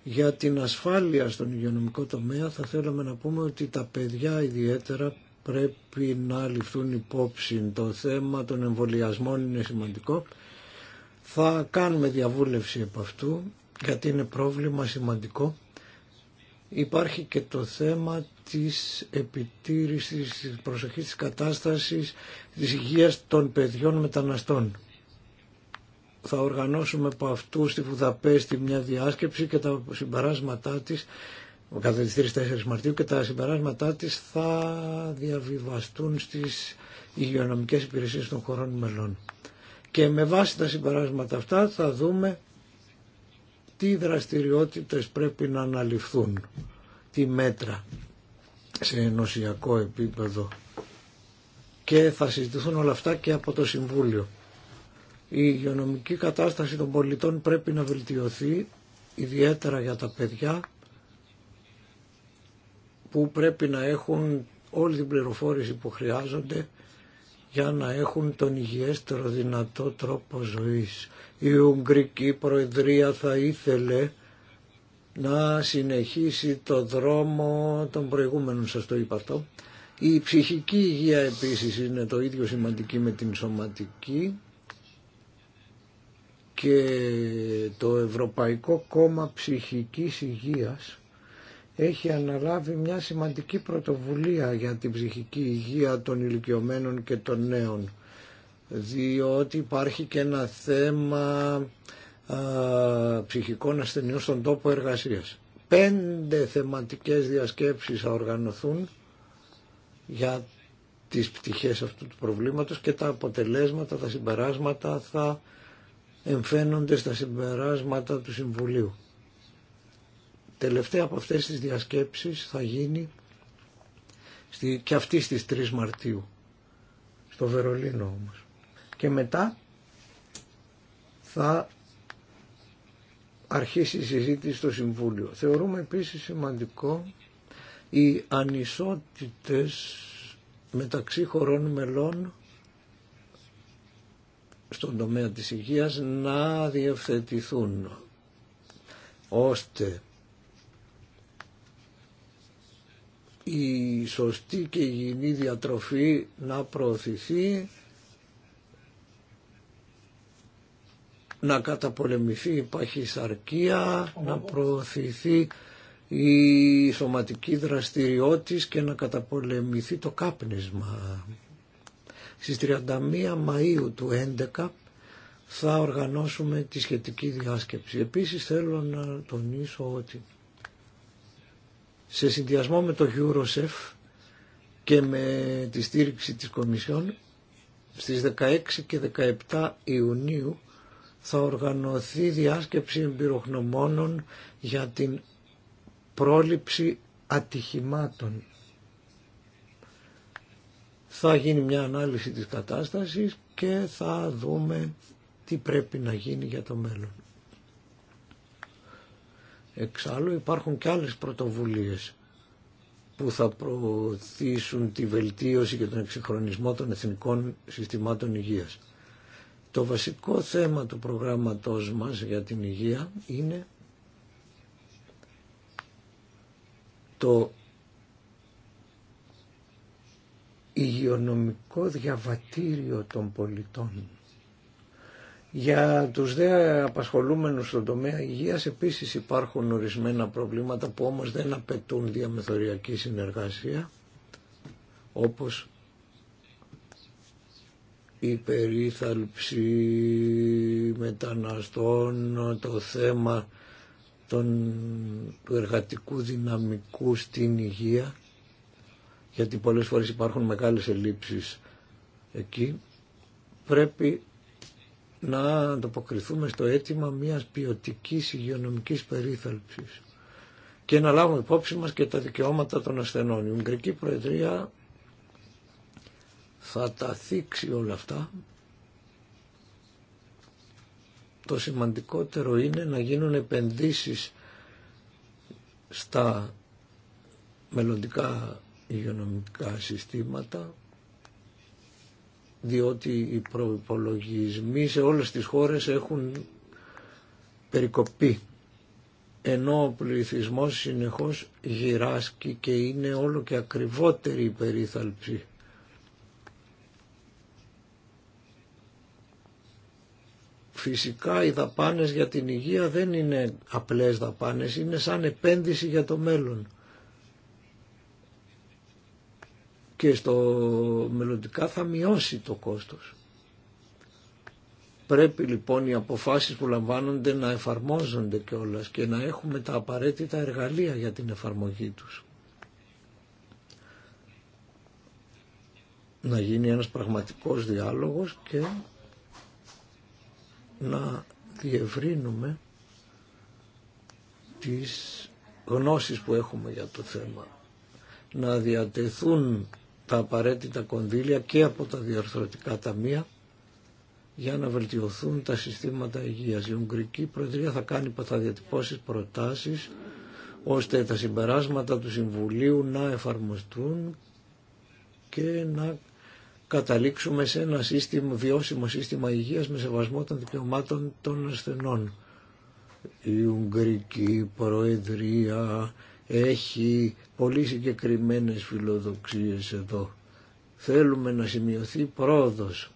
Για την ασφάλεια στον υγειονομικό τομέα θα θέλαμε να πούμε ότι τα παιδιά ιδιαίτερα πρέπει να ληφθούν υπόψη. Το θέμα των εμβολιασμών είναι σημαντικό. Θα κάνουμε διαβούλευση από αυτού γιατί είναι πρόβλημα σημαντικό. Υπάρχει και το θέμα της επιτήρησης, της προσοχής της κατάστασης της υγείας των παιδιών μεταναστών θα οργανώσουμε από αυτού στη Βουδαπέστη μια διάσκεψη και τα συμπεράσματά της κατά τις 3-4 Μαρτίου και τα συμπεράσματά της θα διαβιβαστούν στις υγειονομικές υπηρεσίες των χωρών μελών. Και με βάση τα συμπεράσματα αυτά θα δούμε τι δραστηριότητες πρέπει να αναλυφθούν, τι μέτρα σε ενωσιακό επίπεδο και θα συζητηθούν όλα αυτά και από το Συμβούλιο. Η υγειονομική κατάσταση των πολιτών πρέπει να βελτιωθεί, ιδιαίτερα για τα παιδιά που πρέπει να έχουν όλη την πληροφόρηση που χρειάζονται για να έχουν τον υγιέστερο δυνατό τρόπο ζωής. Η Ουγγρική Προεδρία θα ήθελε να συνεχίσει το δρόμο των προηγούμενων, σας το είπα αυτό. Η ψυχική υγεία επίσης είναι το ίδιο σημαντική με την σωματική και το Ευρωπαϊκό Κόμμα Ψυχικής Υγείας έχει αναλάβει μια σημαντική πρωτοβουλία για την ψυχική υγεία των ηλικιωμένων και των νέων διότι υπάρχει και ένα θέμα ψυχικών ασθενειών στον τόπο εργασίας. Πέντε θεματικές διασκέψεις θα οργανωθούν για τις πτυχές αυτού του προβλήματος και τα αποτελέσματα, τα συμπεράσματα θα εμφαίνονται στα συμπεράσματα του Συμβουλίου. Τελευταία από αυτές τις διασκέψεις θα γίνει στη, και αυτή στις 3 Μαρτίου, στο Βερολίνο όμως. Και μετά θα αρχίσει η συζήτηση στο Συμβούλιο. Θεωρούμε επίσης σημαντικό οι ανισότητες μεταξύ χωρών μελών στον τομέα της υγείας να διευθετηθούν ώστε η σωστή και υγιεινή διατροφή να προωθηθεί να καταπολεμηθεί η παχυσαρκία, να προωθηθεί η σωματική δραστηριότητα και να καταπολεμηθεί το κάπνισμα. Στις 31 Μαΐου του 2011 θα οργανώσουμε τη σχετική διάσκεψη. Επίσης θέλω να τονίσω ότι σε συνδυασμό με το Eurosef και με τη στήριξη της Κομισιόν στις 16 και 17 Ιουνίου θα οργανωθεί διάσκεψη εμπειροχνομόνων για την πρόληψη ατυχημάτων θα γίνει μια ανάλυση της κατάστασης και θα δούμε τι πρέπει να γίνει για το μέλλον. Εξάλλου υπάρχουν και άλλες πρωτοβουλίες που θα προωθήσουν τη βελτίωση και τον εξυγχρονισμό των εθνικών συστημάτων υγείας. Το βασικό θέμα του προγράμματός μας για την υγεία είναι το υγειονομικό διαβατήριο των πολιτών. Για τους δε απασχολούμενους στον τομέα υγείας επίσης υπάρχουν ορισμένα προβλήματα που όμως δεν απαιτούν διαμεθοριακή συνεργασία όπως η περίθαλψη μεταναστών, το θέμα των, του εργατικού δυναμικού στην υγεία γιατί πολλές φορές υπάρχουν μεγάλες ελλείψεις εκεί, πρέπει να ανταποκριθούμε στο αίτημα μιας ποιοτική υγειονομικής περίθαλψης και να λάβουμε υπόψη μας και τα δικαιώματα των ασθενών. Η Ουγγρική Προεδρία θα τα θίξει όλα αυτά. Το σημαντικότερο είναι να γίνουν επενδύσεις στα μελλοντικά υγειονομικά συστήματα διότι οι προϋπολογισμοί σε όλες τις χώρες έχουν περικοπεί ενώ ο πληθυσμός συνεχώς γυράσκει και είναι όλο και ακριβότερη η περίθαλψη. Φυσικά οι δαπάνες για την υγεία δεν είναι απλές δαπάνες, είναι σαν επένδυση για το μέλλον. και στο μελλοντικά θα μειώσει το κόστος. Πρέπει λοιπόν οι αποφάσεις που λαμβάνονται να εφαρμόζονται κιόλα και να έχουμε τα απαραίτητα εργαλεία για την εφαρμογή τους. Να γίνει ένας πραγματικός διάλογος και να διευρύνουμε τις γνώσεις που έχουμε για το θέμα. Να διατεθούν τα απαραίτητα κονδύλια και από τα διαρθρωτικά ταμεία για να βελτιωθούν τα συστήματα υγείας. Η Ουγγρική Προεδρία θα κάνει θα διατυπώσει προτάσεις ώστε τα συμπεράσματα του Συμβουλίου να εφαρμοστούν και να καταλήξουμε σε ένα σύστημα, βιώσιμο σύστημα υγείας με σεβασμό των δικαιωμάτων των ασθενών. Η Ουγγρική Προεδρία έχει πολύ συγκεκριμένε φιλοδοξίες εδώ. Θέλουμε να σημειωθεί πρόοδος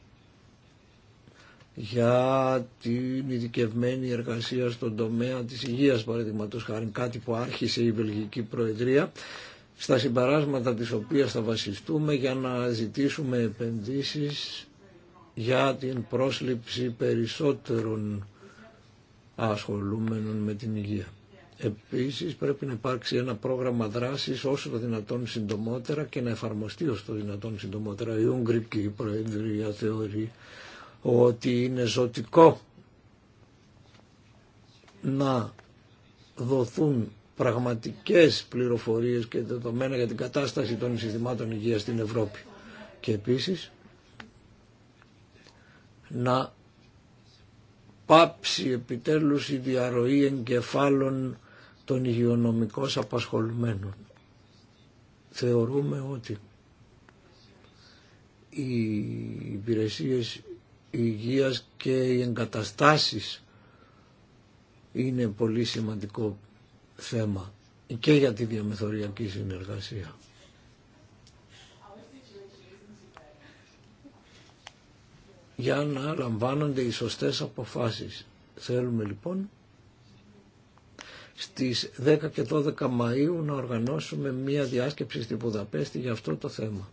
για την ειδικευμένη εργασία στον τομέα της υγείας παραδείγματος χάρη κάτι που άρχισε η Βελγική Προεδρία στα συμπαράσματα της οποίας θα βασιστούμε για να ζητήσουμε επενδύσεις για την πρόσληψη περισσότερων ασχολούμενων με την υγεία. Επίσης πρέπει να υπάρξει ένα πρόγραμμα δράσης όσο το δυνατόν συντομότερα και να εφαρμοστεί όσο το δυνατόν συντομότερα. Η Ουγγρική Προεδρία θεωρεί ότι είναι ζωτικό να δοθούν πραγματικές πληροφορίες και δεδομένα για την κατάσταση των συστημάτων υγείας στην Ευρώπη. Και επίσης να πάψει επιτέλους η διαρροή εγκεφάλων των υγειονομικώς απασχολουμένων. Θεωρούμε ότι οι υπηρεσίες υγείας και οι εγκαταστάσεις είναι πολύ σημαντικό θέμα και για τη διαμεθοριακή συνεργασία. για να λαμβάνονται οι σωστές αποφάσεις. Θέλουμε λοιπόν στις 10 και 12 Μαΐου να οργανώσουμε μία διάσκεψη στη Βουδαπέστη για αυτό το θέμα.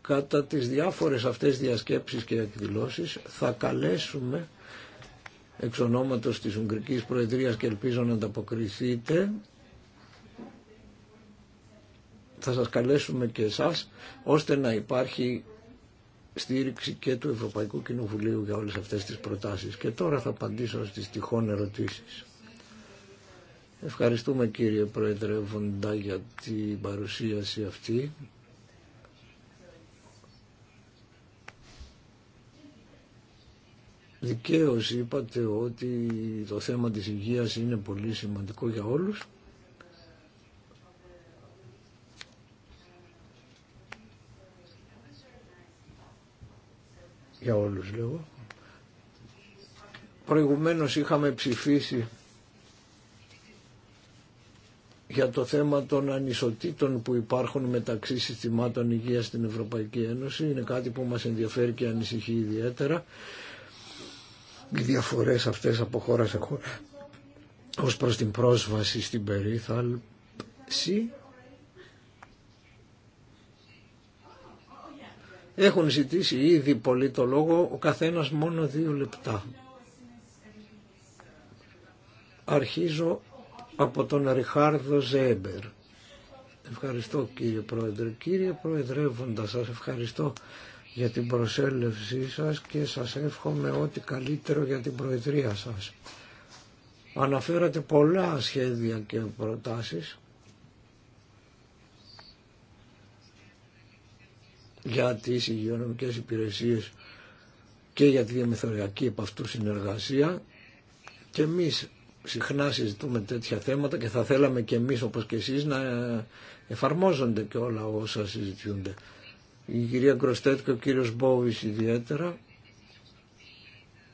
Κατά τις διάφορες αυτές διασκέψεις και εκδηλώσεις θα καλέσουμε εξ ονόματος της Ουγγρικής Προεδρίας και ελπίζω να ανταποκριθείτε θα σας καλέσουμε και εσάς ώστε να υπάρχει στήριξη και του Ευρωπαϊκού Κοινοβουλίου για όλες αυτές τις προτάσεις. Και τώρα θα απαντήσω στις τυχόν ερωτήσεις. Ευχαριστούμε κύριε Πρόεδρε Βοντά για την παρουσίαση αυτή. Δικαίως είπατε ότι το θέμα της υγείας είναι πολύ σημαντικό για όλους για όλους λέω. Προηγουμένως είχαμε ψηφίσει για το θέμα των ανισοτήτων που υπάρχουν μεταξύ συστημάτων υγείας στην Ευρωπαϊκή Ένωση. Είναι κάτι που μας ενδιαφέρει και ανησυχεί ιδιαίτερα. Οι διαφορές αυτές από χώρα σε χώρα ως προς την πρόσβαση στην περίθαλψη Έχουν ζητήσει ήδη πολύ το λόγο, ο καθένας μόνο δύο λεπτά. Αρχίζω από τον Ριχάρδο Ζέμπερ. Ευχαριστώ κύριε Πρόεδρε. Κύριε Προεδρεύοντα, σας ευχαριστώ για την προσέλευσή σας και σας εύχομαι ό,τι καλύτερο για την Προεδρία σας. Αναφέρατε πολλά σχέδια και προτάσεις για τις υγειονομικές υπηρεσίες και για τη διαμεθοριακή επ' αυτού συνεργασία και εμείς συχνά συζητούμε τέτοια θέματα και θα θέλαμε και εμείς όπως και εσείς να εφαρμόζονται και όλα όσα συζητούνται. Η κυρία Γκροστέτ και ο κύριος Μπόβης ιδιαίτερα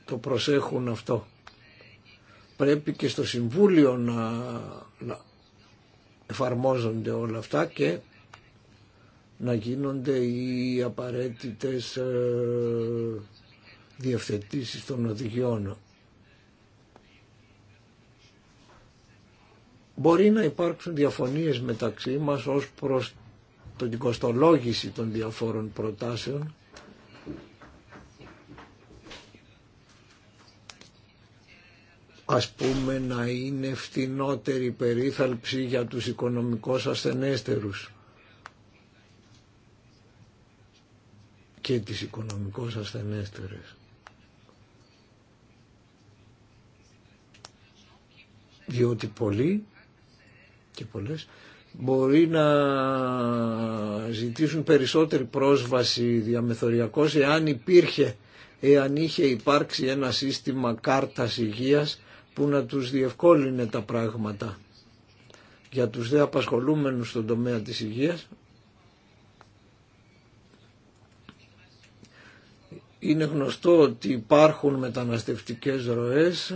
το προσέχουν αυτό. Πρέπει και στο Συμβούλιο να εφαρμόζονται όλα αυτά και να γίνονται οι απαραίτητες ε, διευθετήσεις των οδηγιών. Μπορεί να υπάρξουν διαφωνίες μεταξύ μας ως προς την κοστολόγηση των διαφόρων προτάσεων ας πούμε να είναι φτηνότερη περίθαλψη για τους οικονομικούς ασθενέστερους. και τις οικονομικώς ασθενέστερες. Διότι πολλοί και πολλές μπορεί να ζητήσουν περισσότερη πρόσβαση διαμεθοριακώς εάν υπήρχε, εάν είχε υπάρξει ένα σύστημα κάρτας υγείας που να τους διευκόλυνε τα πράγματα. Για τους δε απασχολούμενους στον τομέα της υγείας Είναι γνωστό ότι υπάρχουν μεταναστευτικές ροές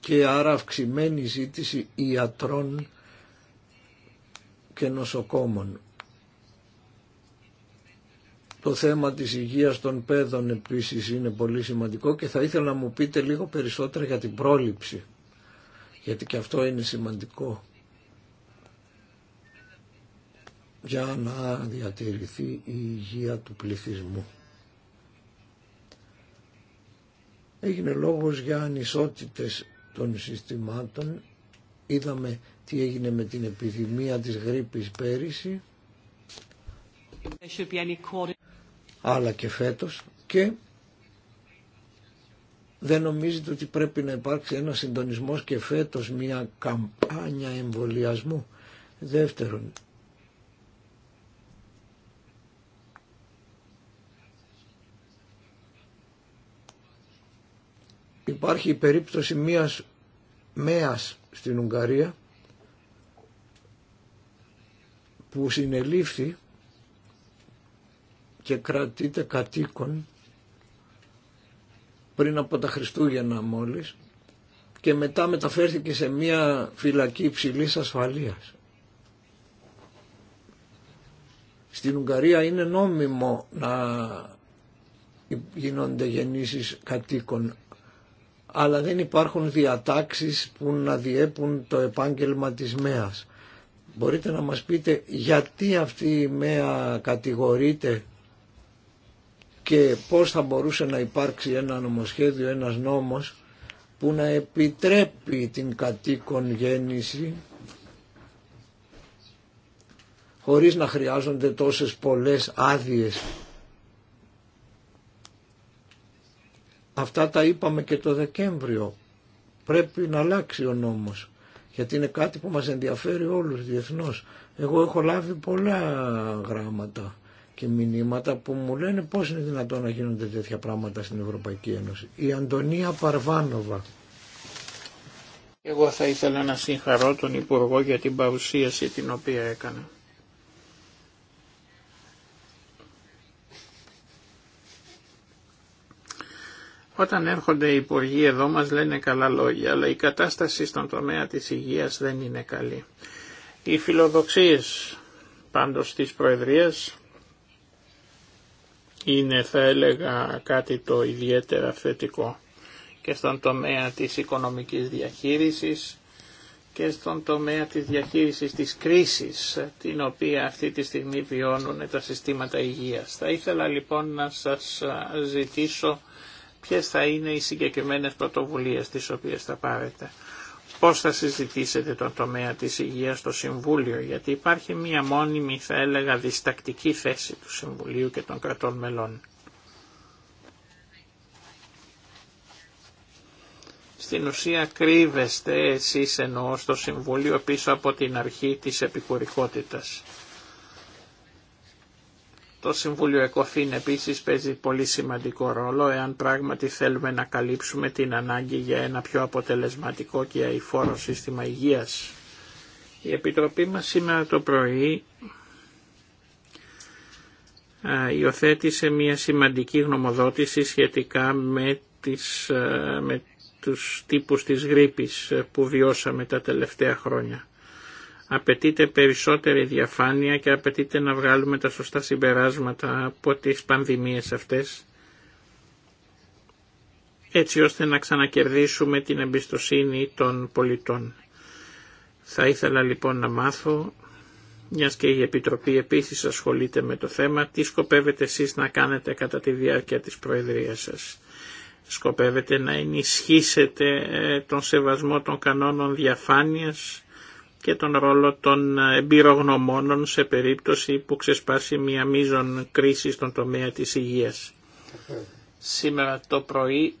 και άρα αυξημένη ζήτηση ιατρών και νοσοκόμων. Το θέμα της υγείας των παιδών επίσης είναι πολύ σημαντικό και θα ήθελα να μου πείτε λίγο περισσότερα για την πρόληψη, γιατί και αυτό είναι σημαντικό για να διατηρηθεί η υγεία του πληθυσμού. Έγινε λόγος για ανισότητες των συστημάτων. Είδαμε τι έγινε με την επιδημία της γρήπης πέρυσι αλλά και φέτος και δεν νομίζετε ότι πρέπει να υπάρξει ένα συντονισμός και φέτος μια καμπάνια εμβολιασμού. Δεύτερον, Υπάρχει η περίπτωση μίας μέας στην Ουγγαρία που συνελήφθη και κρατείται κατοίκον πριν από τα Χριστούγεννα μόλις και μετά μεταφέρθηκε σε μια φυλακή υψηλής ασφαλείας. Στην Ουγγαρία είναι νόμιμο να γίνονται γεννήσεις κατοίκων αλλά δεν υπάρχουν διατάξεις που να διέπουν το επάγγελμα της ΜΕΑΣ. Μπορείτε να μας πείτε γιατί αυτή η ΜΕΑ κατηγορείται και πώς θα μπορούσε να υπάρξει ένα νομοσχέδιο, ένας νόμος που να επιτρέπει την κατοίκον γέννηση χωρίς να χρειάζονται τόσες πολλές άδειες Αυτά τα είπαμε και το Δεκέμβριο. Πρέπει να αλλάξει ο νόμος. Γιατί είναι κάτι που μας ενδιαφέρει όλους διεθνώς. Εγώ έχω λάβει πολλά γράμματα και μηνύματα που μου λένε πώς είναι δυνατόν να γίνονται τέτοια πράγματα στην Ευρωπαϊκή Ένωση. Η Αντωνία Παρβάνοβα. Εγώ θα ήθελα να συγχαρώ τον Υπουργό για την παρουσίαση την οποία έκανα. Όταν έρχονται οι υπουργοί εδώ μας λένε καλά λόγια, αλλά η κατάσταση στον τομέα της υγείας δεν είναι καλή. Οι φιλοδοξίες πάντως της Προεδρίας είναι θα έλεγα κάτι το ιδιαίτερα θετικό και στον τομέα της οικονομικής διαχείρισης και στον τομέα της διαχείρισης της κρίσης την οποία αυτή τη στιγμή βιώνουν τα συστήματα υγείας. Θα ήθελα λοιπόν να σας ζητήσω ποιες θα είναι οι συγκεκριμένες πρωτοβουλίες τις οποίες θα πάρετε. Πώς θα συζητήσετε τον τομέα της υγείας στο Συμβούλιο, γιατί υπάρχει μία μόνιμη, θα έλεγα, διστακτική θέση του Συμβουλίου και των κρατών μελών. Στην ουσία κρύβεστε εσείς εννοώ στο Συμβούλιο πίσω από την αρχή της επικουρικότητας. Το Συμβούλιο ΕΚΟΦΗΝ επίσης παίζει πολύ σημαντικό ρόλο εάν πράγματι θέλουμε να καλύψουμε την ανάγκη για ένα πιο αποτελεσματικό και αηφόρο σύστημα υγείας. Η Επιτροπή μας σήμερα το πρωί υιοθέτησε μια σημαντική γνωμοδότηση σχετικά με, τις, με τους τύπους της γρήπης που βιώσαμε τα τελευταία χρόνια απαιτείται περισσότερη διαφάνεια και απαιτείται να βγάλουμε τα σωστά συμπεράσματα από τις πανδημίες αυτές έτσι ώστε να ξανακερδίσουμε την εμπιστοσύνη των πολιτών. Θα ήθελα λοιπόν να μάθω, μιας και η Επιτροπή επίσης ασχολείται με το θέμα, τι σκοπεύετε εσείς να κάνετε κατά τη διάρκεια της Προεδρίας σας. Σκοπεύετε να ενισχύσετε ε, τον σεβασμό των κανόνων διαφάνειας, και τον ρόλο των εμπειρογνωμόνων σε περίπτωση που ξεσπάσει μια μείζον κρίση στον τομέα της υγείας. Σήμερα το πρωί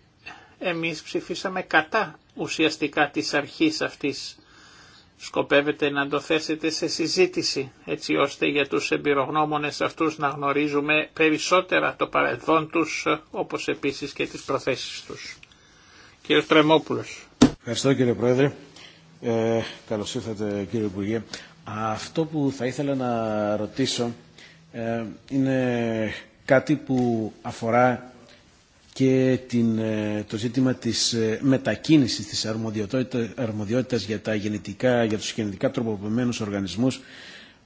εμείς ψηφίσαμε κατά ουσιαστικά της αρχής αυτής. Σκοπεύετε να το θέσετε σε συζήτηση έτσι ώστε για τους εμπειρογνώμονες αυτούς να γνωρίζουμε περισσότερα το παρελθόν τους όπως επίσης και τις προθέσεις τους. Κύριος Τρεμόπουλος. Ευχαριστώ κύριε Πρόεδρε. Ε, ήρθατε κύριε Υπουργέ. Αυτό που θα ήθελα να ρωτήσω ε, είναι κάτι που αφορά και την, ε, το ζήτημα της ε, μετακίνησης της αρμοδιότητα, αρμοδιότητας για, τα γενετικά, για τους γενετικά τροποποιημένους οργανισμούς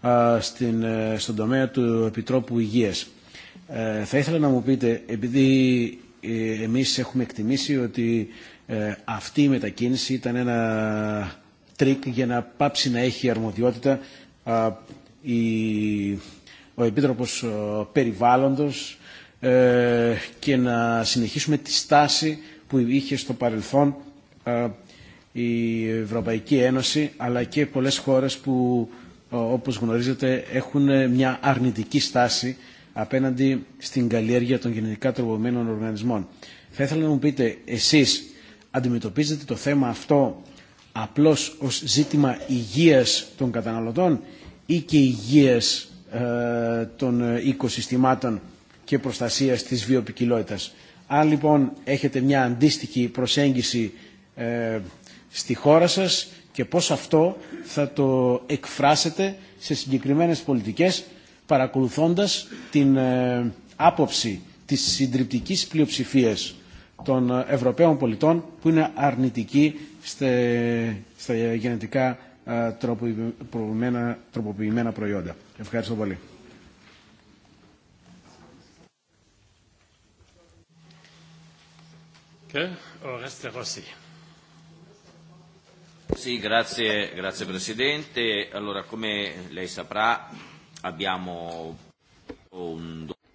α, στην, στον τομέα του Επιτρόπου Υγείας. θα ήθελα να μου πείτε, επειδή εμείς έχουμε εκτιμήσει ότι αυτή η μετακίνηση ήταν ένα για να πάψει να έχει αρμοδιότητα ο Επίτροπος Περιβάλλοντος ε, και να συνεχίσουμε τη στάση που είχε στο παρελθόν η Ευρωπαϊκή Ένωση αλλά και πολλές χώρες που όπως γνωρίζετε έχουν μια αρνητική στάση απέναντι στην καλλιέργεια των γενετικά τροπομένων οργανισμών. Θα ήθελα να μου πείτε εσείς αντιμετωπίζετε το θέμα αυτό απλώς ως ζήτημα υγείας των καταναλωτών ή και υγείας ε, των ε, οικοσυστημάτων και προστασίας της βιοπικιλότητας. Αν λοιπόν έχετε μια αντίστοιχη προσέγγιση ε, στη χώρα σας και πώς αυτό θα το εκφράσετε σε συγκεκριμένες πολιτικές παρακολουθώντας την άποψη της συντριπτικής πλειοψηφίας των Ευρωπαίων πολιτών που είναι αρνητικοί στα γενετικά τροποποιημένα τροποποιημένα προϊόντα. Ευχαριστώ πολύ. Και ο Sì, grazie, grazie Presidente. Allora, come lei saprà, abbiamo un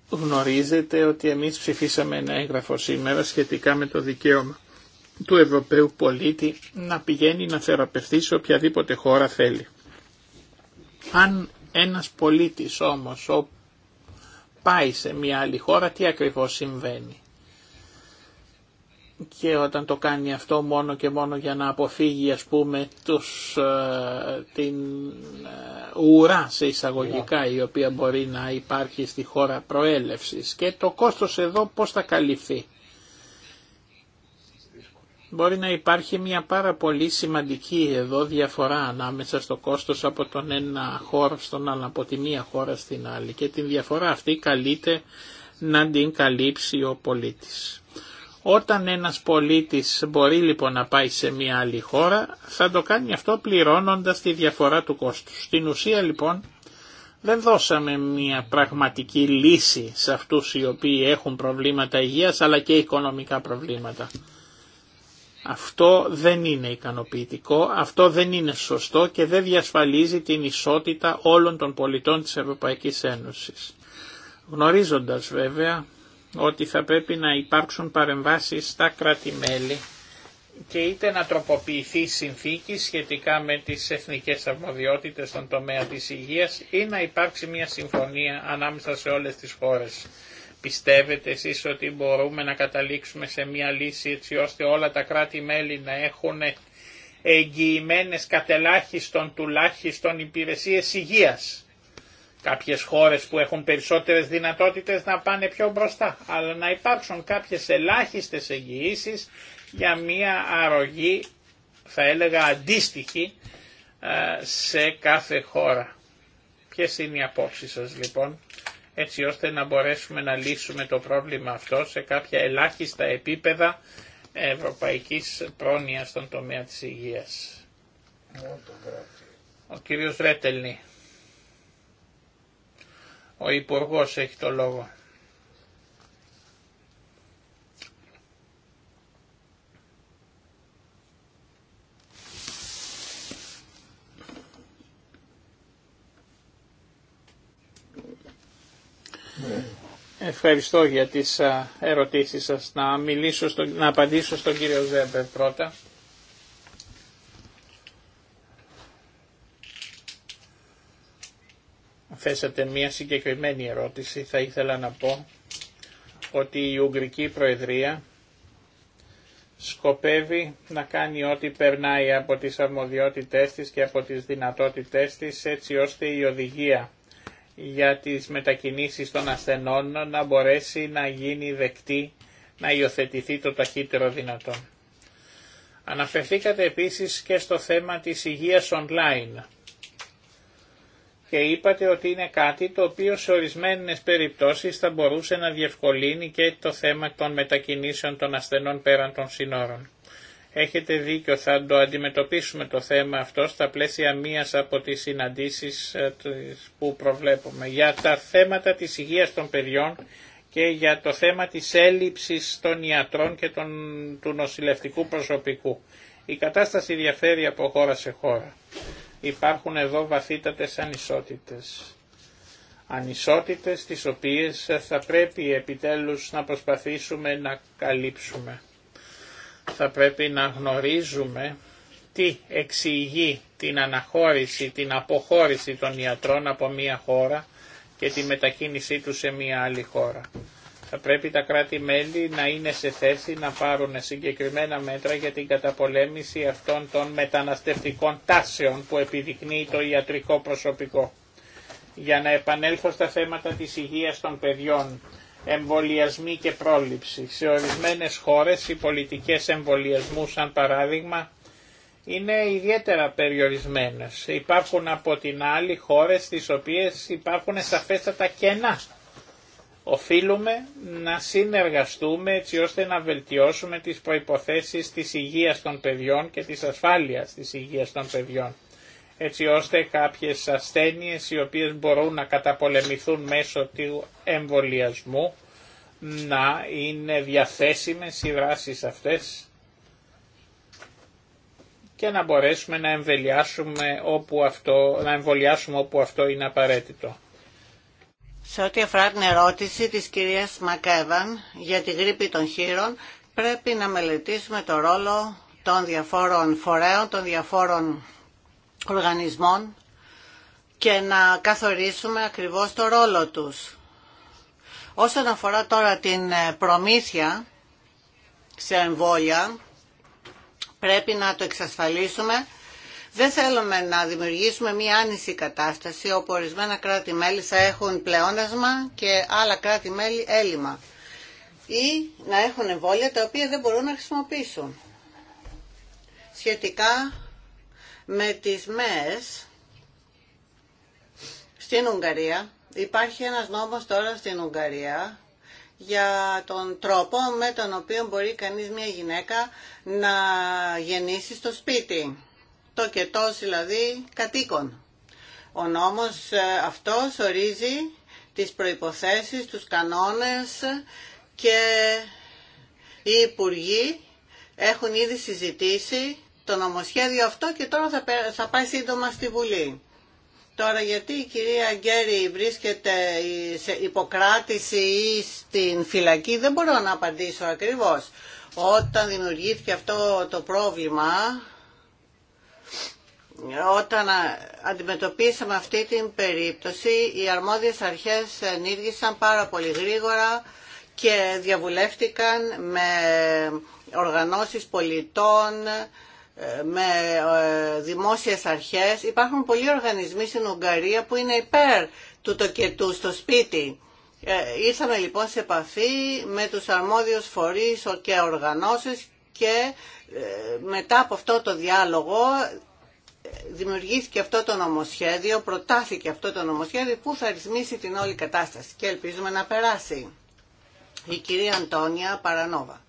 γνωρίζετε ότι εμείς ψηφίσαμε ένα έγγραφο σήμερα σχετικά με το δικαίωμα του Ευρωπαίου πολίτη να πηγαίνει να θεραπευθεί σε οποιαδήποτε χώρα θέλει. Αν ένας πολίτης όμως πάει σε μια άλλη χώρα, τι ακριβώς συμβαίνει και όταν το κάνει αυτό μόνο και μόνο για να αποφύγει ας πούμε τους, ε, την ε, ουρά σε εισαγωγικά η οποία μπορεί να υπάρχει στη χώρα προέλευσης και το κόστος εδώ πώς θα καλυφθεί. Μπορεί να υπάρχει μια πάρα πολύ σημαντική εδώ διαφορά ανάμεσα στο κόστος από τον ένα χώρο στον άλλο, από τη μία χώρα στην άλλη και την διαφορά αυτή καλείται να την καλύψει ο πολίτης. Όταν ένας πολίτης μπορεί λοιπόν να πάει σε μια άλλη χώρα θα το κάνει αυτό πληρώνοντας τη διαφορά του κόστου. Στην ουσία λοιπόν δεν δώσαμε μια πραγματική λύση σε αυτούς οι οποίοι έχουν προβλήματα υγείας αλλά και οικονομικά προβλήματα. Αυτό δεν είναι ικανοποιητικό, αυτό δεν είναι σωστό και δεν διασφαλίζει την ισότητα όλων των πολιτών της Ευρωπαϊκής Ένωσης. Γνωρίζοντας βέβαια ότι θα πρέπει να υπάρξουν παρεμβάσεις στα κρατη και είτε να τροποποιηθεί η συνθήκη σχετικά με τις εθνικές αρμοδιότητες στον τομέα της υγείας ή να υπάρξει μια συμφωνία ανάμεσα σε όλες τις χώρες. Πιστεύετε εσείς ότι μπορούμε να καταλήξουμε σε μια λύση έτσι ώστε όλα τα κράτη-μέλη να έχουν εγγυημένες κατελάχιστον τουλάχιστον υπηρεσίες υγείας Κάποιες χώρες που έχουν περισσότερες δυνατότητες να πάνε πιο μπροστά, αλλά να υπάρξουν κάποιες ελάχιστες εγγυήσεις για μια αρρωγή, θα έλεγα αντίστοιχη, ε, σε κάθε χώρα. Ποιες είναι οι απόψεις σας λοιπόν, έτσι ώστε να μπορέσουμε να λύσουμε το πρόβλημα αυτό σε κάποια ελάχιστα επίπεδα ευρωπαϊκής πρόνοιας στον τομέα της υγείας. Ο κύριος Ρέτελνη. Ο Υπουργός έχει το λόγο. Ευχαριστώ για τις ερωτήσεις σας. Να, μιλήσω στο, να απαντήσω στον κύριο Ζέμπερ πρώτα. θέσατε μια συγκεκριμένη ερώτηση, θα ήθελα να πω ότι η Ουγγρική Προεδρία σκοπεύει να κάνει ό,τι περνάει από τις αρμοδιότητές της και από τις δυνατότητές της έτσι ώστε η οδηγία για τις μετακινήσεις των ασθενών να μπορέσει να γίνει δεκτή, να υιοθετηθεί το ταχύτερο δυνατόν. Αναφερθήκατε επίσης και στο θέμα της υγείας online και είπατε ότι είναι κάτι το οποίο σε ορισμένες περιπτώσεις θα μπορούσε να διευκολύνει και το θέμα των μετακινήσεων των ασθενών πέραν των σύνορων. Έχετε δίκιο, θα το αντιμετωπίσουμε το θέμα αυτό στα πλαίσια μίας από τις συναντήσεις ε, που προβλέπουμε. Για τα θέματα της υγείας των παιδιών και για το θέμα της έλλειψης των ιατρών και του νοσηλευτικού προσωπικού. Η κατάσταση διαφέρει από χώρα σε χώρα υπάρχουν εδώ βαθύτατες ανισότητες. Ανισότητες τις οποίες θα πρέπει επιτέλους να προσπαθήσουμε να καλύψουμε. Θα πρέπει να γνωρίζουμε τι εξηγεί την αναχώρηση, την αποχώρηση των ιατρών από μία χώρα και τη μετακίνησή τους σε μία άλλη χώρα. Θα πρέπει τα κράτη-μέλη να είναι σε θέση να πάρουν συγκεκριμένα μέτρα για την καταπολέμηση αυτών των μεταναστευτικών τάσεων που επιδεικνύει το ιατρικό προσωπικό. Για να επανέλθω στα θέματα της υγείας των παιδιών, εμβολιασμοί και πρόληψη. Σε ορισμένες χώρες οι πολιτικές εμβολιασμού, σαν παράδειγμα, είναι ιδιαίτερα περιορισμένες. Υπάρχουν από την άλλη χώρες στις οποίες υπάρχουν σαφέστατα κενά οφείλουμε να συνεργαστούμε έτσι ώστε να βελτιώσουμε τις προϋποθέσεις της υγείας των παιδιών και της ασφάλειας της υγείας των παιδιών έτσι ώστε κάποιες ασθένειες οι οποίες μπορούν να καταπολεμηθούν μέσω του εμβολιασμού να είναι διαθέσιμες οι δράσεις αυτές και να μπορέσουμε να εμβολιάσουμε όπου αυτό, να εμβολιάσουμε όπου αυτό είναι απαραίτητο. Σε ό,τι αφορά την ερώτηση της κυρίας Μακέβαν για τη γρήπη των χείρων, πρέπει να μελετήσουμε το ρόλο των διαφόρων φορέων, των διαφόρων οργανισμών και να καθορίσουμε ακριβώς το ρόλο τους. Όσον αφορά τώρα την ε, προμήθεια σε εμβόλια, πρέπει να το εξασφαλίσουμε δεν θέλουμε να δημιουργήσουμε μια άνηση κατάσταση όπου ορισμένα κράτη-μέλη θα έχουν πλεόνασμα και άλλα κράτη-μέλη έλλειμμα ή να έχουν εμβόλια τα οποία δεν μπορούν να χρησιμοποιήσουν. Σχετικά με τις ΜΕΕΣ στην Ουγγαρία, υπάρχει ένας νόμος τώρα στην Ουγγαρία για τον τρόπο με τον οποίο μπορεί κανείς μια γυναίκα να γεννήσει στο σπίτι το και δηλαδή κατοίκων. Ο νόμος ε, αυτός ορίζει τις προϋποθέσεις, τους κανόνες και οι υπουργοί έχουν ήδη συζητήσει το νομοσχέδιο αυτό και τώρα θα πάει σύντομα στη Βουλή. Τώρα γιατί η κυρία Γκέρι βρίσκεται σε υποκράτηση ή στην φυλακή δεν μπορώ να απαντήσω ακριβώς. Όταν δημιουργήθηκε αυτό το πρόβλημα όταν αντιμετωπίσαμε αυτή την περίπτωση οι αρμόδιες αρχές ενήργησαν πάρα πολύ γρήγορα και διαβουλεύτηκαν με οργανώσεις πολιτών, με ε, δημόσιες αρχές. Υπάρχουν πολλοί οργανισμοί στην Ουγγαρία που είναι υπέρ του τοκετού στο σπίτι. Ε, ήρθαμε λοιπόν σε επαφή με τους αρμόδιους φορείς και οργανώσεις και ε, μετά από αυτό το διάλογο ε, δημιουργήθηκε αυτό το νομοσχέδιο, προτάθηκε αυτό το νομοσχέδιο που θα ρυθμίσει την όλη κατάσταση και ελπίζουμε να περάσει. Η κυρία Αντώνια Παρανόβα.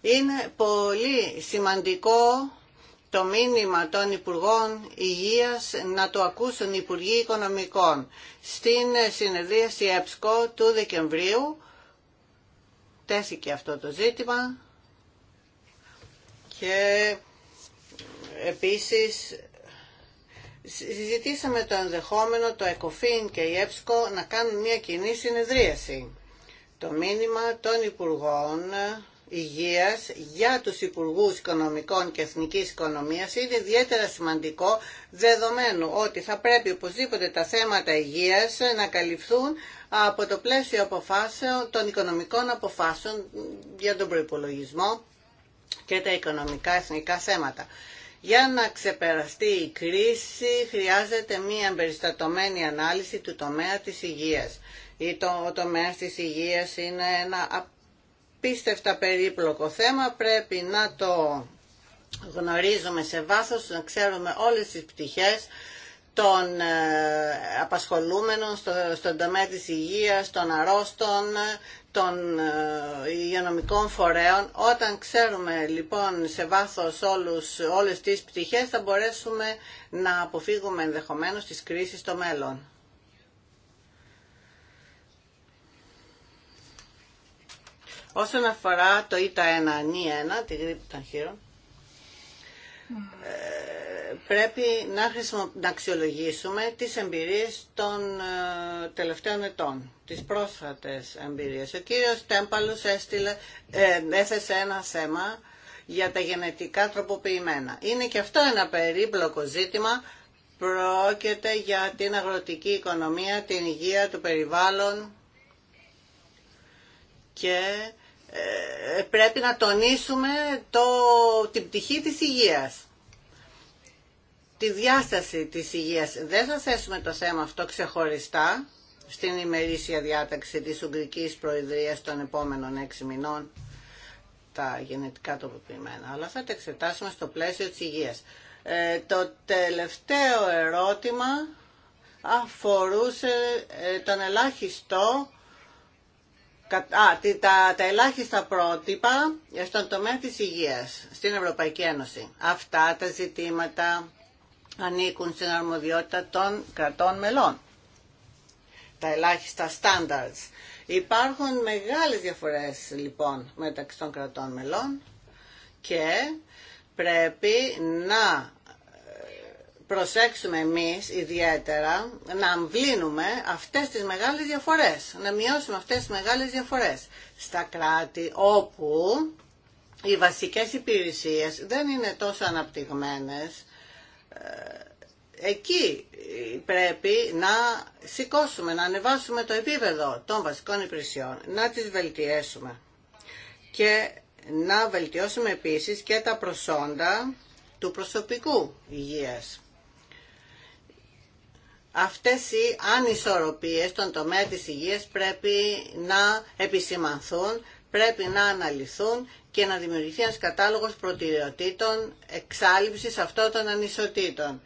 Είναι πολύ σημαντικό το μήνυμα των Υπουργών Υγείας να το ακούσουν οι Υπουργοί Οικονομικών. Στην συνεδρίαση ΕΠΣΚΟ του Δεκεμβρίου τέθηκε αυτό το ζήτημα και επίσης συζητήσαμε το ενδεχόμενο το ΕΚΟΦΗΝ και η ΕΠΣΚΟ να κάνουν μια κοινή συνεδρίαση. Το μήνυμα των Υπουργών Υγείας για τους Υπουργούς Οικονομικών και Εθνικής Οικονομίας είναι ιδιαίτερα σημαντικό δεδομένου ότι θα πρέπει οπωσδήποτε τα θέματα υγείας να καλυφθούν από το πλαίσιο αποφάσεων, των οικονομικών αποφάσεων για τον προϋπολογισμό και τα οικονομικά εθνικά θέματα. Για να ξεπεραστεί η κρίση χρειάζεται μία εμπεριστατωμένη ανάλυση του τομέα της υγείας. ο τομέας της υγείας είναι ένα απίστευτα περίπλοκο θέμα, πρέπει να το γνωρίζουμε σε βάθος, να ξέρουμε όλες τις πτυχές των ε, απασχολούμενων στον τομέα της υγείας, των αρρώστων, των ε, υγειονομικών φορέων. Όταν ξέρουμε λοιπόν σε βάθος όλους, όλες τις πτυχές θα μπορέσουμε να αποφύγουμε ενδεχομένως τις κρίσεις στο μέλλον. Όσον αφορά το ΙΤΑ 1, 1, τη γρήπη των χείρων, ε, πρέπει να, να αξιολογήσουμε τις εμπειρίες των ε, τελευταίων ετών, τις πρόσφατες εμπειρίες. Ο κύριος Τέμπαλος έστειλε, ε, έθεσε ένα θέμα για τα γενετικά τροποποιημένα. Είναι και αυτό ένα περίπλοκο ζήτημα. Πρόκειται για την αγροτική οικονομία, την υγεία του περιβάλλον και ε, πρέπει να τονίσουμε το, την πτυχή της υγείας. Τη διάσταση της υγείας. Δεν θα θέσουμε το θέμα αυτό ξεχωριστά στην ημερήσια διάταξη της Ουγγρικής Προεδρίας των επόμενων έξι μηνών τα γενετικά τοποποιημένα, αλλά θα τα εξετάσουμε στο πλαίσιο της υγείας. Ε, το τελευταίο ερώτημα αφορούσε ε, τον ελάχιστο τα, τα ελάχιστα πρότυπα στον τομέα της υγείας στην Ευρωπαϊκή Ένωση. Αυτά τα ζητήματα ανήκουν στην αρμοδιότητα των κρατών μελών. Τα ελάχιστα standards. Υπάρχουν μεγάλες διαφορές λοιπόν μεταξύ των κρατών μελών και πρέπει να προσέξουμε εμείς ιδιαίτερα να αμβλύνουμε αυτές τις μεγάλες διαφορές, να μειώσουμε αυτές τις μεγάλες διαφορές στα κράτη όπου οι βασικές υπηρεσίες δεν είναι τόσο αναπτυγμένες. Ε, εκεί πρέπει να σηκώσουμε, να ανεβάσουμε το επίπεδο των βασικών υπηρεσιών, να τις βελτιώσουμε και να βελτιώσουμε επίσης και τα προσόντα του προσωπικού υγείας αυτές οι ανισορροπίες στον τομέα της υγείας πρέπει να επισημανθούν, πρέπει να αναλυθούν και να δημιουργηθεί ένας κατάλογος προτεραιοτήτων εξάλληψης αυτών των ανισοτήτων.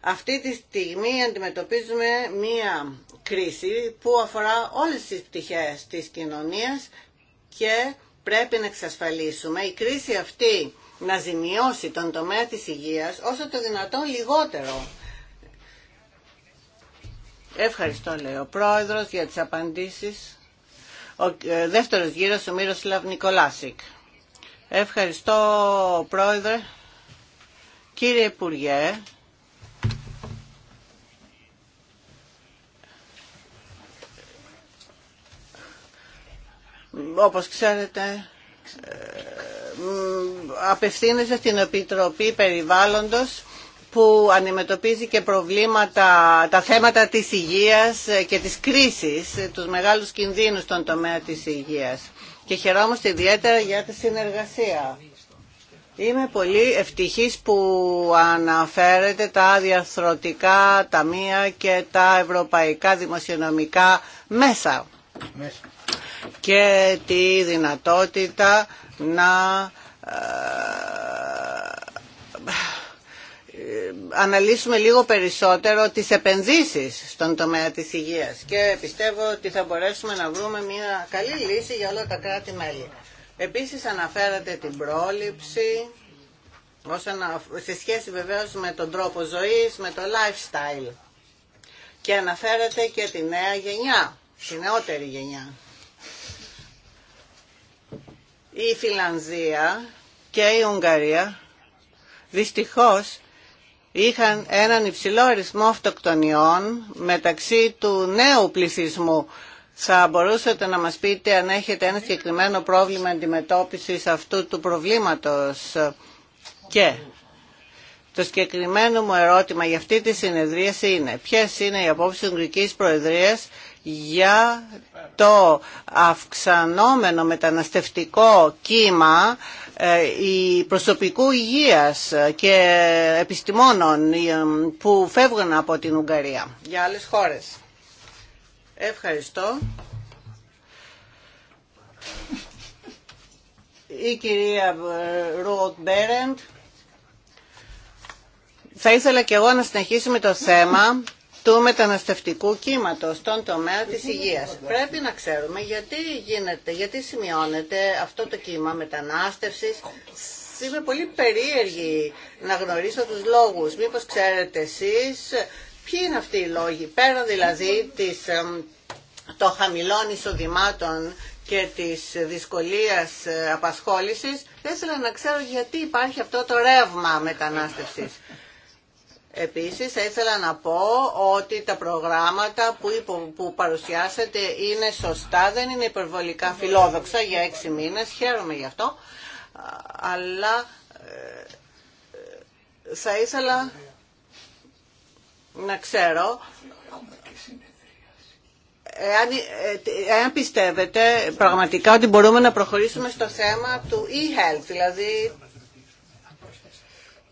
Αυτή τη στιγμή αντιμετωπίζουμε μία κρίση που αφορά όλες τις πτυχές της κοινωνίας και πρέπει να εξασφαλίσουμε η κρίση αυτή να ζημιώσει τον τομέα της υγείας όσο το δυνατόν λιγότερο Ευχαριστώ, λέει ο Πρόεδρο για τι απαντήσει. Ο ε, δεύτερος γύρος, ο Μύροσλαβ Νικολάσικ. Ευχαριστώ, πρόεδρε. Κύριε Υπουργέ, όπως ξέρετε, ε, απευθύνεσαι στην Επιτροπή Περιβάλλοντος που αντιμετωπίζει και προβλήματα, τα θέματα της υγείας και της κρίσης, τους μεγάλους κινδύνους στον τομέα της υγείας. Και χαιρόμαστε ιδιαίτερα για τη συνεργασία. Είμαι πολύ ευτυχής που αναφέρετε τα τα ταμεία και τα ευρωπαϊκά δημοσιονομικά μέσα. Και τη δυνατότητα να ε, ε, αναλύσουμε λίγο περισσότερο τις επενδύσεις στον τομέα της υγείας και πιστεύω ότι θα μπορέσουμε να βρούμε μια καλή λύση για όλα τα κράτη-μέλη. Επίσης αναφέρατε την πρόληψη σε σχέση βεβαίως με τον τρόπο ζωής, με το lifestyle και αναφέρατε και τη νέα γενιά, τη νεότερη γενιά. Η Φιλανδία και η Ουγγαρία δυστυχώς είχαν έναν υψηλό αριθμό αυτοκτονιών μεταξύ του νέου πληθυσμού. Θα μπορούσατε να μας πείτε αν έχετε ένα συγκεκριμένο πρόβλημα αντιμετώπισης αυτού του προβλήματος. Και το συγκεκριμένο μου ερώτημα για αυτή τη συνεδρίαση είναι ποιες είναι οι απόψεις της Ουγγρικής Προεδρίας για το αυξανόμενο μεταναστευτικό κύμα ε, η προσωπικού υγείας και επιστημόνων ε, που φεύγουν από την Ουγγαρία για άλλες χώρες. Ευχαριστώ. Η κυρία Ρουοτ Μπέρεντ. Θα ήθελα και εγώ να συνεχίσουμε το θέμα του μεταναστευτικού κύματο στον τομέα της υγείας. Πρέπει να ξέρουμε γιατί γίνεται, γιατί σημειώνεται αυτό το κύμα μετανάστευση. Είμαι πολύ περίεργη να γνωρίσω τους λόγους. Μήπως ξέρετε εσεί, ποιοι είναι αυτοί οι λόγοι, πέρα δηλαδή της, των χαμηλών εισοδημάτων και της δυσκολίας ε, απασχόλησης, δεν ήθελα να ξέρω γιατί υπάρχει αυτό το ρεύμα μετανάστευσης. Επίσης θα ήθελα να πω ότι τα προγράμματα που, που παρουσιάσετε είναι σωστά, δεν είναι υπερβολικά φιλόδοξα για έξι μήνες, χαίρομαι γι' αυτό, αλλά ε, θα ήθελα να ξέρω εάν, ε, εάν πιστεύετε πραγματικά ότι μπορούμε να προχωρήσουμε στο θέμα του e-health, δηλαδή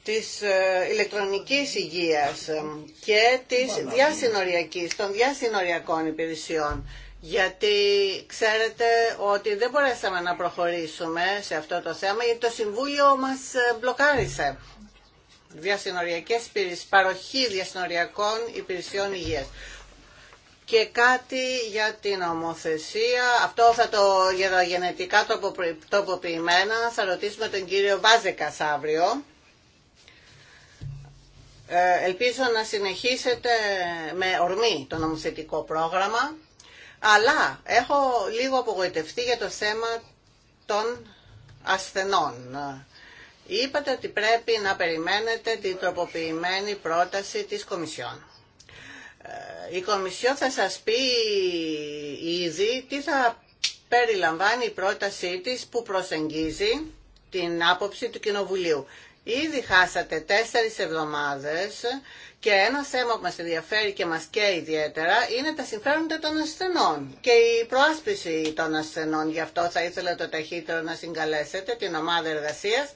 της ε, ηλεκτρονικής υγείας ε, και της διασυνοριακής, των διασυνοριακών υπηρεσιών. Γιατί ξέρετε ότι δεν μπορέσαμε να προχωρήσουμε σε αυτό το θέμα γιατί το Συμβούλιο μας ε, μπλοκάρισε διασυνοριακές παροχή διασυνοριακών υπηρεσιών υγείας. Και κάτι για την ομοθεσία, αυτό θα το για τα γενετικά τοποποιημένα, θα ρωτήσουμε τον κύριο Βάζεκας αύριο ε, ελπίζω να συνεχίσετε με ορμή το νομοθετικό πρόγραμμα, αλλά έχω λίγο απογοητευτεί για το θέμα των ασθενών. Είπατε ότι πρέπει να περιμένετε την τροποποιημένη πρόταση της Κομισιόν. Ε, η Κομισιόν θα σας πει ήδη τι θα περιλαμβάνει η πρότασή της που προσεγγίζει την άποψη του Κοινοβουλίου. Ήδη χάσατε τέσσερις εβδομάδες και ένα θέμα που μας ενδιαφέρει και μας καίει ιδιαίτερα είναι τα συμφέροντα των ασθενών και η προάσπιση των ασθενών. Γι' αυτό θα ήθελα το ταχύτερο να συγκαλέσετε την ομάδα εργασίας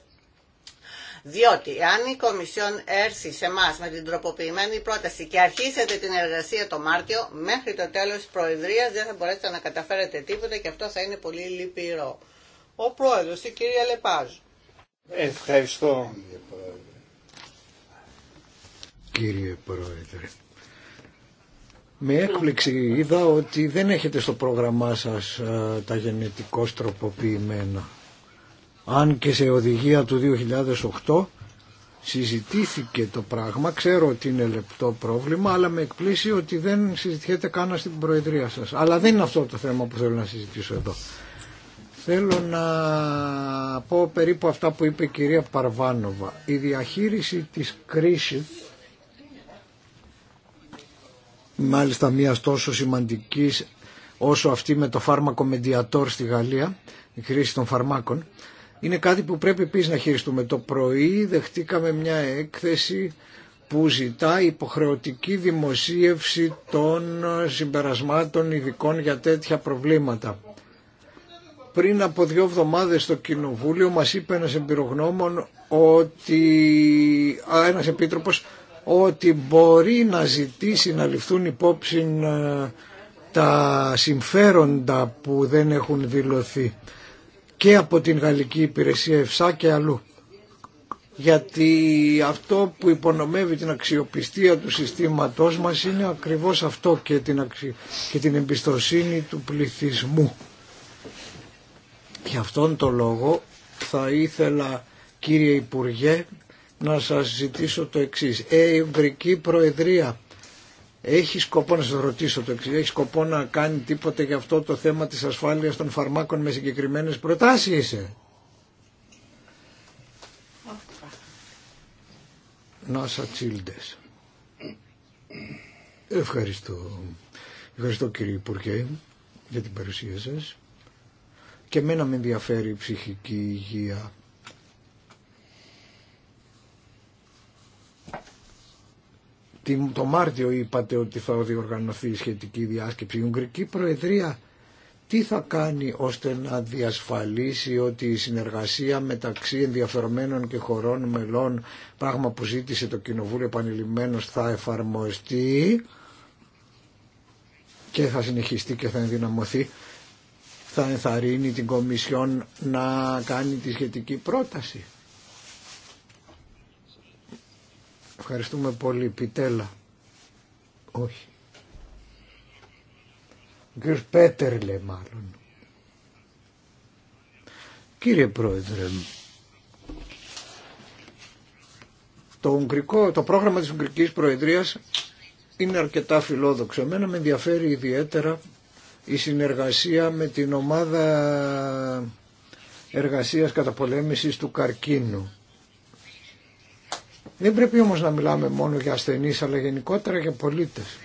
διότι αν η Κομισιόν έρθει σε εμά με την τροποποιημένη πρόταση και αρχίσετε την εργασία το Μάρτιο, μέχρι το τέλο τη Προεδρία δεν θα μπορέσετε να καταφέρετε τίποτα και αυτό θα είναι πολύ λυπηρό. Ο πρόεδρο, η κυρία Λεπάζου. Ευχαριστώ. Κύριε Πρόεδρε. Με έκπληξη είδα ότι δεν έχετε στο πρόγραμμά σας τα γενετικώς τροποποιημένα. Αν και σε οδηγία του 2008 συζητήθηκε το πράγμα, ξέρω ότι είναι λεπτό πρόβλημα, αλλά με εκπλήσει ότι δεν συζητιέται καν στην Προεδρία σας. Αλλά δεν είναι αυτό το θέμα που θέλω να συζητήσω εδώ. Θέλω να πω περίπου αυτά που είπε η κυρία Παρβάνοβα. Η διαχείριση της κρίσης, μάλιστα μια τόσο σημαντική όσο αυτή με το φάρμακο Μεντιατόρ στη Γαλλία, η χρήση των φαρμάκων, είναι κάτι που πρέπει επίσης να χειριστούμε. Το πρωί δεχτήκαμε μια έκθεση που ζητά υποχρεωτική δημοσίευση των συμπερασμάτων ειδικών για τέτοια προβλήματα πριν από δύο εβδομάδες στο Κοινοβούλιο μας είπε ένας εμπειρογνώμων ότι ένας επίτροπος ότι μπορεί να ζητήσει να ληφθούν υπόψη ε, τα συμφέροντα που δεν έχουν δηλωθεί και από την Γαλλική Υπηρεσία ΕΦΣΑ και αλλού. Γιατί αυτό που υπονομεύει την αξιοπιστία του συστήματός μας είναι ακριβώς αυτό και την, και την εμπιστοσύνη του πληθυσμού. Για αυτόν τον λόγο θα ήθελα κύριε Υπουργέ να σας ζητήσω το εξής. Ε, η Προεδρία έχει σκοπό να σας ρωτήσω το εξής. Έχει σκοπό να κάνει τίποτε για αυτό το θέμα της ασφάλειας των φαρμάκων με συγκεκριμένες προτάσεις. Ε? Νάσα Τσίλντες. Ευχαριστώ. Ευχαριστώ κύριε Υπουργέ για την παρουσία σας. Και εμένα με ενδιαφέρει η ψυχική υγεία. Το Μάρτιο είπατε ότι θα διοργανωθεί η σχετική διάσκεψη. Η Ουγγρική Προεδρία τι θα κάνει ώστε να διασφαλίσει ότι η συνεργασία μεταξύ ενδιαφερομένων και χωρών μελών, πράγμα που ζήτησε το Κοινοβούλιο επανειλημμένως, θα εφαρμοστεί και θα συνεχιστεί και θα ενδυναμωθεί θα ενθαρρύνει την Κομισιόν να κάνει τη σχετική πρόταση. Ευχαριστούμε πολύ. Πιτέλα. Όχι. Ο κύριος λέει μάλλον. Κύριε Πρόεδρε, το, το πρόγραμμα της Ουγγρικής Προεδρίας είναι αρκετά φιλόδοξο. Εμένα με ενδιαφέρει ιδιαίτερα η συνεργασία με την ομάδα εργασίας καταπολέμησης του καρκίνου. Δεν πρέπει όμως να μιλάμε μόνο για ασθενείς αλλά γενικότερα για πολίτες.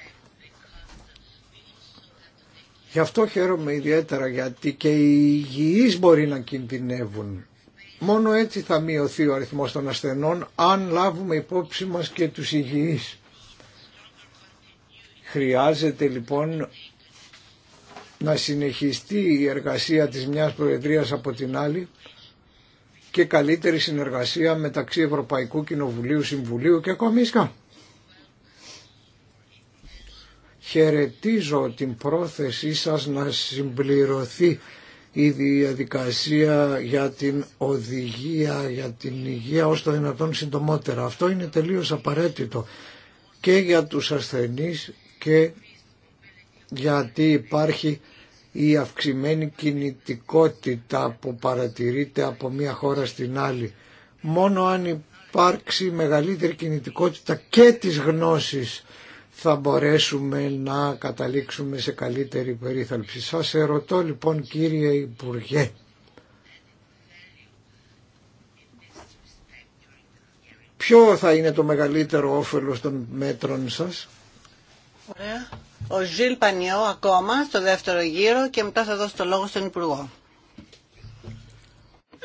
Γι' αυτό χαίρομαι ιδιαίτερα γιατί και οι υγιείς μπορεί να κινδυνεύουν. Μόνο έτσι θα μειωθεί ο αριθμός των ασθενών αν λάβουμε υπόψη μας και τους υγιείς. Χρειάζεται λοιπόν να συνεχιστεί η εργασία της μιας Προεδρίας από την άλλη και καλύτερη συνεργασία μεταξύ Ευρωπαϊκού Κοινοβουλίου, Συμβουλίου και Κομίσκα. Χαιρετίζω την πρόθεσή σας να συμπληρωθεί η διαδικασία για την οδηγία, για την υγεία ως το δυνατόν συντομότερα. Αυτό είναι τελείως απαραίτητο και για τους ασθενείς και γιατί υπάρχει η αυξημένη κινητικότητα που παρατηρείται από μία χώρα στην άλλη. Μόνο αν υπάρξει μεγαλύτερη κινητικότητα και της γνώσης θα μπορέσουμε να καταλήξουμε σε καλύτερη περίθαλψη. Σας ερωτώ λοιπόν κύριε Υπουργέ. Ποιο θα είναι το μεγαλύτερο όφελος των μέτρων σας. Ωραία ο Ζιλ Πανιό ακόμα στο δεύτερο γύρο και μετά θα δώσω το λόγο στον Υπουργό.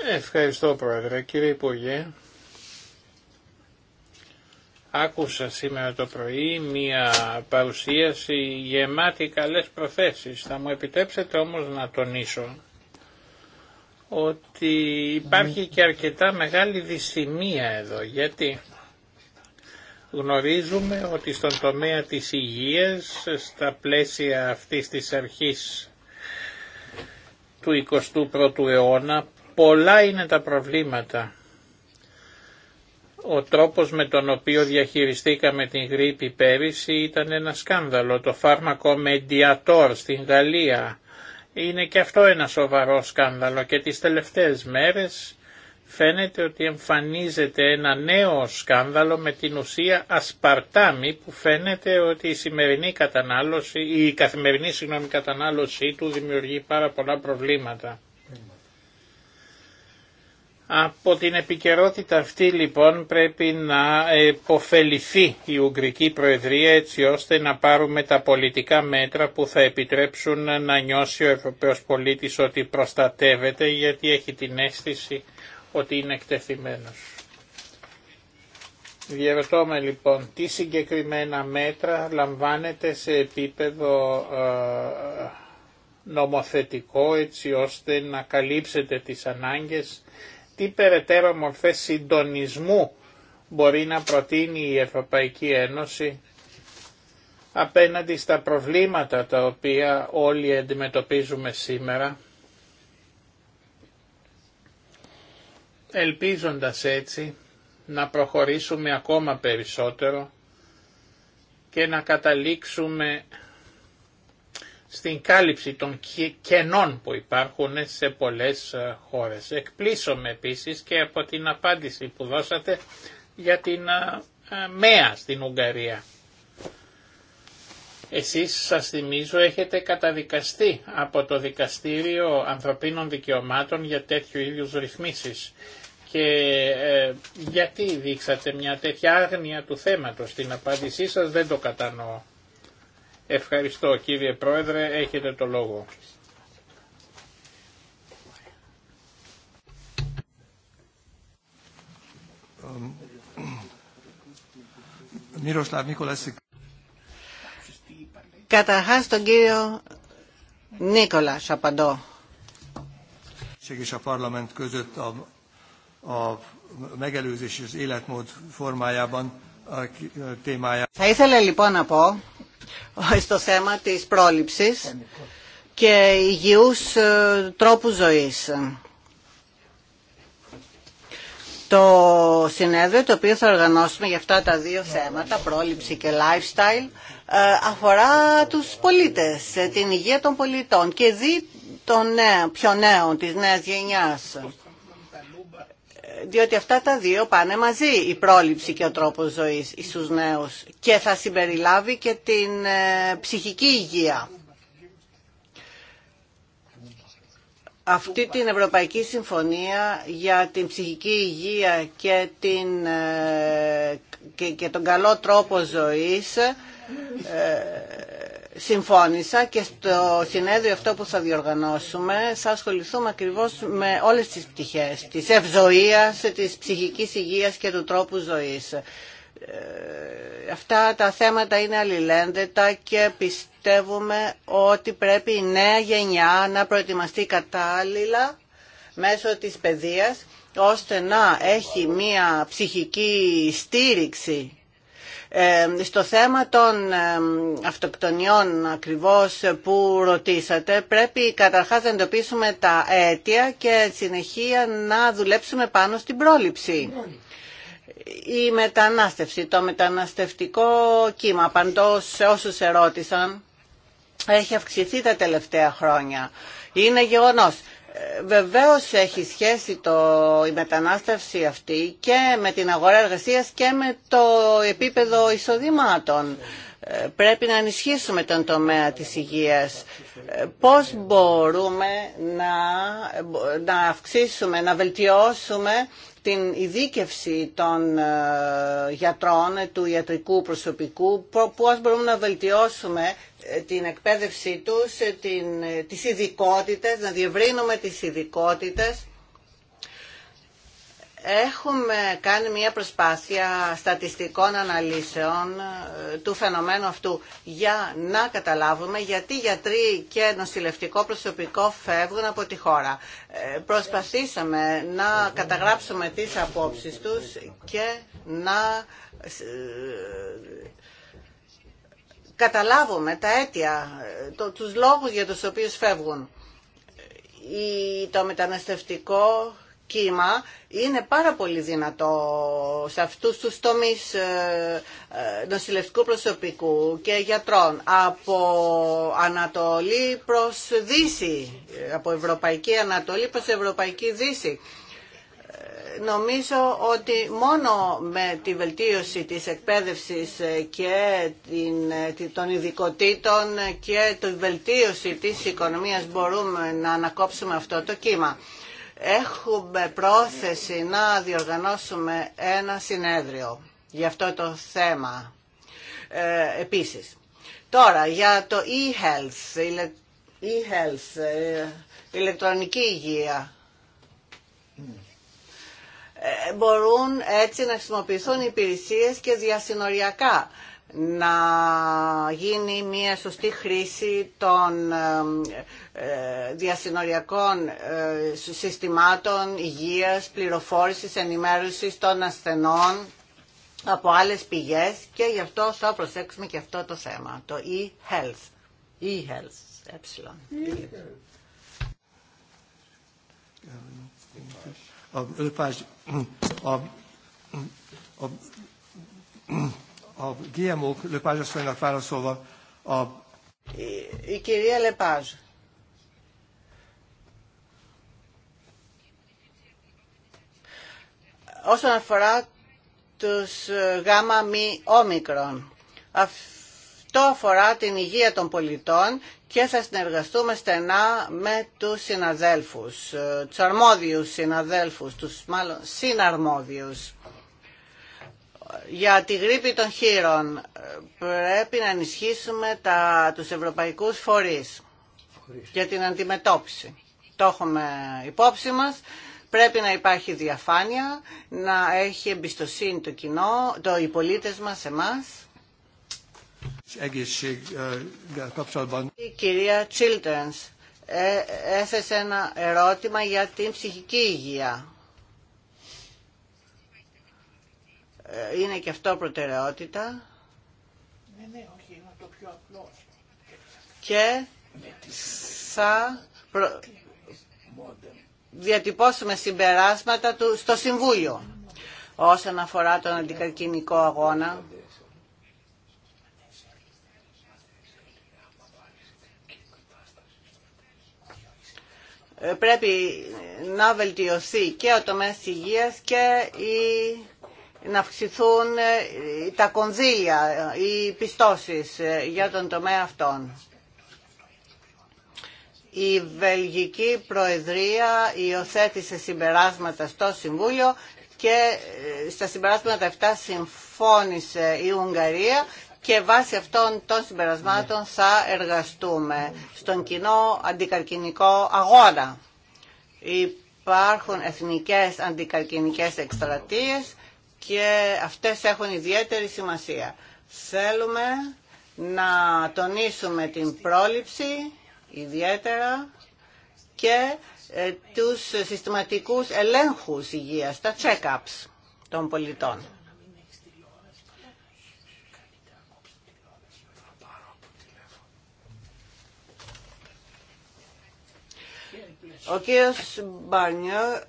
Ευχαριστώ Πρόεδρε. Κύριε Υπουργέ, άκουσα σήμερα το πρωί μία παρουσίαση γεμάτη καλές προθέσεις. Θα μου επιτρέψετε όμως να τονίσω ότι υπάρχει και αρκετά μεγάλη δυσθυμία εδώ, γιατί Γνωρίζουμε ότι στον τομέα της υγείας, στα πλαίσια αυτής της αρχής του 21ου αιώνα, πολλά είναι τα προβλήματα. Ο τρόπος με τον οποίο διαχειριστήκαμε την γρήπη πέρυσι ήταν ένα σκάνδαλο. Το φάρμακο Mediator στην Γαλλία είναι και αυτό ένα σοβαρό σκάνδαλο και τις τελευταίες μέρες φαίνεται ότι εμφανίζεται ένα νέο σκάνδαλο με την ουσία ασπαρτάμι που φαίνεται ότι η σημερινή κατανάλωση, η καθημερινή συγγνώμη κατανάλωσή του δημιουργεί πάρα πολλά προβλήματα. Από την επικαιρότητα αυτή λοιπόν πρέπει να υποφεληθεί η Ουγγρική Προεδρία έτσι ώστε να πάρουμε τα πολιτικά μέτρα που θα επιτρέψουν να νιώσει ο Ευρωπαίος πολίτης ότι προστατεύεται γιατί έχει την αίσθηση ότι είναι εκτεθειμένος. Διερωτώμε λοιπόν τι συγκεκριμένα μέτρα λαμβάνεται σε επίπεδο ε, νομοθετικό έτσι ώστε να καλύψετε τις ανάγκες, τι περαιτέρω μορφές συντονισμού μπορεί να προτείνει η Ευρωπαϊκή Ένωση απέναντι στα προβλήματα τα οποία όλοι αντιμετωπίζουμε σήμερα ελπίζοντας έτσι να προχωρήσουμε ακόμα περισσότερο και να καταλήξουμε στην κάλυψη των κενών που υπάρχουν σε πολλές ε, χώρες. Εκπλήσωμαι επίσης και από την απάντηση που δώσατε για την ε, ε, ΜΕΑ στην Ουγγαρία. Εσείς σας θυμίζω έχετε καταδικαστεί από το Δικαστήριο Ανθρωπίνων Δικαιωμάτων για τέτοιου ίδιους ρυθμίσεις. Και γιατί δείξατε μια τέτοια άγνοια του θέματος. στην απάντησή σας δεν το κατανοώ. Ευχαριστώ κύριε Πρόεδρε, έχετε το λόγο. Καταρχά τον κύριο Νίκολα απαντώ. Θα ήθελα λοιπόν να πω στο θέμα της πρόληψης και υγιούς ε, τρόπου ζωής. Το συνέδριο το οποίο θα οργανώσουμε για αυτά τα δύο θέματα, πρόληψη και lifestyle, ε, αφορά τους πολίτες, ε, την υγεία των πολιτών και δι των νέων, πιο νέων, της νέας γενιάς. Διότι αυτά τα δύο πάνε μαζί, η πρόληψη και ο τρόπος ζωής στους νέους και θα συμπεριλάβει και την ε, ψυχική υγεία. αυτή την Ευρωπαϊκή Συμφωνία για την ψυχική υγεία και, την, ε, και, τον καλό τρόπο ζωής ε, συμφώνησα και στο συνέδριο αυτό που θα διοργανώσουμε θα ασχοληθούμε ακριβώς με όλες τις πτυχές της ευζωίας, της ψυχικής υγείας και του τρόπου ζωής. Ε, αυτά τα θέματα είναι αλληλένδετα και πιστεύω πιστεύουμε ότι πρέπει η νέα γενιά να προετοιμαστεί κατάλληλα μέσω της παιδείας ώστε να έχει μία ψυχική στήριξη ε, στο θέμα των ε, αυτοκτονιών ακριβώς που ρωτήσατε πρέπει καταρχάς να εντοπίσουμε τα αίτια και συνεχεία να δουλέψουμε πάνω στην πρόληψη. Η μετανάστευση, το μεταναστευτικό κύμα, απαντώ σε όσους ερώτησαν, έχει αυξηθεί τα τελευταία χρόνια. Είναι γεγονός. Ε, βεβαίως έχει σχέση το, η μετανάστευση αυτή και με την αγορά εργασίας και με το επίπεδο εισοδημάτων. Ε, πρέπει να ενισχύσουμε τον τομέα της υγείας. Ε, πώς μπορούμε να, να αυξήσουμε, να βελτιώσουμε την ειδίκευση των γιατρών, του ιατρικού προσωπικού, πώς μπορούμε να βελτιώσουμε την εκπαίδευσή τους, ε, την, ε, τις ειδικότητε, να διευρύνουμε τις ειδικότητε. Έχουμε κάνει μια προσπάθεια στατιστικών αναλύσεων ε, του φαινομένου αυτού για να καταλάβουμε γιατί γιατροί και νοσηλευτικό προσωπικό φεύγουν από τη χώρα. Προσπαθήσαμε να καταγράψουμε τις απόψεις τους και να καταλάβουμε τα αίτια, το, τους λόγους για τους οποίους φεύγουν. Η, το μεταναστευτικό κύμα είναι πάρα πολύ δυνατό σε αυτούς τους τομείς ε, ε, νοσηλευτικού προσωπικού και γιατρών από Ανατολή προς Δύση, ε, από Ευρωπαϊκή Ανατολή προς Ευρωπαϊκή Δύση νομίζω ότι μόνο με τη βελτίωση της εκπαίδευσης και των ειδικοτήτων και τη βελτίωση της οικονομίας μπορούμε να ανακόψουμε αυτό το κύμα. Έχουμε πρόθεση να διοργανώσουμε ένα συνέδριο για αυτό το θέμα ε, επίσης. Τώρα, για το e-health, e-health ε, ηλεκτρονική υγεία. Ναι. Ε, μπορούν έτσι να χρησιμοποιηθούν υπηρεσίες και διασυνοριακά να γίνει μια σωστή χρήση των ε, ε, διασυνοριακών συστημάτων υγείας, πληροφόρησης, ενημέρωσης των ασθενών από άλλες πηγές και γι' αυτό θα προσέξουμε και αυτό το θέμα, το e-health. E-health, ε a, a, a, a GMO-k, Lepázs asszonynak válaszolva, a... Η, η κυρία Όσον αφορά τους ε, γάμα μη όμικρον, αυτό αφορά την υγεία των πολιτών και θα συνεργαστούμε στενά με τους συναδέλφους, ε, τους αρμόδιους συναδέλφους, τους μάλλον συναρμόδιους. Για τη γρήπη των χείρων ε, πρέπει να ενισχύσουμε τα, τους ευρωπαϊκούς φορείς για την αντιμετώπιση. Το έχουμε υπόψη μας. Πρέπει να υπάρχει διαφάνεια, να έχει εμπιστοσύνη το κοινό, το, οι πολίτες μας, εμάς η κυρία Children's ε, έθεσε ένα ερώτημα για την ψυχική υγεία. Ε, είναι και αυτό προτεραιότητα. Ναι, ναι, όχι, είναι το πιο απλό. Και θα προ... διατυπώσουμε συμπεράσματα του στο Συμβούλιο όσον αφορά τον αντικαρκυνικό αγώνα Ε, πρέπει να βελτιωθεί και ο τομέας της υγείας και η, να αυξηθούν ε, τα κονδύλια, ε, οι πιστώσεις για τον τομέα αυτών. Η Βελγική Προεδρία υιοθέτησε συμπεράσματα στο Συμβούλιο και στα συμπεράσματα αυτά συμφώνησε η Ουγγαρία και βάσει αυτών των συμπερασμάτων ναι. θα εργαστούμε στον κοινό αντικαρκυνικό αγώνα. Υπάρχουν εθνικές αντικαρκυνικές εκστρατείες και αυτές έχουν ιδιαίτερη σημασία. Θέλουμε να τονίσουμε την πρόληψη ιδιαίτερα και ε, τους συστηματικούς ελέγχους υγείας, τα check-ups των πολιτών. Ο κύριος Μπάνιο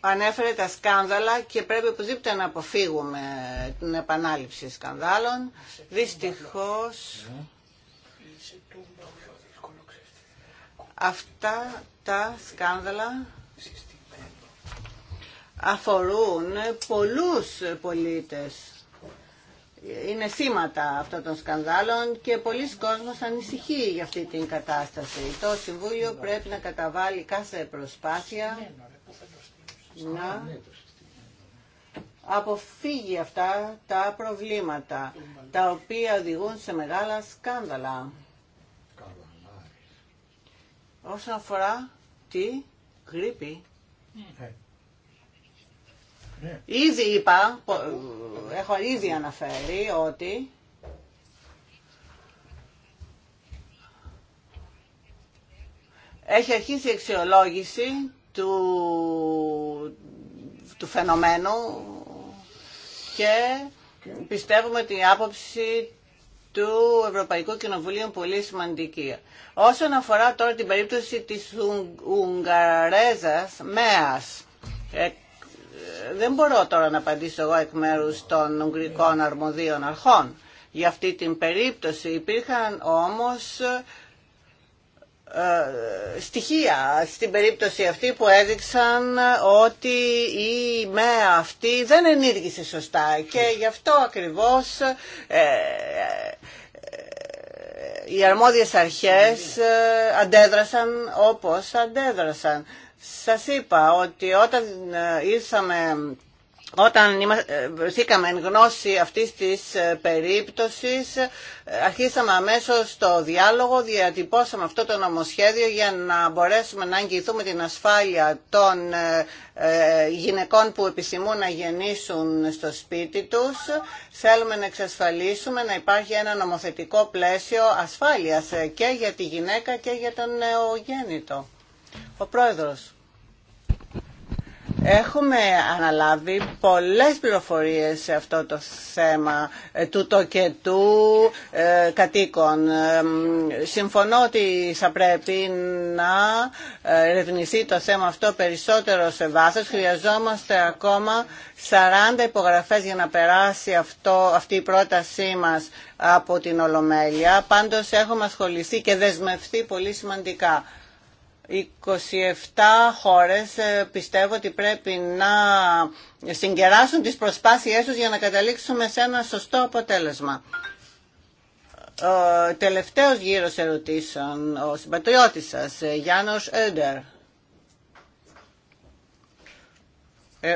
ανέφερε τα σκάνδαλα και πρέπει οπωσδήποτε να αποφύγουμε την επανάληψη σκανδάλων. Δυστυχώς αυτά τα σκάνδαλα αφορούν πολλούς πολίτες είναι σήματα αυτών των σκανδάλων και πολλοί κόσμος ανησυχεί για αυτή την κατάσταση. Το Συμβούλιο πρέπει να καταβάλει κάθε προσπάθεια να αποφύγει αυτά τα προβλήματα, τα οποία οδηγούν σε μεγάλα σκάνδαλα. Όσον αφορά τη γρήπη, ναι. Ναι. Ήδη είπα, έχω ήδη αναφέρει ότι έχει αρχίσει η αξιολόγηση του, του φαινομένου και πιστεύουμε ότι η άποψη του Ευρωπαϊκού Κοινοβουλίου είναι πολύ σημαντική. Όσον αφορά τώρα την περίπτωση της Ουγγαρέζας ΜΕΑΣ, ε, δεν μπορώ τώρα να απαντήσω εγώ εκ μέρους των Ουγγρικών Αρμοδίων Αρχών. Για αυτή την περίπτωση υπήρχαν όμως ε, στοιχεία στην περίπτωση αυτή που έδειξαν ότι η ΜΕΑ αυτή δεν ενήργησε σωστά και γι' αυτό ακριβώς ε, ε, οι αρμόδιες αρχές αντέδρασαν όπως αντέδρασαν. Σας είπα ότι όταν ε, ήρθαμε όταν ε, βρεθήκαμε εν γνώση αυτής της ε, περίπτωσης, αρχίσαμε αμέσως το διάλογο, διατυπώσαμε αυτό το νομοσχέδιο για να μπορέσουμε να αγγιθούμε την ασφάλεια των γυναικών που επισημούν να γεννήσουν στο σπίτι τους. Θέλουμε να εξασφαλίσουμε να υπάρχει ένα νομοθετικό πλαίσιο ασφάλειας και για τη γυναίκα και για τον νεογέννητο. Ο πρόεδρος. Έχουμε αναλάβει πολλές πληροφορίες σε αυτό το θέμα του ε, τοκετού ε, κατοίκων. Συμφωνώ ότι θα πρέπει να ε, ερευνηθεί το θέμα αυτό περισσότερο σε βάθος. Χρειαζόμαστε ακόμα 40 υπογραφές για να περάσει αυτή η πρότασή μας από την Ολομέλεια. Πάντως έχουμε ασχοληθεί και δεσμευτεί πολύ σημαντικά. 27 χώρες ε, πιστεύω ότι πρέπει να συγκεράσουν τις προσπάθειές τους για να καταλήξουμε σε ένα σωστό αποτέλεσμα. Ο ε, τελευταίος γύρος ερωτήσεων, ο συμπατριώτης σας, ε, Γιάννος Έντερ.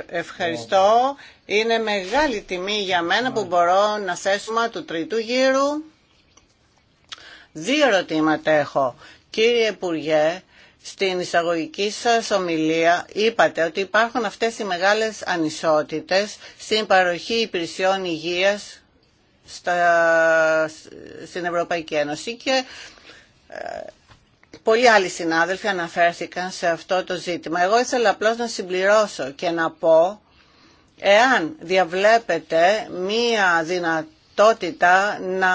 ευχαριστώ. Είναι μεγάλη τιμή για μένα που μπορώ να θέσουμε του τρίτου γύρου. Δύο ερωτήματα έχω. Κύριε Υπουργέ, στην εισαγωγική σας ομιλία είπατε ότι υπάρχουν αυτές οι μεγάλες ανισότητες στην παροχή υπηρεσιών υγείας στα, στην Ευρωπαϊκή Ένωση και ε, πολλοί άλλοι συνάδελφοι αναφέρθηκαν σε αυτό το ζήτημα. Εγώ ήθελα απλώς να συμπληρώσω και να πω εάν διαβλέπετε μία δυνατότητα να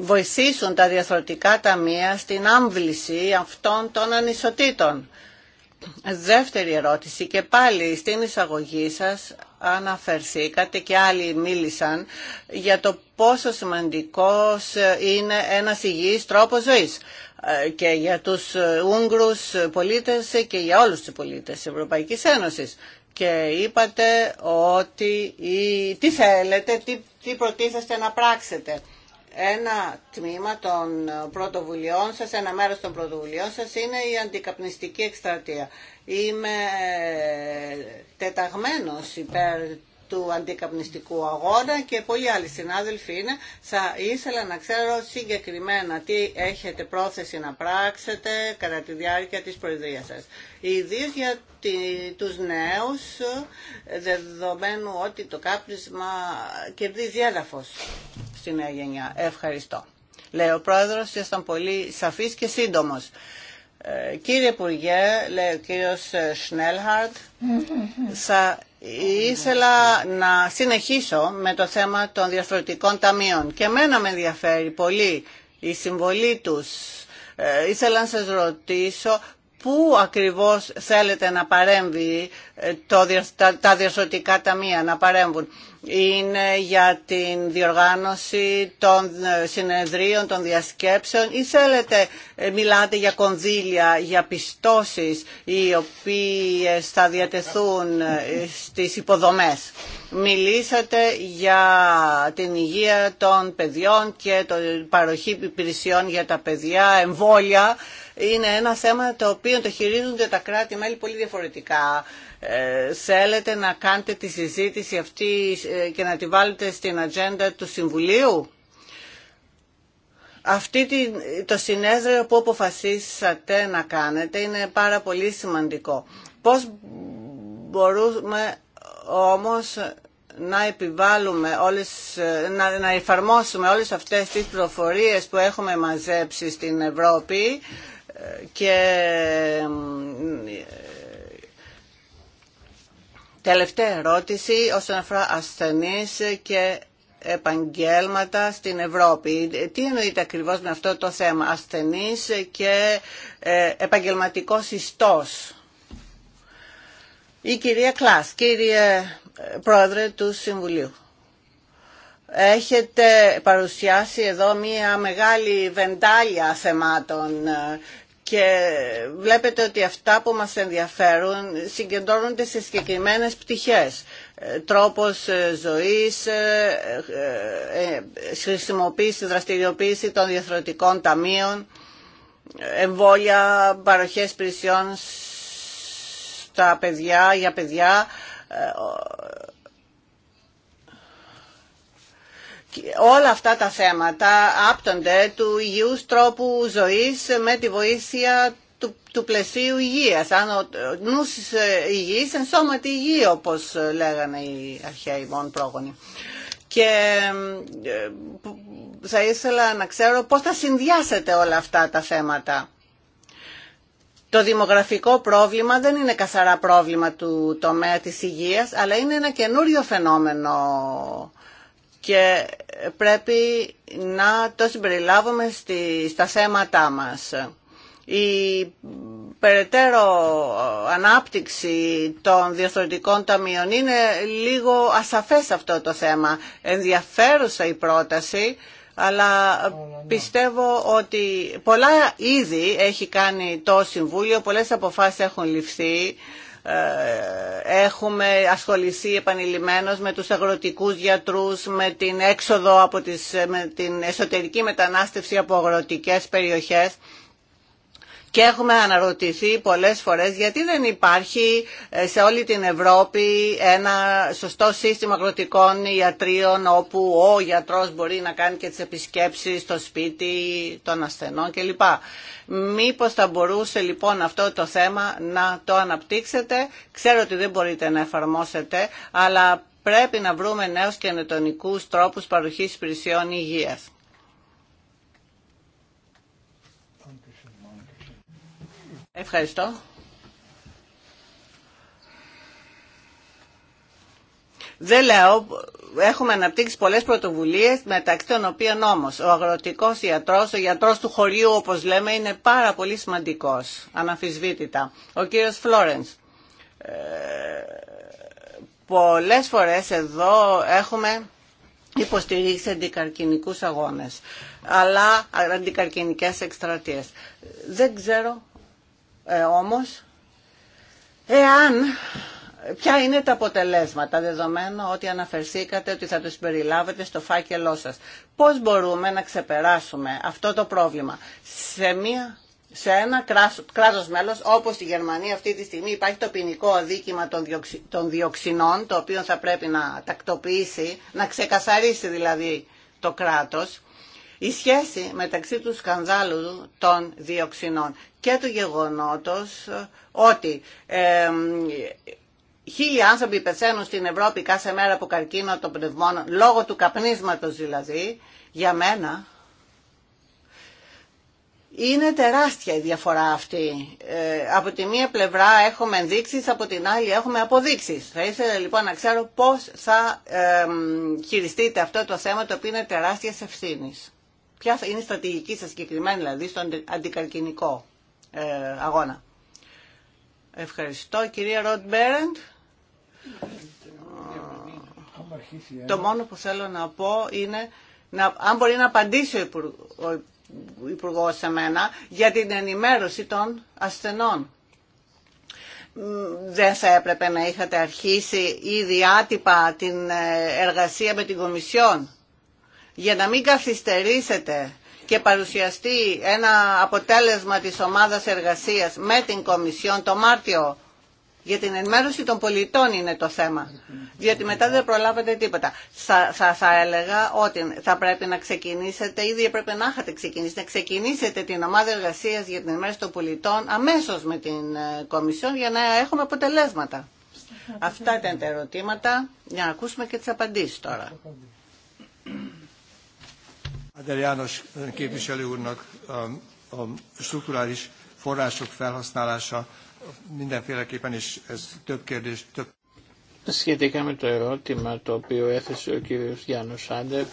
βοηθήσουν τα διαθροτικά ταμεία στην άμβληση αυτών των ανισοτήτων. Δεύτερη ερώτηση και πάλι στην εισαγωγή σας αναφερθήκατε και άλλοι μίλησαν για το πόσο σημαντικός είναι ένας υγιής τρόπος ζωής ε, και για τους Ούγγρους πολίτες και για όλους τους πολίτες της Ευρωπαϊκής Ένωσης. Και είπατε ότι τι θέλετε, τι, τι προτίθεστε να πράξετε ένα τμήμα των πρωτοβουλειών σας, ένα μέρος των πρωτοβουλειών σας είναι η αντικαπνιστική εκστρατεία. Είμαι ε, τεταγμένος υπέρ του αντικαπνιστικού αγώνα και πολλοί άλλοι συνάδελφοι είναι. Θα ήθελα να ξέρω συγκεκριμένα τι έχετε πρόθεση να πράξετε κατά τη διάρκεια της προεδρίας σας. Ιδίως για τη, τους νέους, δεδομένου ότι το κάπνισμα κερδίζει έδαφος στη νέα γενιά. Ευχαριστώ. Λέει ο πρόεδρο, ήσασταν πολύ σαφή και σύντομο. Ε, κύριε Υπουργέ, λέει ο κύριο Σνέλχαρτ, ε, θα ήθελα να συνεχίσω με το θέμα των διαφορετικών ταμείων. Και εμένα με ενδιαφέρει πολύ η συμβολή τους. Ε, ήθελα να σας ρωτήσω πού ακριβώς θέλετε να παρέμβει ε, το, τα διασωτικά ταμεία να παρέμβουν. Είναι για την διοργάνωση των ε, συνεδρίων, των διασκέψεων ή θέλετε, ε, μιλάτε για κονδύλια, για πιστώσεις οι οποίες θα διατεθούν στις υποδομές. Μιλήσατε για την υγεία των παιδιών και την παροχή υπηρεσιών για τα παιδιά, εμβόλια είναι ένα θέμα το οποίο το χειρίζονται τα κράτη-μέλη πολύ διαφορετικά. Ε, θέλετε να κάνετε τη συζήτηση αυτή ε, και να τη βάλετε στην ατζέντα του Συμβουλίου. Αυτή τη, το συνέδριο που αποφασίσατε να κάνετε είναι πάρα πολύ σημαντικό. Πώς μπορούμε όμως να επιβάλλουμε όλες, να, εφαρμόσουμε όλες αυτές τις προφορίες που έχουμε μαζέψει στην Ευρώπη και τελευταία ερώτηση όσον αφορά ασθενείς και επαγγέλματα στην Ευρώπη. Τι εννοείται ακριβώς με αυτό το θέμα, ασθενείς και ε, επαγγελματικός ιστός. Η κυρία Κλάς, κύριε ε, Πρόεδρε του Συμβουλίου. Έχετε παρουσιάσει εδώ μία μεγάλη βεντάλια θεμάτων ε, και βλέπετε ότι αυτά που μας ενδιαφέρουν συγκεντρώνονται σε συγκεκριμένες πτυχές. Ε, τρόπος ε, ζωής, ε, χρησιμοποίηση, δραστηριοποίηση των διαθροτικών ταμείων, εμβόλια, παροχές πλησιών στα παιδιά, για παιδιά, Όλα αυτά τα θέματα άπτονται του υγιού τρόπου ζωής με τη βοήθεια του, του πλαισίου υγείας. Αν ο νους ε, υγιής εν σώματι υγιή όπως λέγανε οι αρχαίοι μόν πρόγονοι. Και ε, θα ήθελα να ξέρω πώς θα συνδυάσετε όλα αυτά τα θέματα. Το δημογραφικό πρόβλημα δεν είναι καθαρά πρόβλημα του τομέα της υγείας, αλλά είναι ένα καινούριο φαινόμενο και πρέπει να το συμπεριλάβουμε στα θέματά μας. Η περαιτέρω ανάπτυξη των διαφορετικών ταμείων είναι λίγο ασαφές αυτό το θέμα. Ενδιαφέρουσα η πρόταση, αλλά πιστεύω ότι πολλά ήδη έχει κάνει το Συμβούλιο, πολλές αποφάσεις έχουν ληφθεί. Ε, έχουμε ασχοληθεί επανειλημμένως με τους αγροτικούς γιατρούς, με την έξοδο από τις, με την εσωτερική μετανάστευση από αγροτικές περιοχές. Και έχουμε αναρωτηθεί πολλές φορές γιατί δεν υπάρχει ε, σε όλη την Ευρώπη ένα σωστό σύστημα κροτικών ιατρίων όπου ο γιατρός μπορεί να κάνει και τις επισκέψεις στο σπίτι των ασθενών κλπ. Μήπως θα μπορούσε λοιπόν αυτό το θέμα να το αναπτύξετε. Ξέρω ότι δεν μπορείτε να εφαρμόσετε, αλλά πρέπει να βρούμε νέους και νετονικούς τρόπους παροχής υπηρεσιών υγείας. Ευχαριστώ. Δεν λέω, έχουμε αναπτύξει πολλές πρωτοβουλίες μεταξύ των οποίων όμως ο αγροτικός ιατρός, ο ιατρός του χωρίου όπως λέμε είναι πάρα πολύ σημαντικός, αναφυσβήτητα. Ο κύριος Φλόρενς. Ε, πολλές φορές εδώ έχουμε υποστηρίξει αντικαρκυνικούς αγώνες, αλλά αντικαρκυνικές εκστρατείες. Δεν ξέρω ε, όμως, εάν Ποια είναι τα αποτελέσματα, δεδομένου ότι αναφερθήκατε ότι θα τους περιλάβετε στο φάκελό σας. Πώς μπορούμε να ξεπεράσουμε αυτό το πρόβλημα σε, μια, σε ένα κράτος μέλος, όπως η Γερμανία αυτή τη στιγμή υπάρχει το ποινικό αδίκημα των, διοξινών, το οποίο θα πρέπει να τακτοποιήσει, να ξεκαθαρίσει δηλαδή το κράτος η σχέση μεταξύ του σκανδάλου των διοξινών και του γεγονότος ε, ότι ε, χίλιοι άνθρωποι πεθαίνουν στην Ευρώπη κάθε μέρα από καρκίνο των πνευμών, λόγω του καπνίσματος δηλαδή, για μένα είναι τεράστια η διαφορά αυτή. Ε, από τη μία πλευρά έχουμε ενδείξεις, από την άλλη έχουμε αποδείξεις. Θα ήθελα λοιπόν να ξέρω πώς θα ε, χειριστείτε αυτό το θέμα το οποίο είναι τεράστιας ευθύνης ποια θα είναι η στρατηγική σας συγκεκριμένη, δηλαδή στον ε, αγώνα. Ευχαριστώ κυρία Ροντ Μπέρεντ. Το μόνο που θέλω να πω είναι να, αν μπορεί να απαντήσει ο, υπουργό, ο Υπουργός σε μένα για την ενημέρωση των ασθενών. Δεν θα έπρεπε να είχατε αρχίσει ήδη άτυπα την ε, εργασία με την Κομισιόν για να μην καθυστερήσετε και παρουσιαστεί ένα αποτέλεσμα της ομάδας εργασίας με την Κομισιόν το Μάρτιο για την ενημέρωση των πολιτών είναι το θέμα. Διότι μετά δεν προλάβατε τίποτα. Θα, θα, έλεγα ότι θα πρέπει να ξεκινήσετε, ήδη πρέπει να είχατε ξεκινήσει, να ξεκινήσετε την ομάδα εργασίας για την ενημέρωση των πολιτών αμέσως με την ε, Κομισιόν για να έχουμε αποτελέσματα. Αυτά ήταν τα ερωτήματα. Για να ακούσουμε και τις απαντήσεις τώρα. Σχετικά με το ερώτημα το οποίο έθεσε ο κύριος Γιάννος Άντερ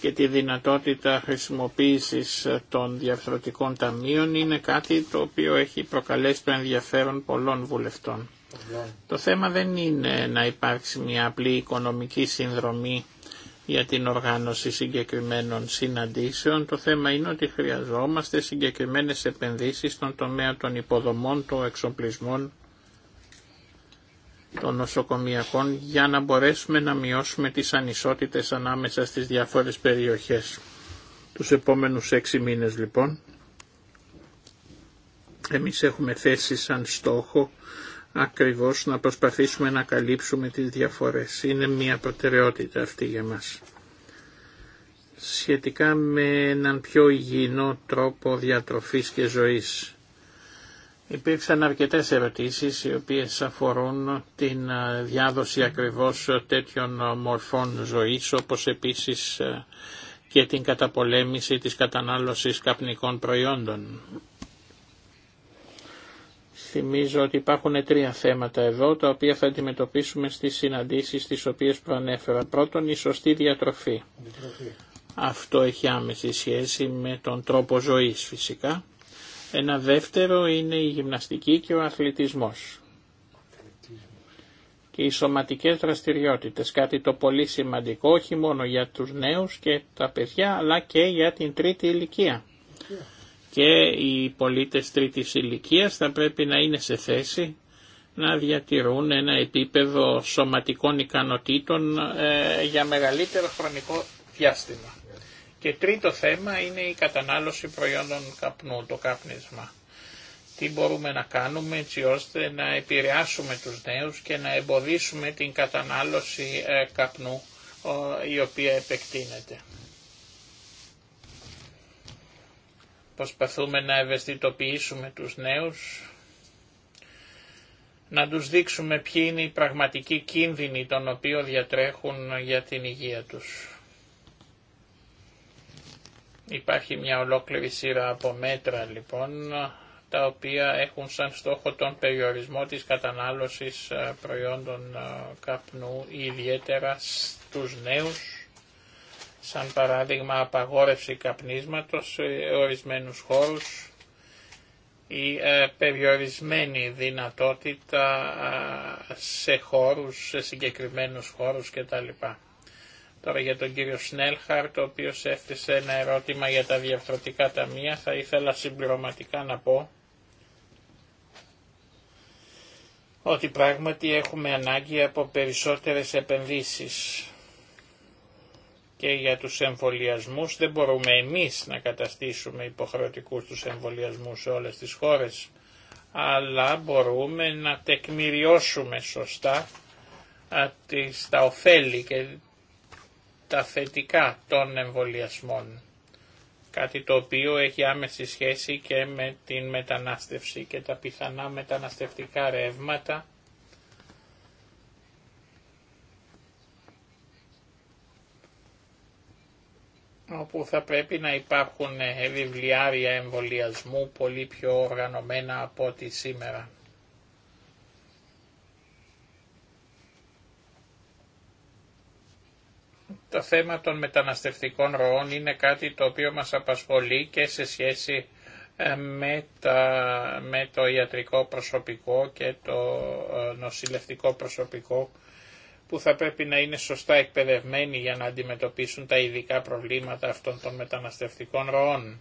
και τη δυνατότητα χρησιμοποίησης των διαφθορτικών ταμείων είναι κάτι το οποίο έχει προκαλέσει το ενδιαφέρον πολλών βουλευτών. Το θέμα δεν είναι να υπάρξει μια απλή οικονομική συνδρομή για την οργάνωση συγκεκριμένων συναντήσεων. Το θέμα είναι ότι χρειαζόμαστε συγκεκριμένες επενδύσεις στον τομέα των υποδομών, των εξοπλισμών, των νοσοκομιακών για να μπορέσουμε να μειώσουμε τις ανισότητες ανάμεσα στις διάφορες περιοχές. Τους επόμενους έξι μήνες λοιπόν εμείς έχουμε θέσει σαν στόχο ακριβώς να προσπαθήσουμε να καλύψουμε τις διαφορές. Είναι μια προτεραιότητα αυτή για μας. Σχετικά με έναν πιο υγιεινό τρόπο διατροφής και ζωής. Υπήρξαν αρκετές ερωτήσεις οι οποίες αφορούν την ε, διάδοση ακριβώς τέτοιων μορφών ζωής όπως επίσης ε, και την καταπολέμηση της κατανάλωσης καπνικών προϊόντων θυμίζω ότι υπάρχουν τρία θέματα εδώ, τα οποία θα αντιμετωπίσουμε στις συναντήσεις τις οποίες προανέφερα. Πρώτον, η σωστή διατροφή. Αυτό έχει άμεση σχέση με τον τρόπο ζωής φυσικά. Ένα δεύτερο είναι η γυμναστική και ο αθλητισμός. Και οι σωματικές δραστηριότητες, κάτι το πολύ σημαντικό όχι μόνο για τους νέους και τα παιδιά, αλλά και για την τρίτη ηλικία και οι πολίτες τρίτης ηλικίας θα πρέπει να είναι σε θέση να διατηρούν ένα επίπεδο σωματικών ικανοτήτων ε, για μεγαλύτερο χρονικό διάστημα. Και τρίτο θέμα είναι η κατανάλωση προϊόντων καπνού, το κάπνισμα. Τι μπορούμε να κάνουμε έτσι ώστε να επηρεάσουμε τους νέους και να εμποδίσουμε την κατανάλωση ε, καπνού η οποία επεκτείνεται. Προσπαθούμε να ευαισθητοποιήσουμε τους νέους, να τους δείξουμε ποιοι είναι οι πραγματικοί κίνδυνοι των οποίων διατρέχουν για την υγεία τους. Υπάρχει μια ολόκληρη σειρά από μέτρα λοιπόν, τα οποία έχουν σαν στόχο τον περιορισμό της κατανάλωσης ε, προϊόντων ε, καπνού, ιδιαίτερα στους νέους, σαν παράδειγμα απαγόρευση καπνίσματος σε ορισμένους χώρους ή ε, περιορισμένη δυνατότητα σε χώρους, σε συγκεκριμένους χώρους κτλ. Τώρα για τον κύριο Σνέλχαρτ, ο οποίος έφτιασε ένα ερώτημα για τα διαφορετικά ταμεία, θα ήθελα συμπληρωματικά να πω ότι πράγματι έχουμε ανάγκη από περισσότερες επενδύσεις και για τους εμβολιασμού. Δεν μπορούμε εμείς να καταστήσουμε υποχρεωτικούς τους εμβολιασμού σε όλες τις χώρες, αλλά μπορούμε να τεκμηριώσουμε σωστά τα ωφέλη και τα θετικά των εμβολιασμών. Κάτι το οποίο έχει άμεση σχέση και με την μετανάστευση και τα πιθανά μεταναστευτικά ρεύματα όπου θα πρέπει να υπάρχουν ε, βιβλιάρια εμβολιασμού πολύ πιο οργανωμένα από ό,τι σήμερα. Το θέμα των μεταναστευτικών ροών είναι κάτι το οποίο μας απασχολεί και σε σχέση ε, με, με το ιατρικό προσωπικό και το ε, νοσηλευτικό προσωπικό που θα πρέπει να είναι σωστά εκπαιδευμένοι για να αντιμετωπίσουν τα ειδικά προβλήματα αυτών των μεταναστευτικών ροών.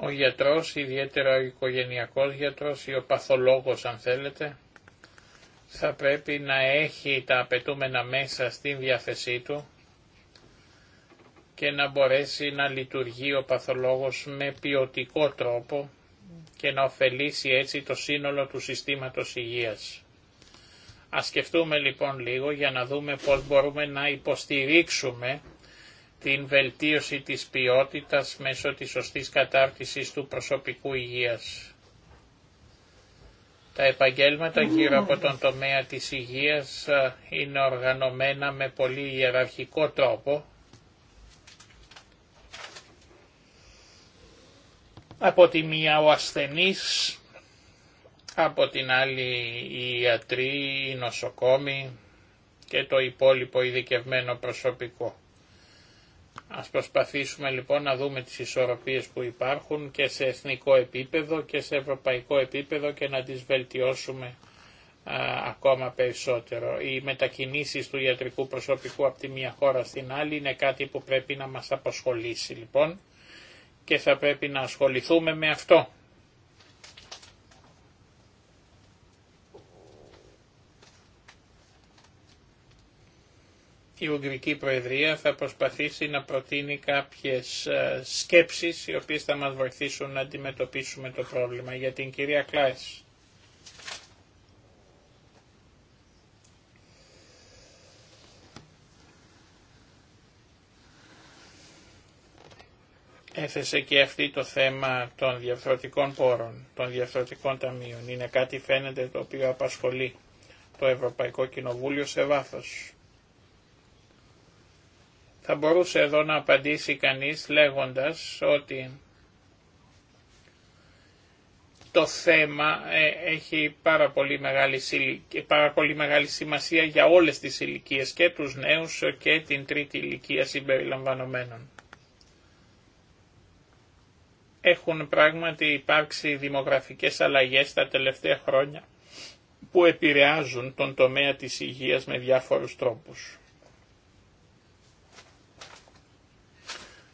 ο γιατρός, ιδιαίτερα ο οικογενειακός γιατρός ή ο παθολόγος αν θέλετε, θα πρέπει να έχει τα απαιτούμενα μέσα στην διάθεσή του και να μπορέσει να λειτουργεί ο παθολόγος με ποιοτικό τρόπο και να ωφελήσει έτσι το σύνολο του συστήματος υγείας. Ας σκεφτούμε λοιπόν λίγο για να δούμε πώς μπορούμε να υποστηρίξουμε την βελτίωση της ποιότητας μέσω της σωστής κατάρτισης του προσωπικού υγείας. Τα επαγγέλματα γύρω από τον τομέα της υγείας ε, είναι οργανωμένα με πολύ ιεραρχικό τρόπο Από τη μία ο ασθενής, από την άλλη οι ιατροί, οι νοσοκόμοι και το υπόλοιπο ειδικευμένο προσωπικό. Ας προσπαθήσουμε λοιπόν να δούμε τις ισορροπίες που υπάρχουν και σε εθνικό επίπεδο και σε ευρωπαϊκό επίπεδο και να τις βελτιώσουμε ακόμα περισσότερο. Οι μετακινήσεις του ιατρικού προσωπικού από τη μία χώρα στην άλλη είναι κάτι που πρέπει να μας αποσχολήσει λοιπόν και θα πρέπει να ασχοληθούμε με αυτό. Η Ουγγρική Προεδρία θα προσπαθήσει να προτείνει κάποιες ε, σκέψεις οι οποίες θα μας βοηθήσουν να αντιμετωπίσουμε το πρόβλημα. Για την κυρία Κλάις. έθεσε και αυτή το θέμα των διαφθορτικών πόρων, των διαφθορτικών ταμείων. Είναι κάτι φαίνεται το οποίο απασχολεί το Ευρωπαϊκό Κοινοβούλιο σε βάθος. Θα μπορούσε εδώ να απαντήσει κανείς λέγοντας ότι το θέμα ε, έχει πάρα πολύ, μεγάλη, πάρα πολύ μεγάλη σημασία για όλες τις ηλικίες και τους νέους και την τρίτη ηλικία συμπεριλαμβανομένων. Έχουν πράγματι υπάρξει δημογραφικές αλλαγές τα τελευταία χρόνια που επηρεάζουν τον τομέα της υγείας με διάφορους τρόπους.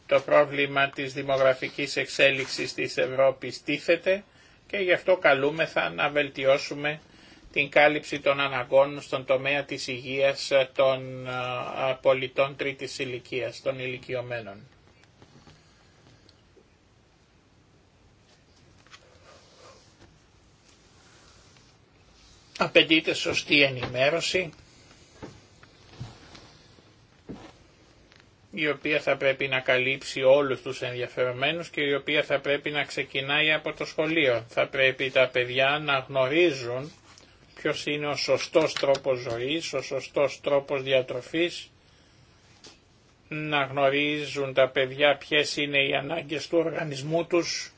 Το πρόβλημα της δημογραφικής εξέλιξης της Ευρώπης τίθεται και γι' αυτό καλούμεθα να βελτιώσουμε την κάλυψη των αναγκών στον τομέα της υγείας των ε, πολιτών τρίτης ηλικίας, των ηλικιωμένων. Απαιτείται σωστή ενημέρωση, η οποία θα πρέπει να καλύψει όλους τους ενδιαφερομένους και η οποία θα πρέπει να ξεκινάει από το σχολείο. Θα πρέπει τα παιδιά να γνωρίζουν ποιος είναι ο σωστός τρόπος ζωής, ο σωστός τρόπος διατροφής, να γνωρίζουν τα παιδιά ποιες είναι οι ανάγκες του οργανισμού τους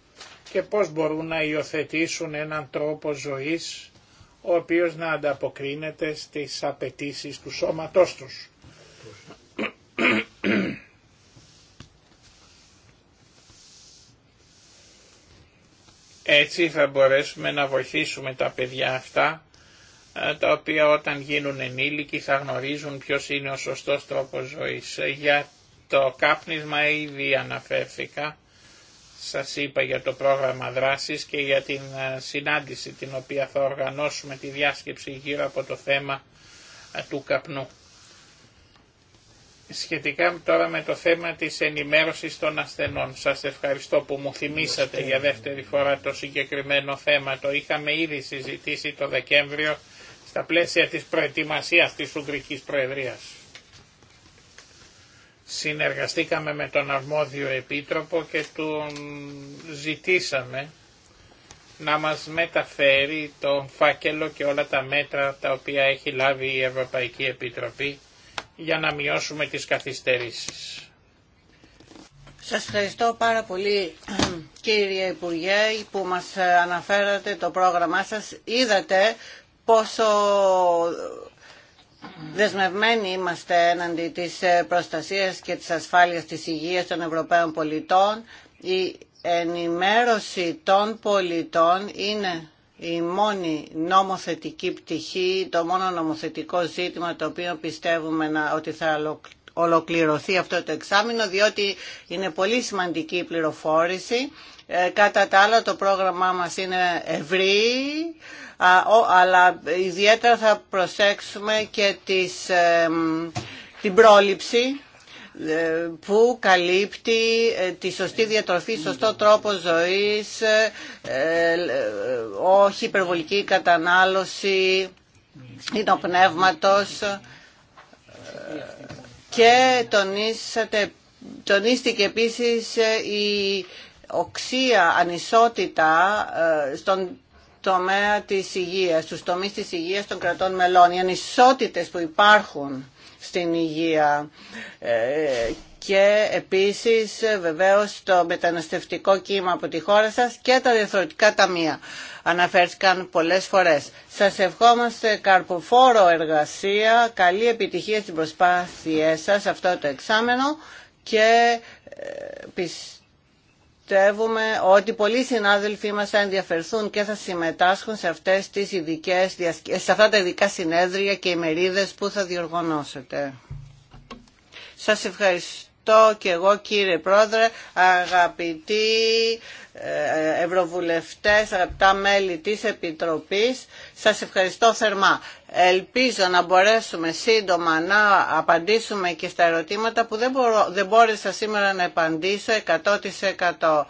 και πώς μπορούν να υιοθετήσουν έναν τρόπο ζωής ο οποίος να ανταποκρίνεται στις απαιτήσεις του σώματός τους. Έτσι θα μπορέσουμε να βοηθήσουμε τα παιδιά αυτά, ε, τα οποία όταν γίνουν ενήλικοι θα γνωρίζουν ποιος είναι ο σωστός τρόπος ζωής. Ε, για το κάπνισμα ήδη αναφέρθηκα σας είπα για το πρόγραμμα δράσης και για την ε, συνάντηση την οποία θα οργανώσουμε τη διάσκεψη γύρω από το θέμα ε, του καπνού. Σχετικά τώρα με το θέμα της ενημέρωσης των ασθενών, σας ευχαριστώ που μου θυμήσατε για δεύτερη φορά το συγκεκριμένο θέμα. Το είχαμε ήδη συζητήσει το Δεκέμβριο στα πλαίσια της προετοιμασίας της Ουγγρικής Προεδρίας συνεργαστήκαμε με τον αρμόδιο επίτροπο και του ζητήσαμε να μας μεταφέρει τον φάκελο και όλα τα μέτρα τα οποία έχει λάβει η Ευρωπαϊκή Επιτροπή για να μειώσουμε τις καθυστερήσεις. Σας ευχαριστώ πάρα πολύ κύριε Υπουργέ που μας αναφέρατε το πρόγραμμά σας. Είδατε πόσο Δεσμευμένοι είμαστε έναντι της ε, προστασίας και της ασφάλειας της υγείας των Ευρωπαίων πολιτών. Η ενημέρωση των πολιτών είναι η μόνη νομοθετική πτυχή, το μόνο νομοθετικό ζήτημα το οποίο πιστεύουμε να, ότι θα ολοκληρωθεί αυτό το εξάμεινο διότι είναι πολύ σημαντική η πληροφόρηση. Ε, κατά τα άλλα το πρόγραμμά μας είναι ευρύ αλλά ιδιαίτερα θα προσέξουμε και τις, την πρόληψη ε, που καλύπτει ε, τη σωστή διατροφή, σωστό τρόπο ζωής, όχι υπερβολική κατανάλωση, είναι ο πνεύματος και τονίσατε, τονίστηκε επίσης ε, η οξία ανισότητα ε, στον τομέα της υγείας, στους τομείς της υγείας των κρατών μελών, οι ανισότητες που υπάρχουν στην υγεία ε, και επίσης βεβαίως το μεταναστευτικό κύμα από τη χώρα σας και τα διαφορετικά ταμεία αναφέρθηκαν πολλές φορές. Σας ευχόμαστε καρποφόρο εργασία, καλή επιτυχία στην προσπάθειά σας αυτό το εξάμενο και ε, πιστεύουμε ότι πολλοί συνάδελφοί μας θα ενδιαφερθούν και θα συμμετάσχουν σε, αυτές τις ειδικές, σε αυτά τα ειδικά συνέδρια και ημερίδες που θα διοργανώσετε. Σας ευχαριστώ ευχαριστώ και εγώ κύριε Πρόεδρε, αγαπητοί ε, ευρωβουλευτές, αγαπητά μέλη της Επιτροπής, σας ευχαριστώ θερμά. Ελπίζω να μπορέσουμε σύντομα να απαντήσουμε και στα ερωτήματα που δεν, μπορώ, δεν μπόρεσα σήμερα να απαντήσω 100%.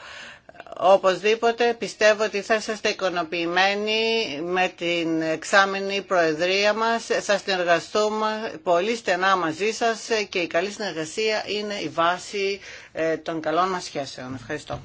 Οπωσδήποτε πιστεύω ότι θα είστε ικανοποιημένοι με την εξάμενη προεδρία μας. Θα συνεργαστούμε πολύ στενά μαζί σας και η καλή συνεργασία είναι η βάση ε, των καλών μας σχέσεων. Ευχαριστώ.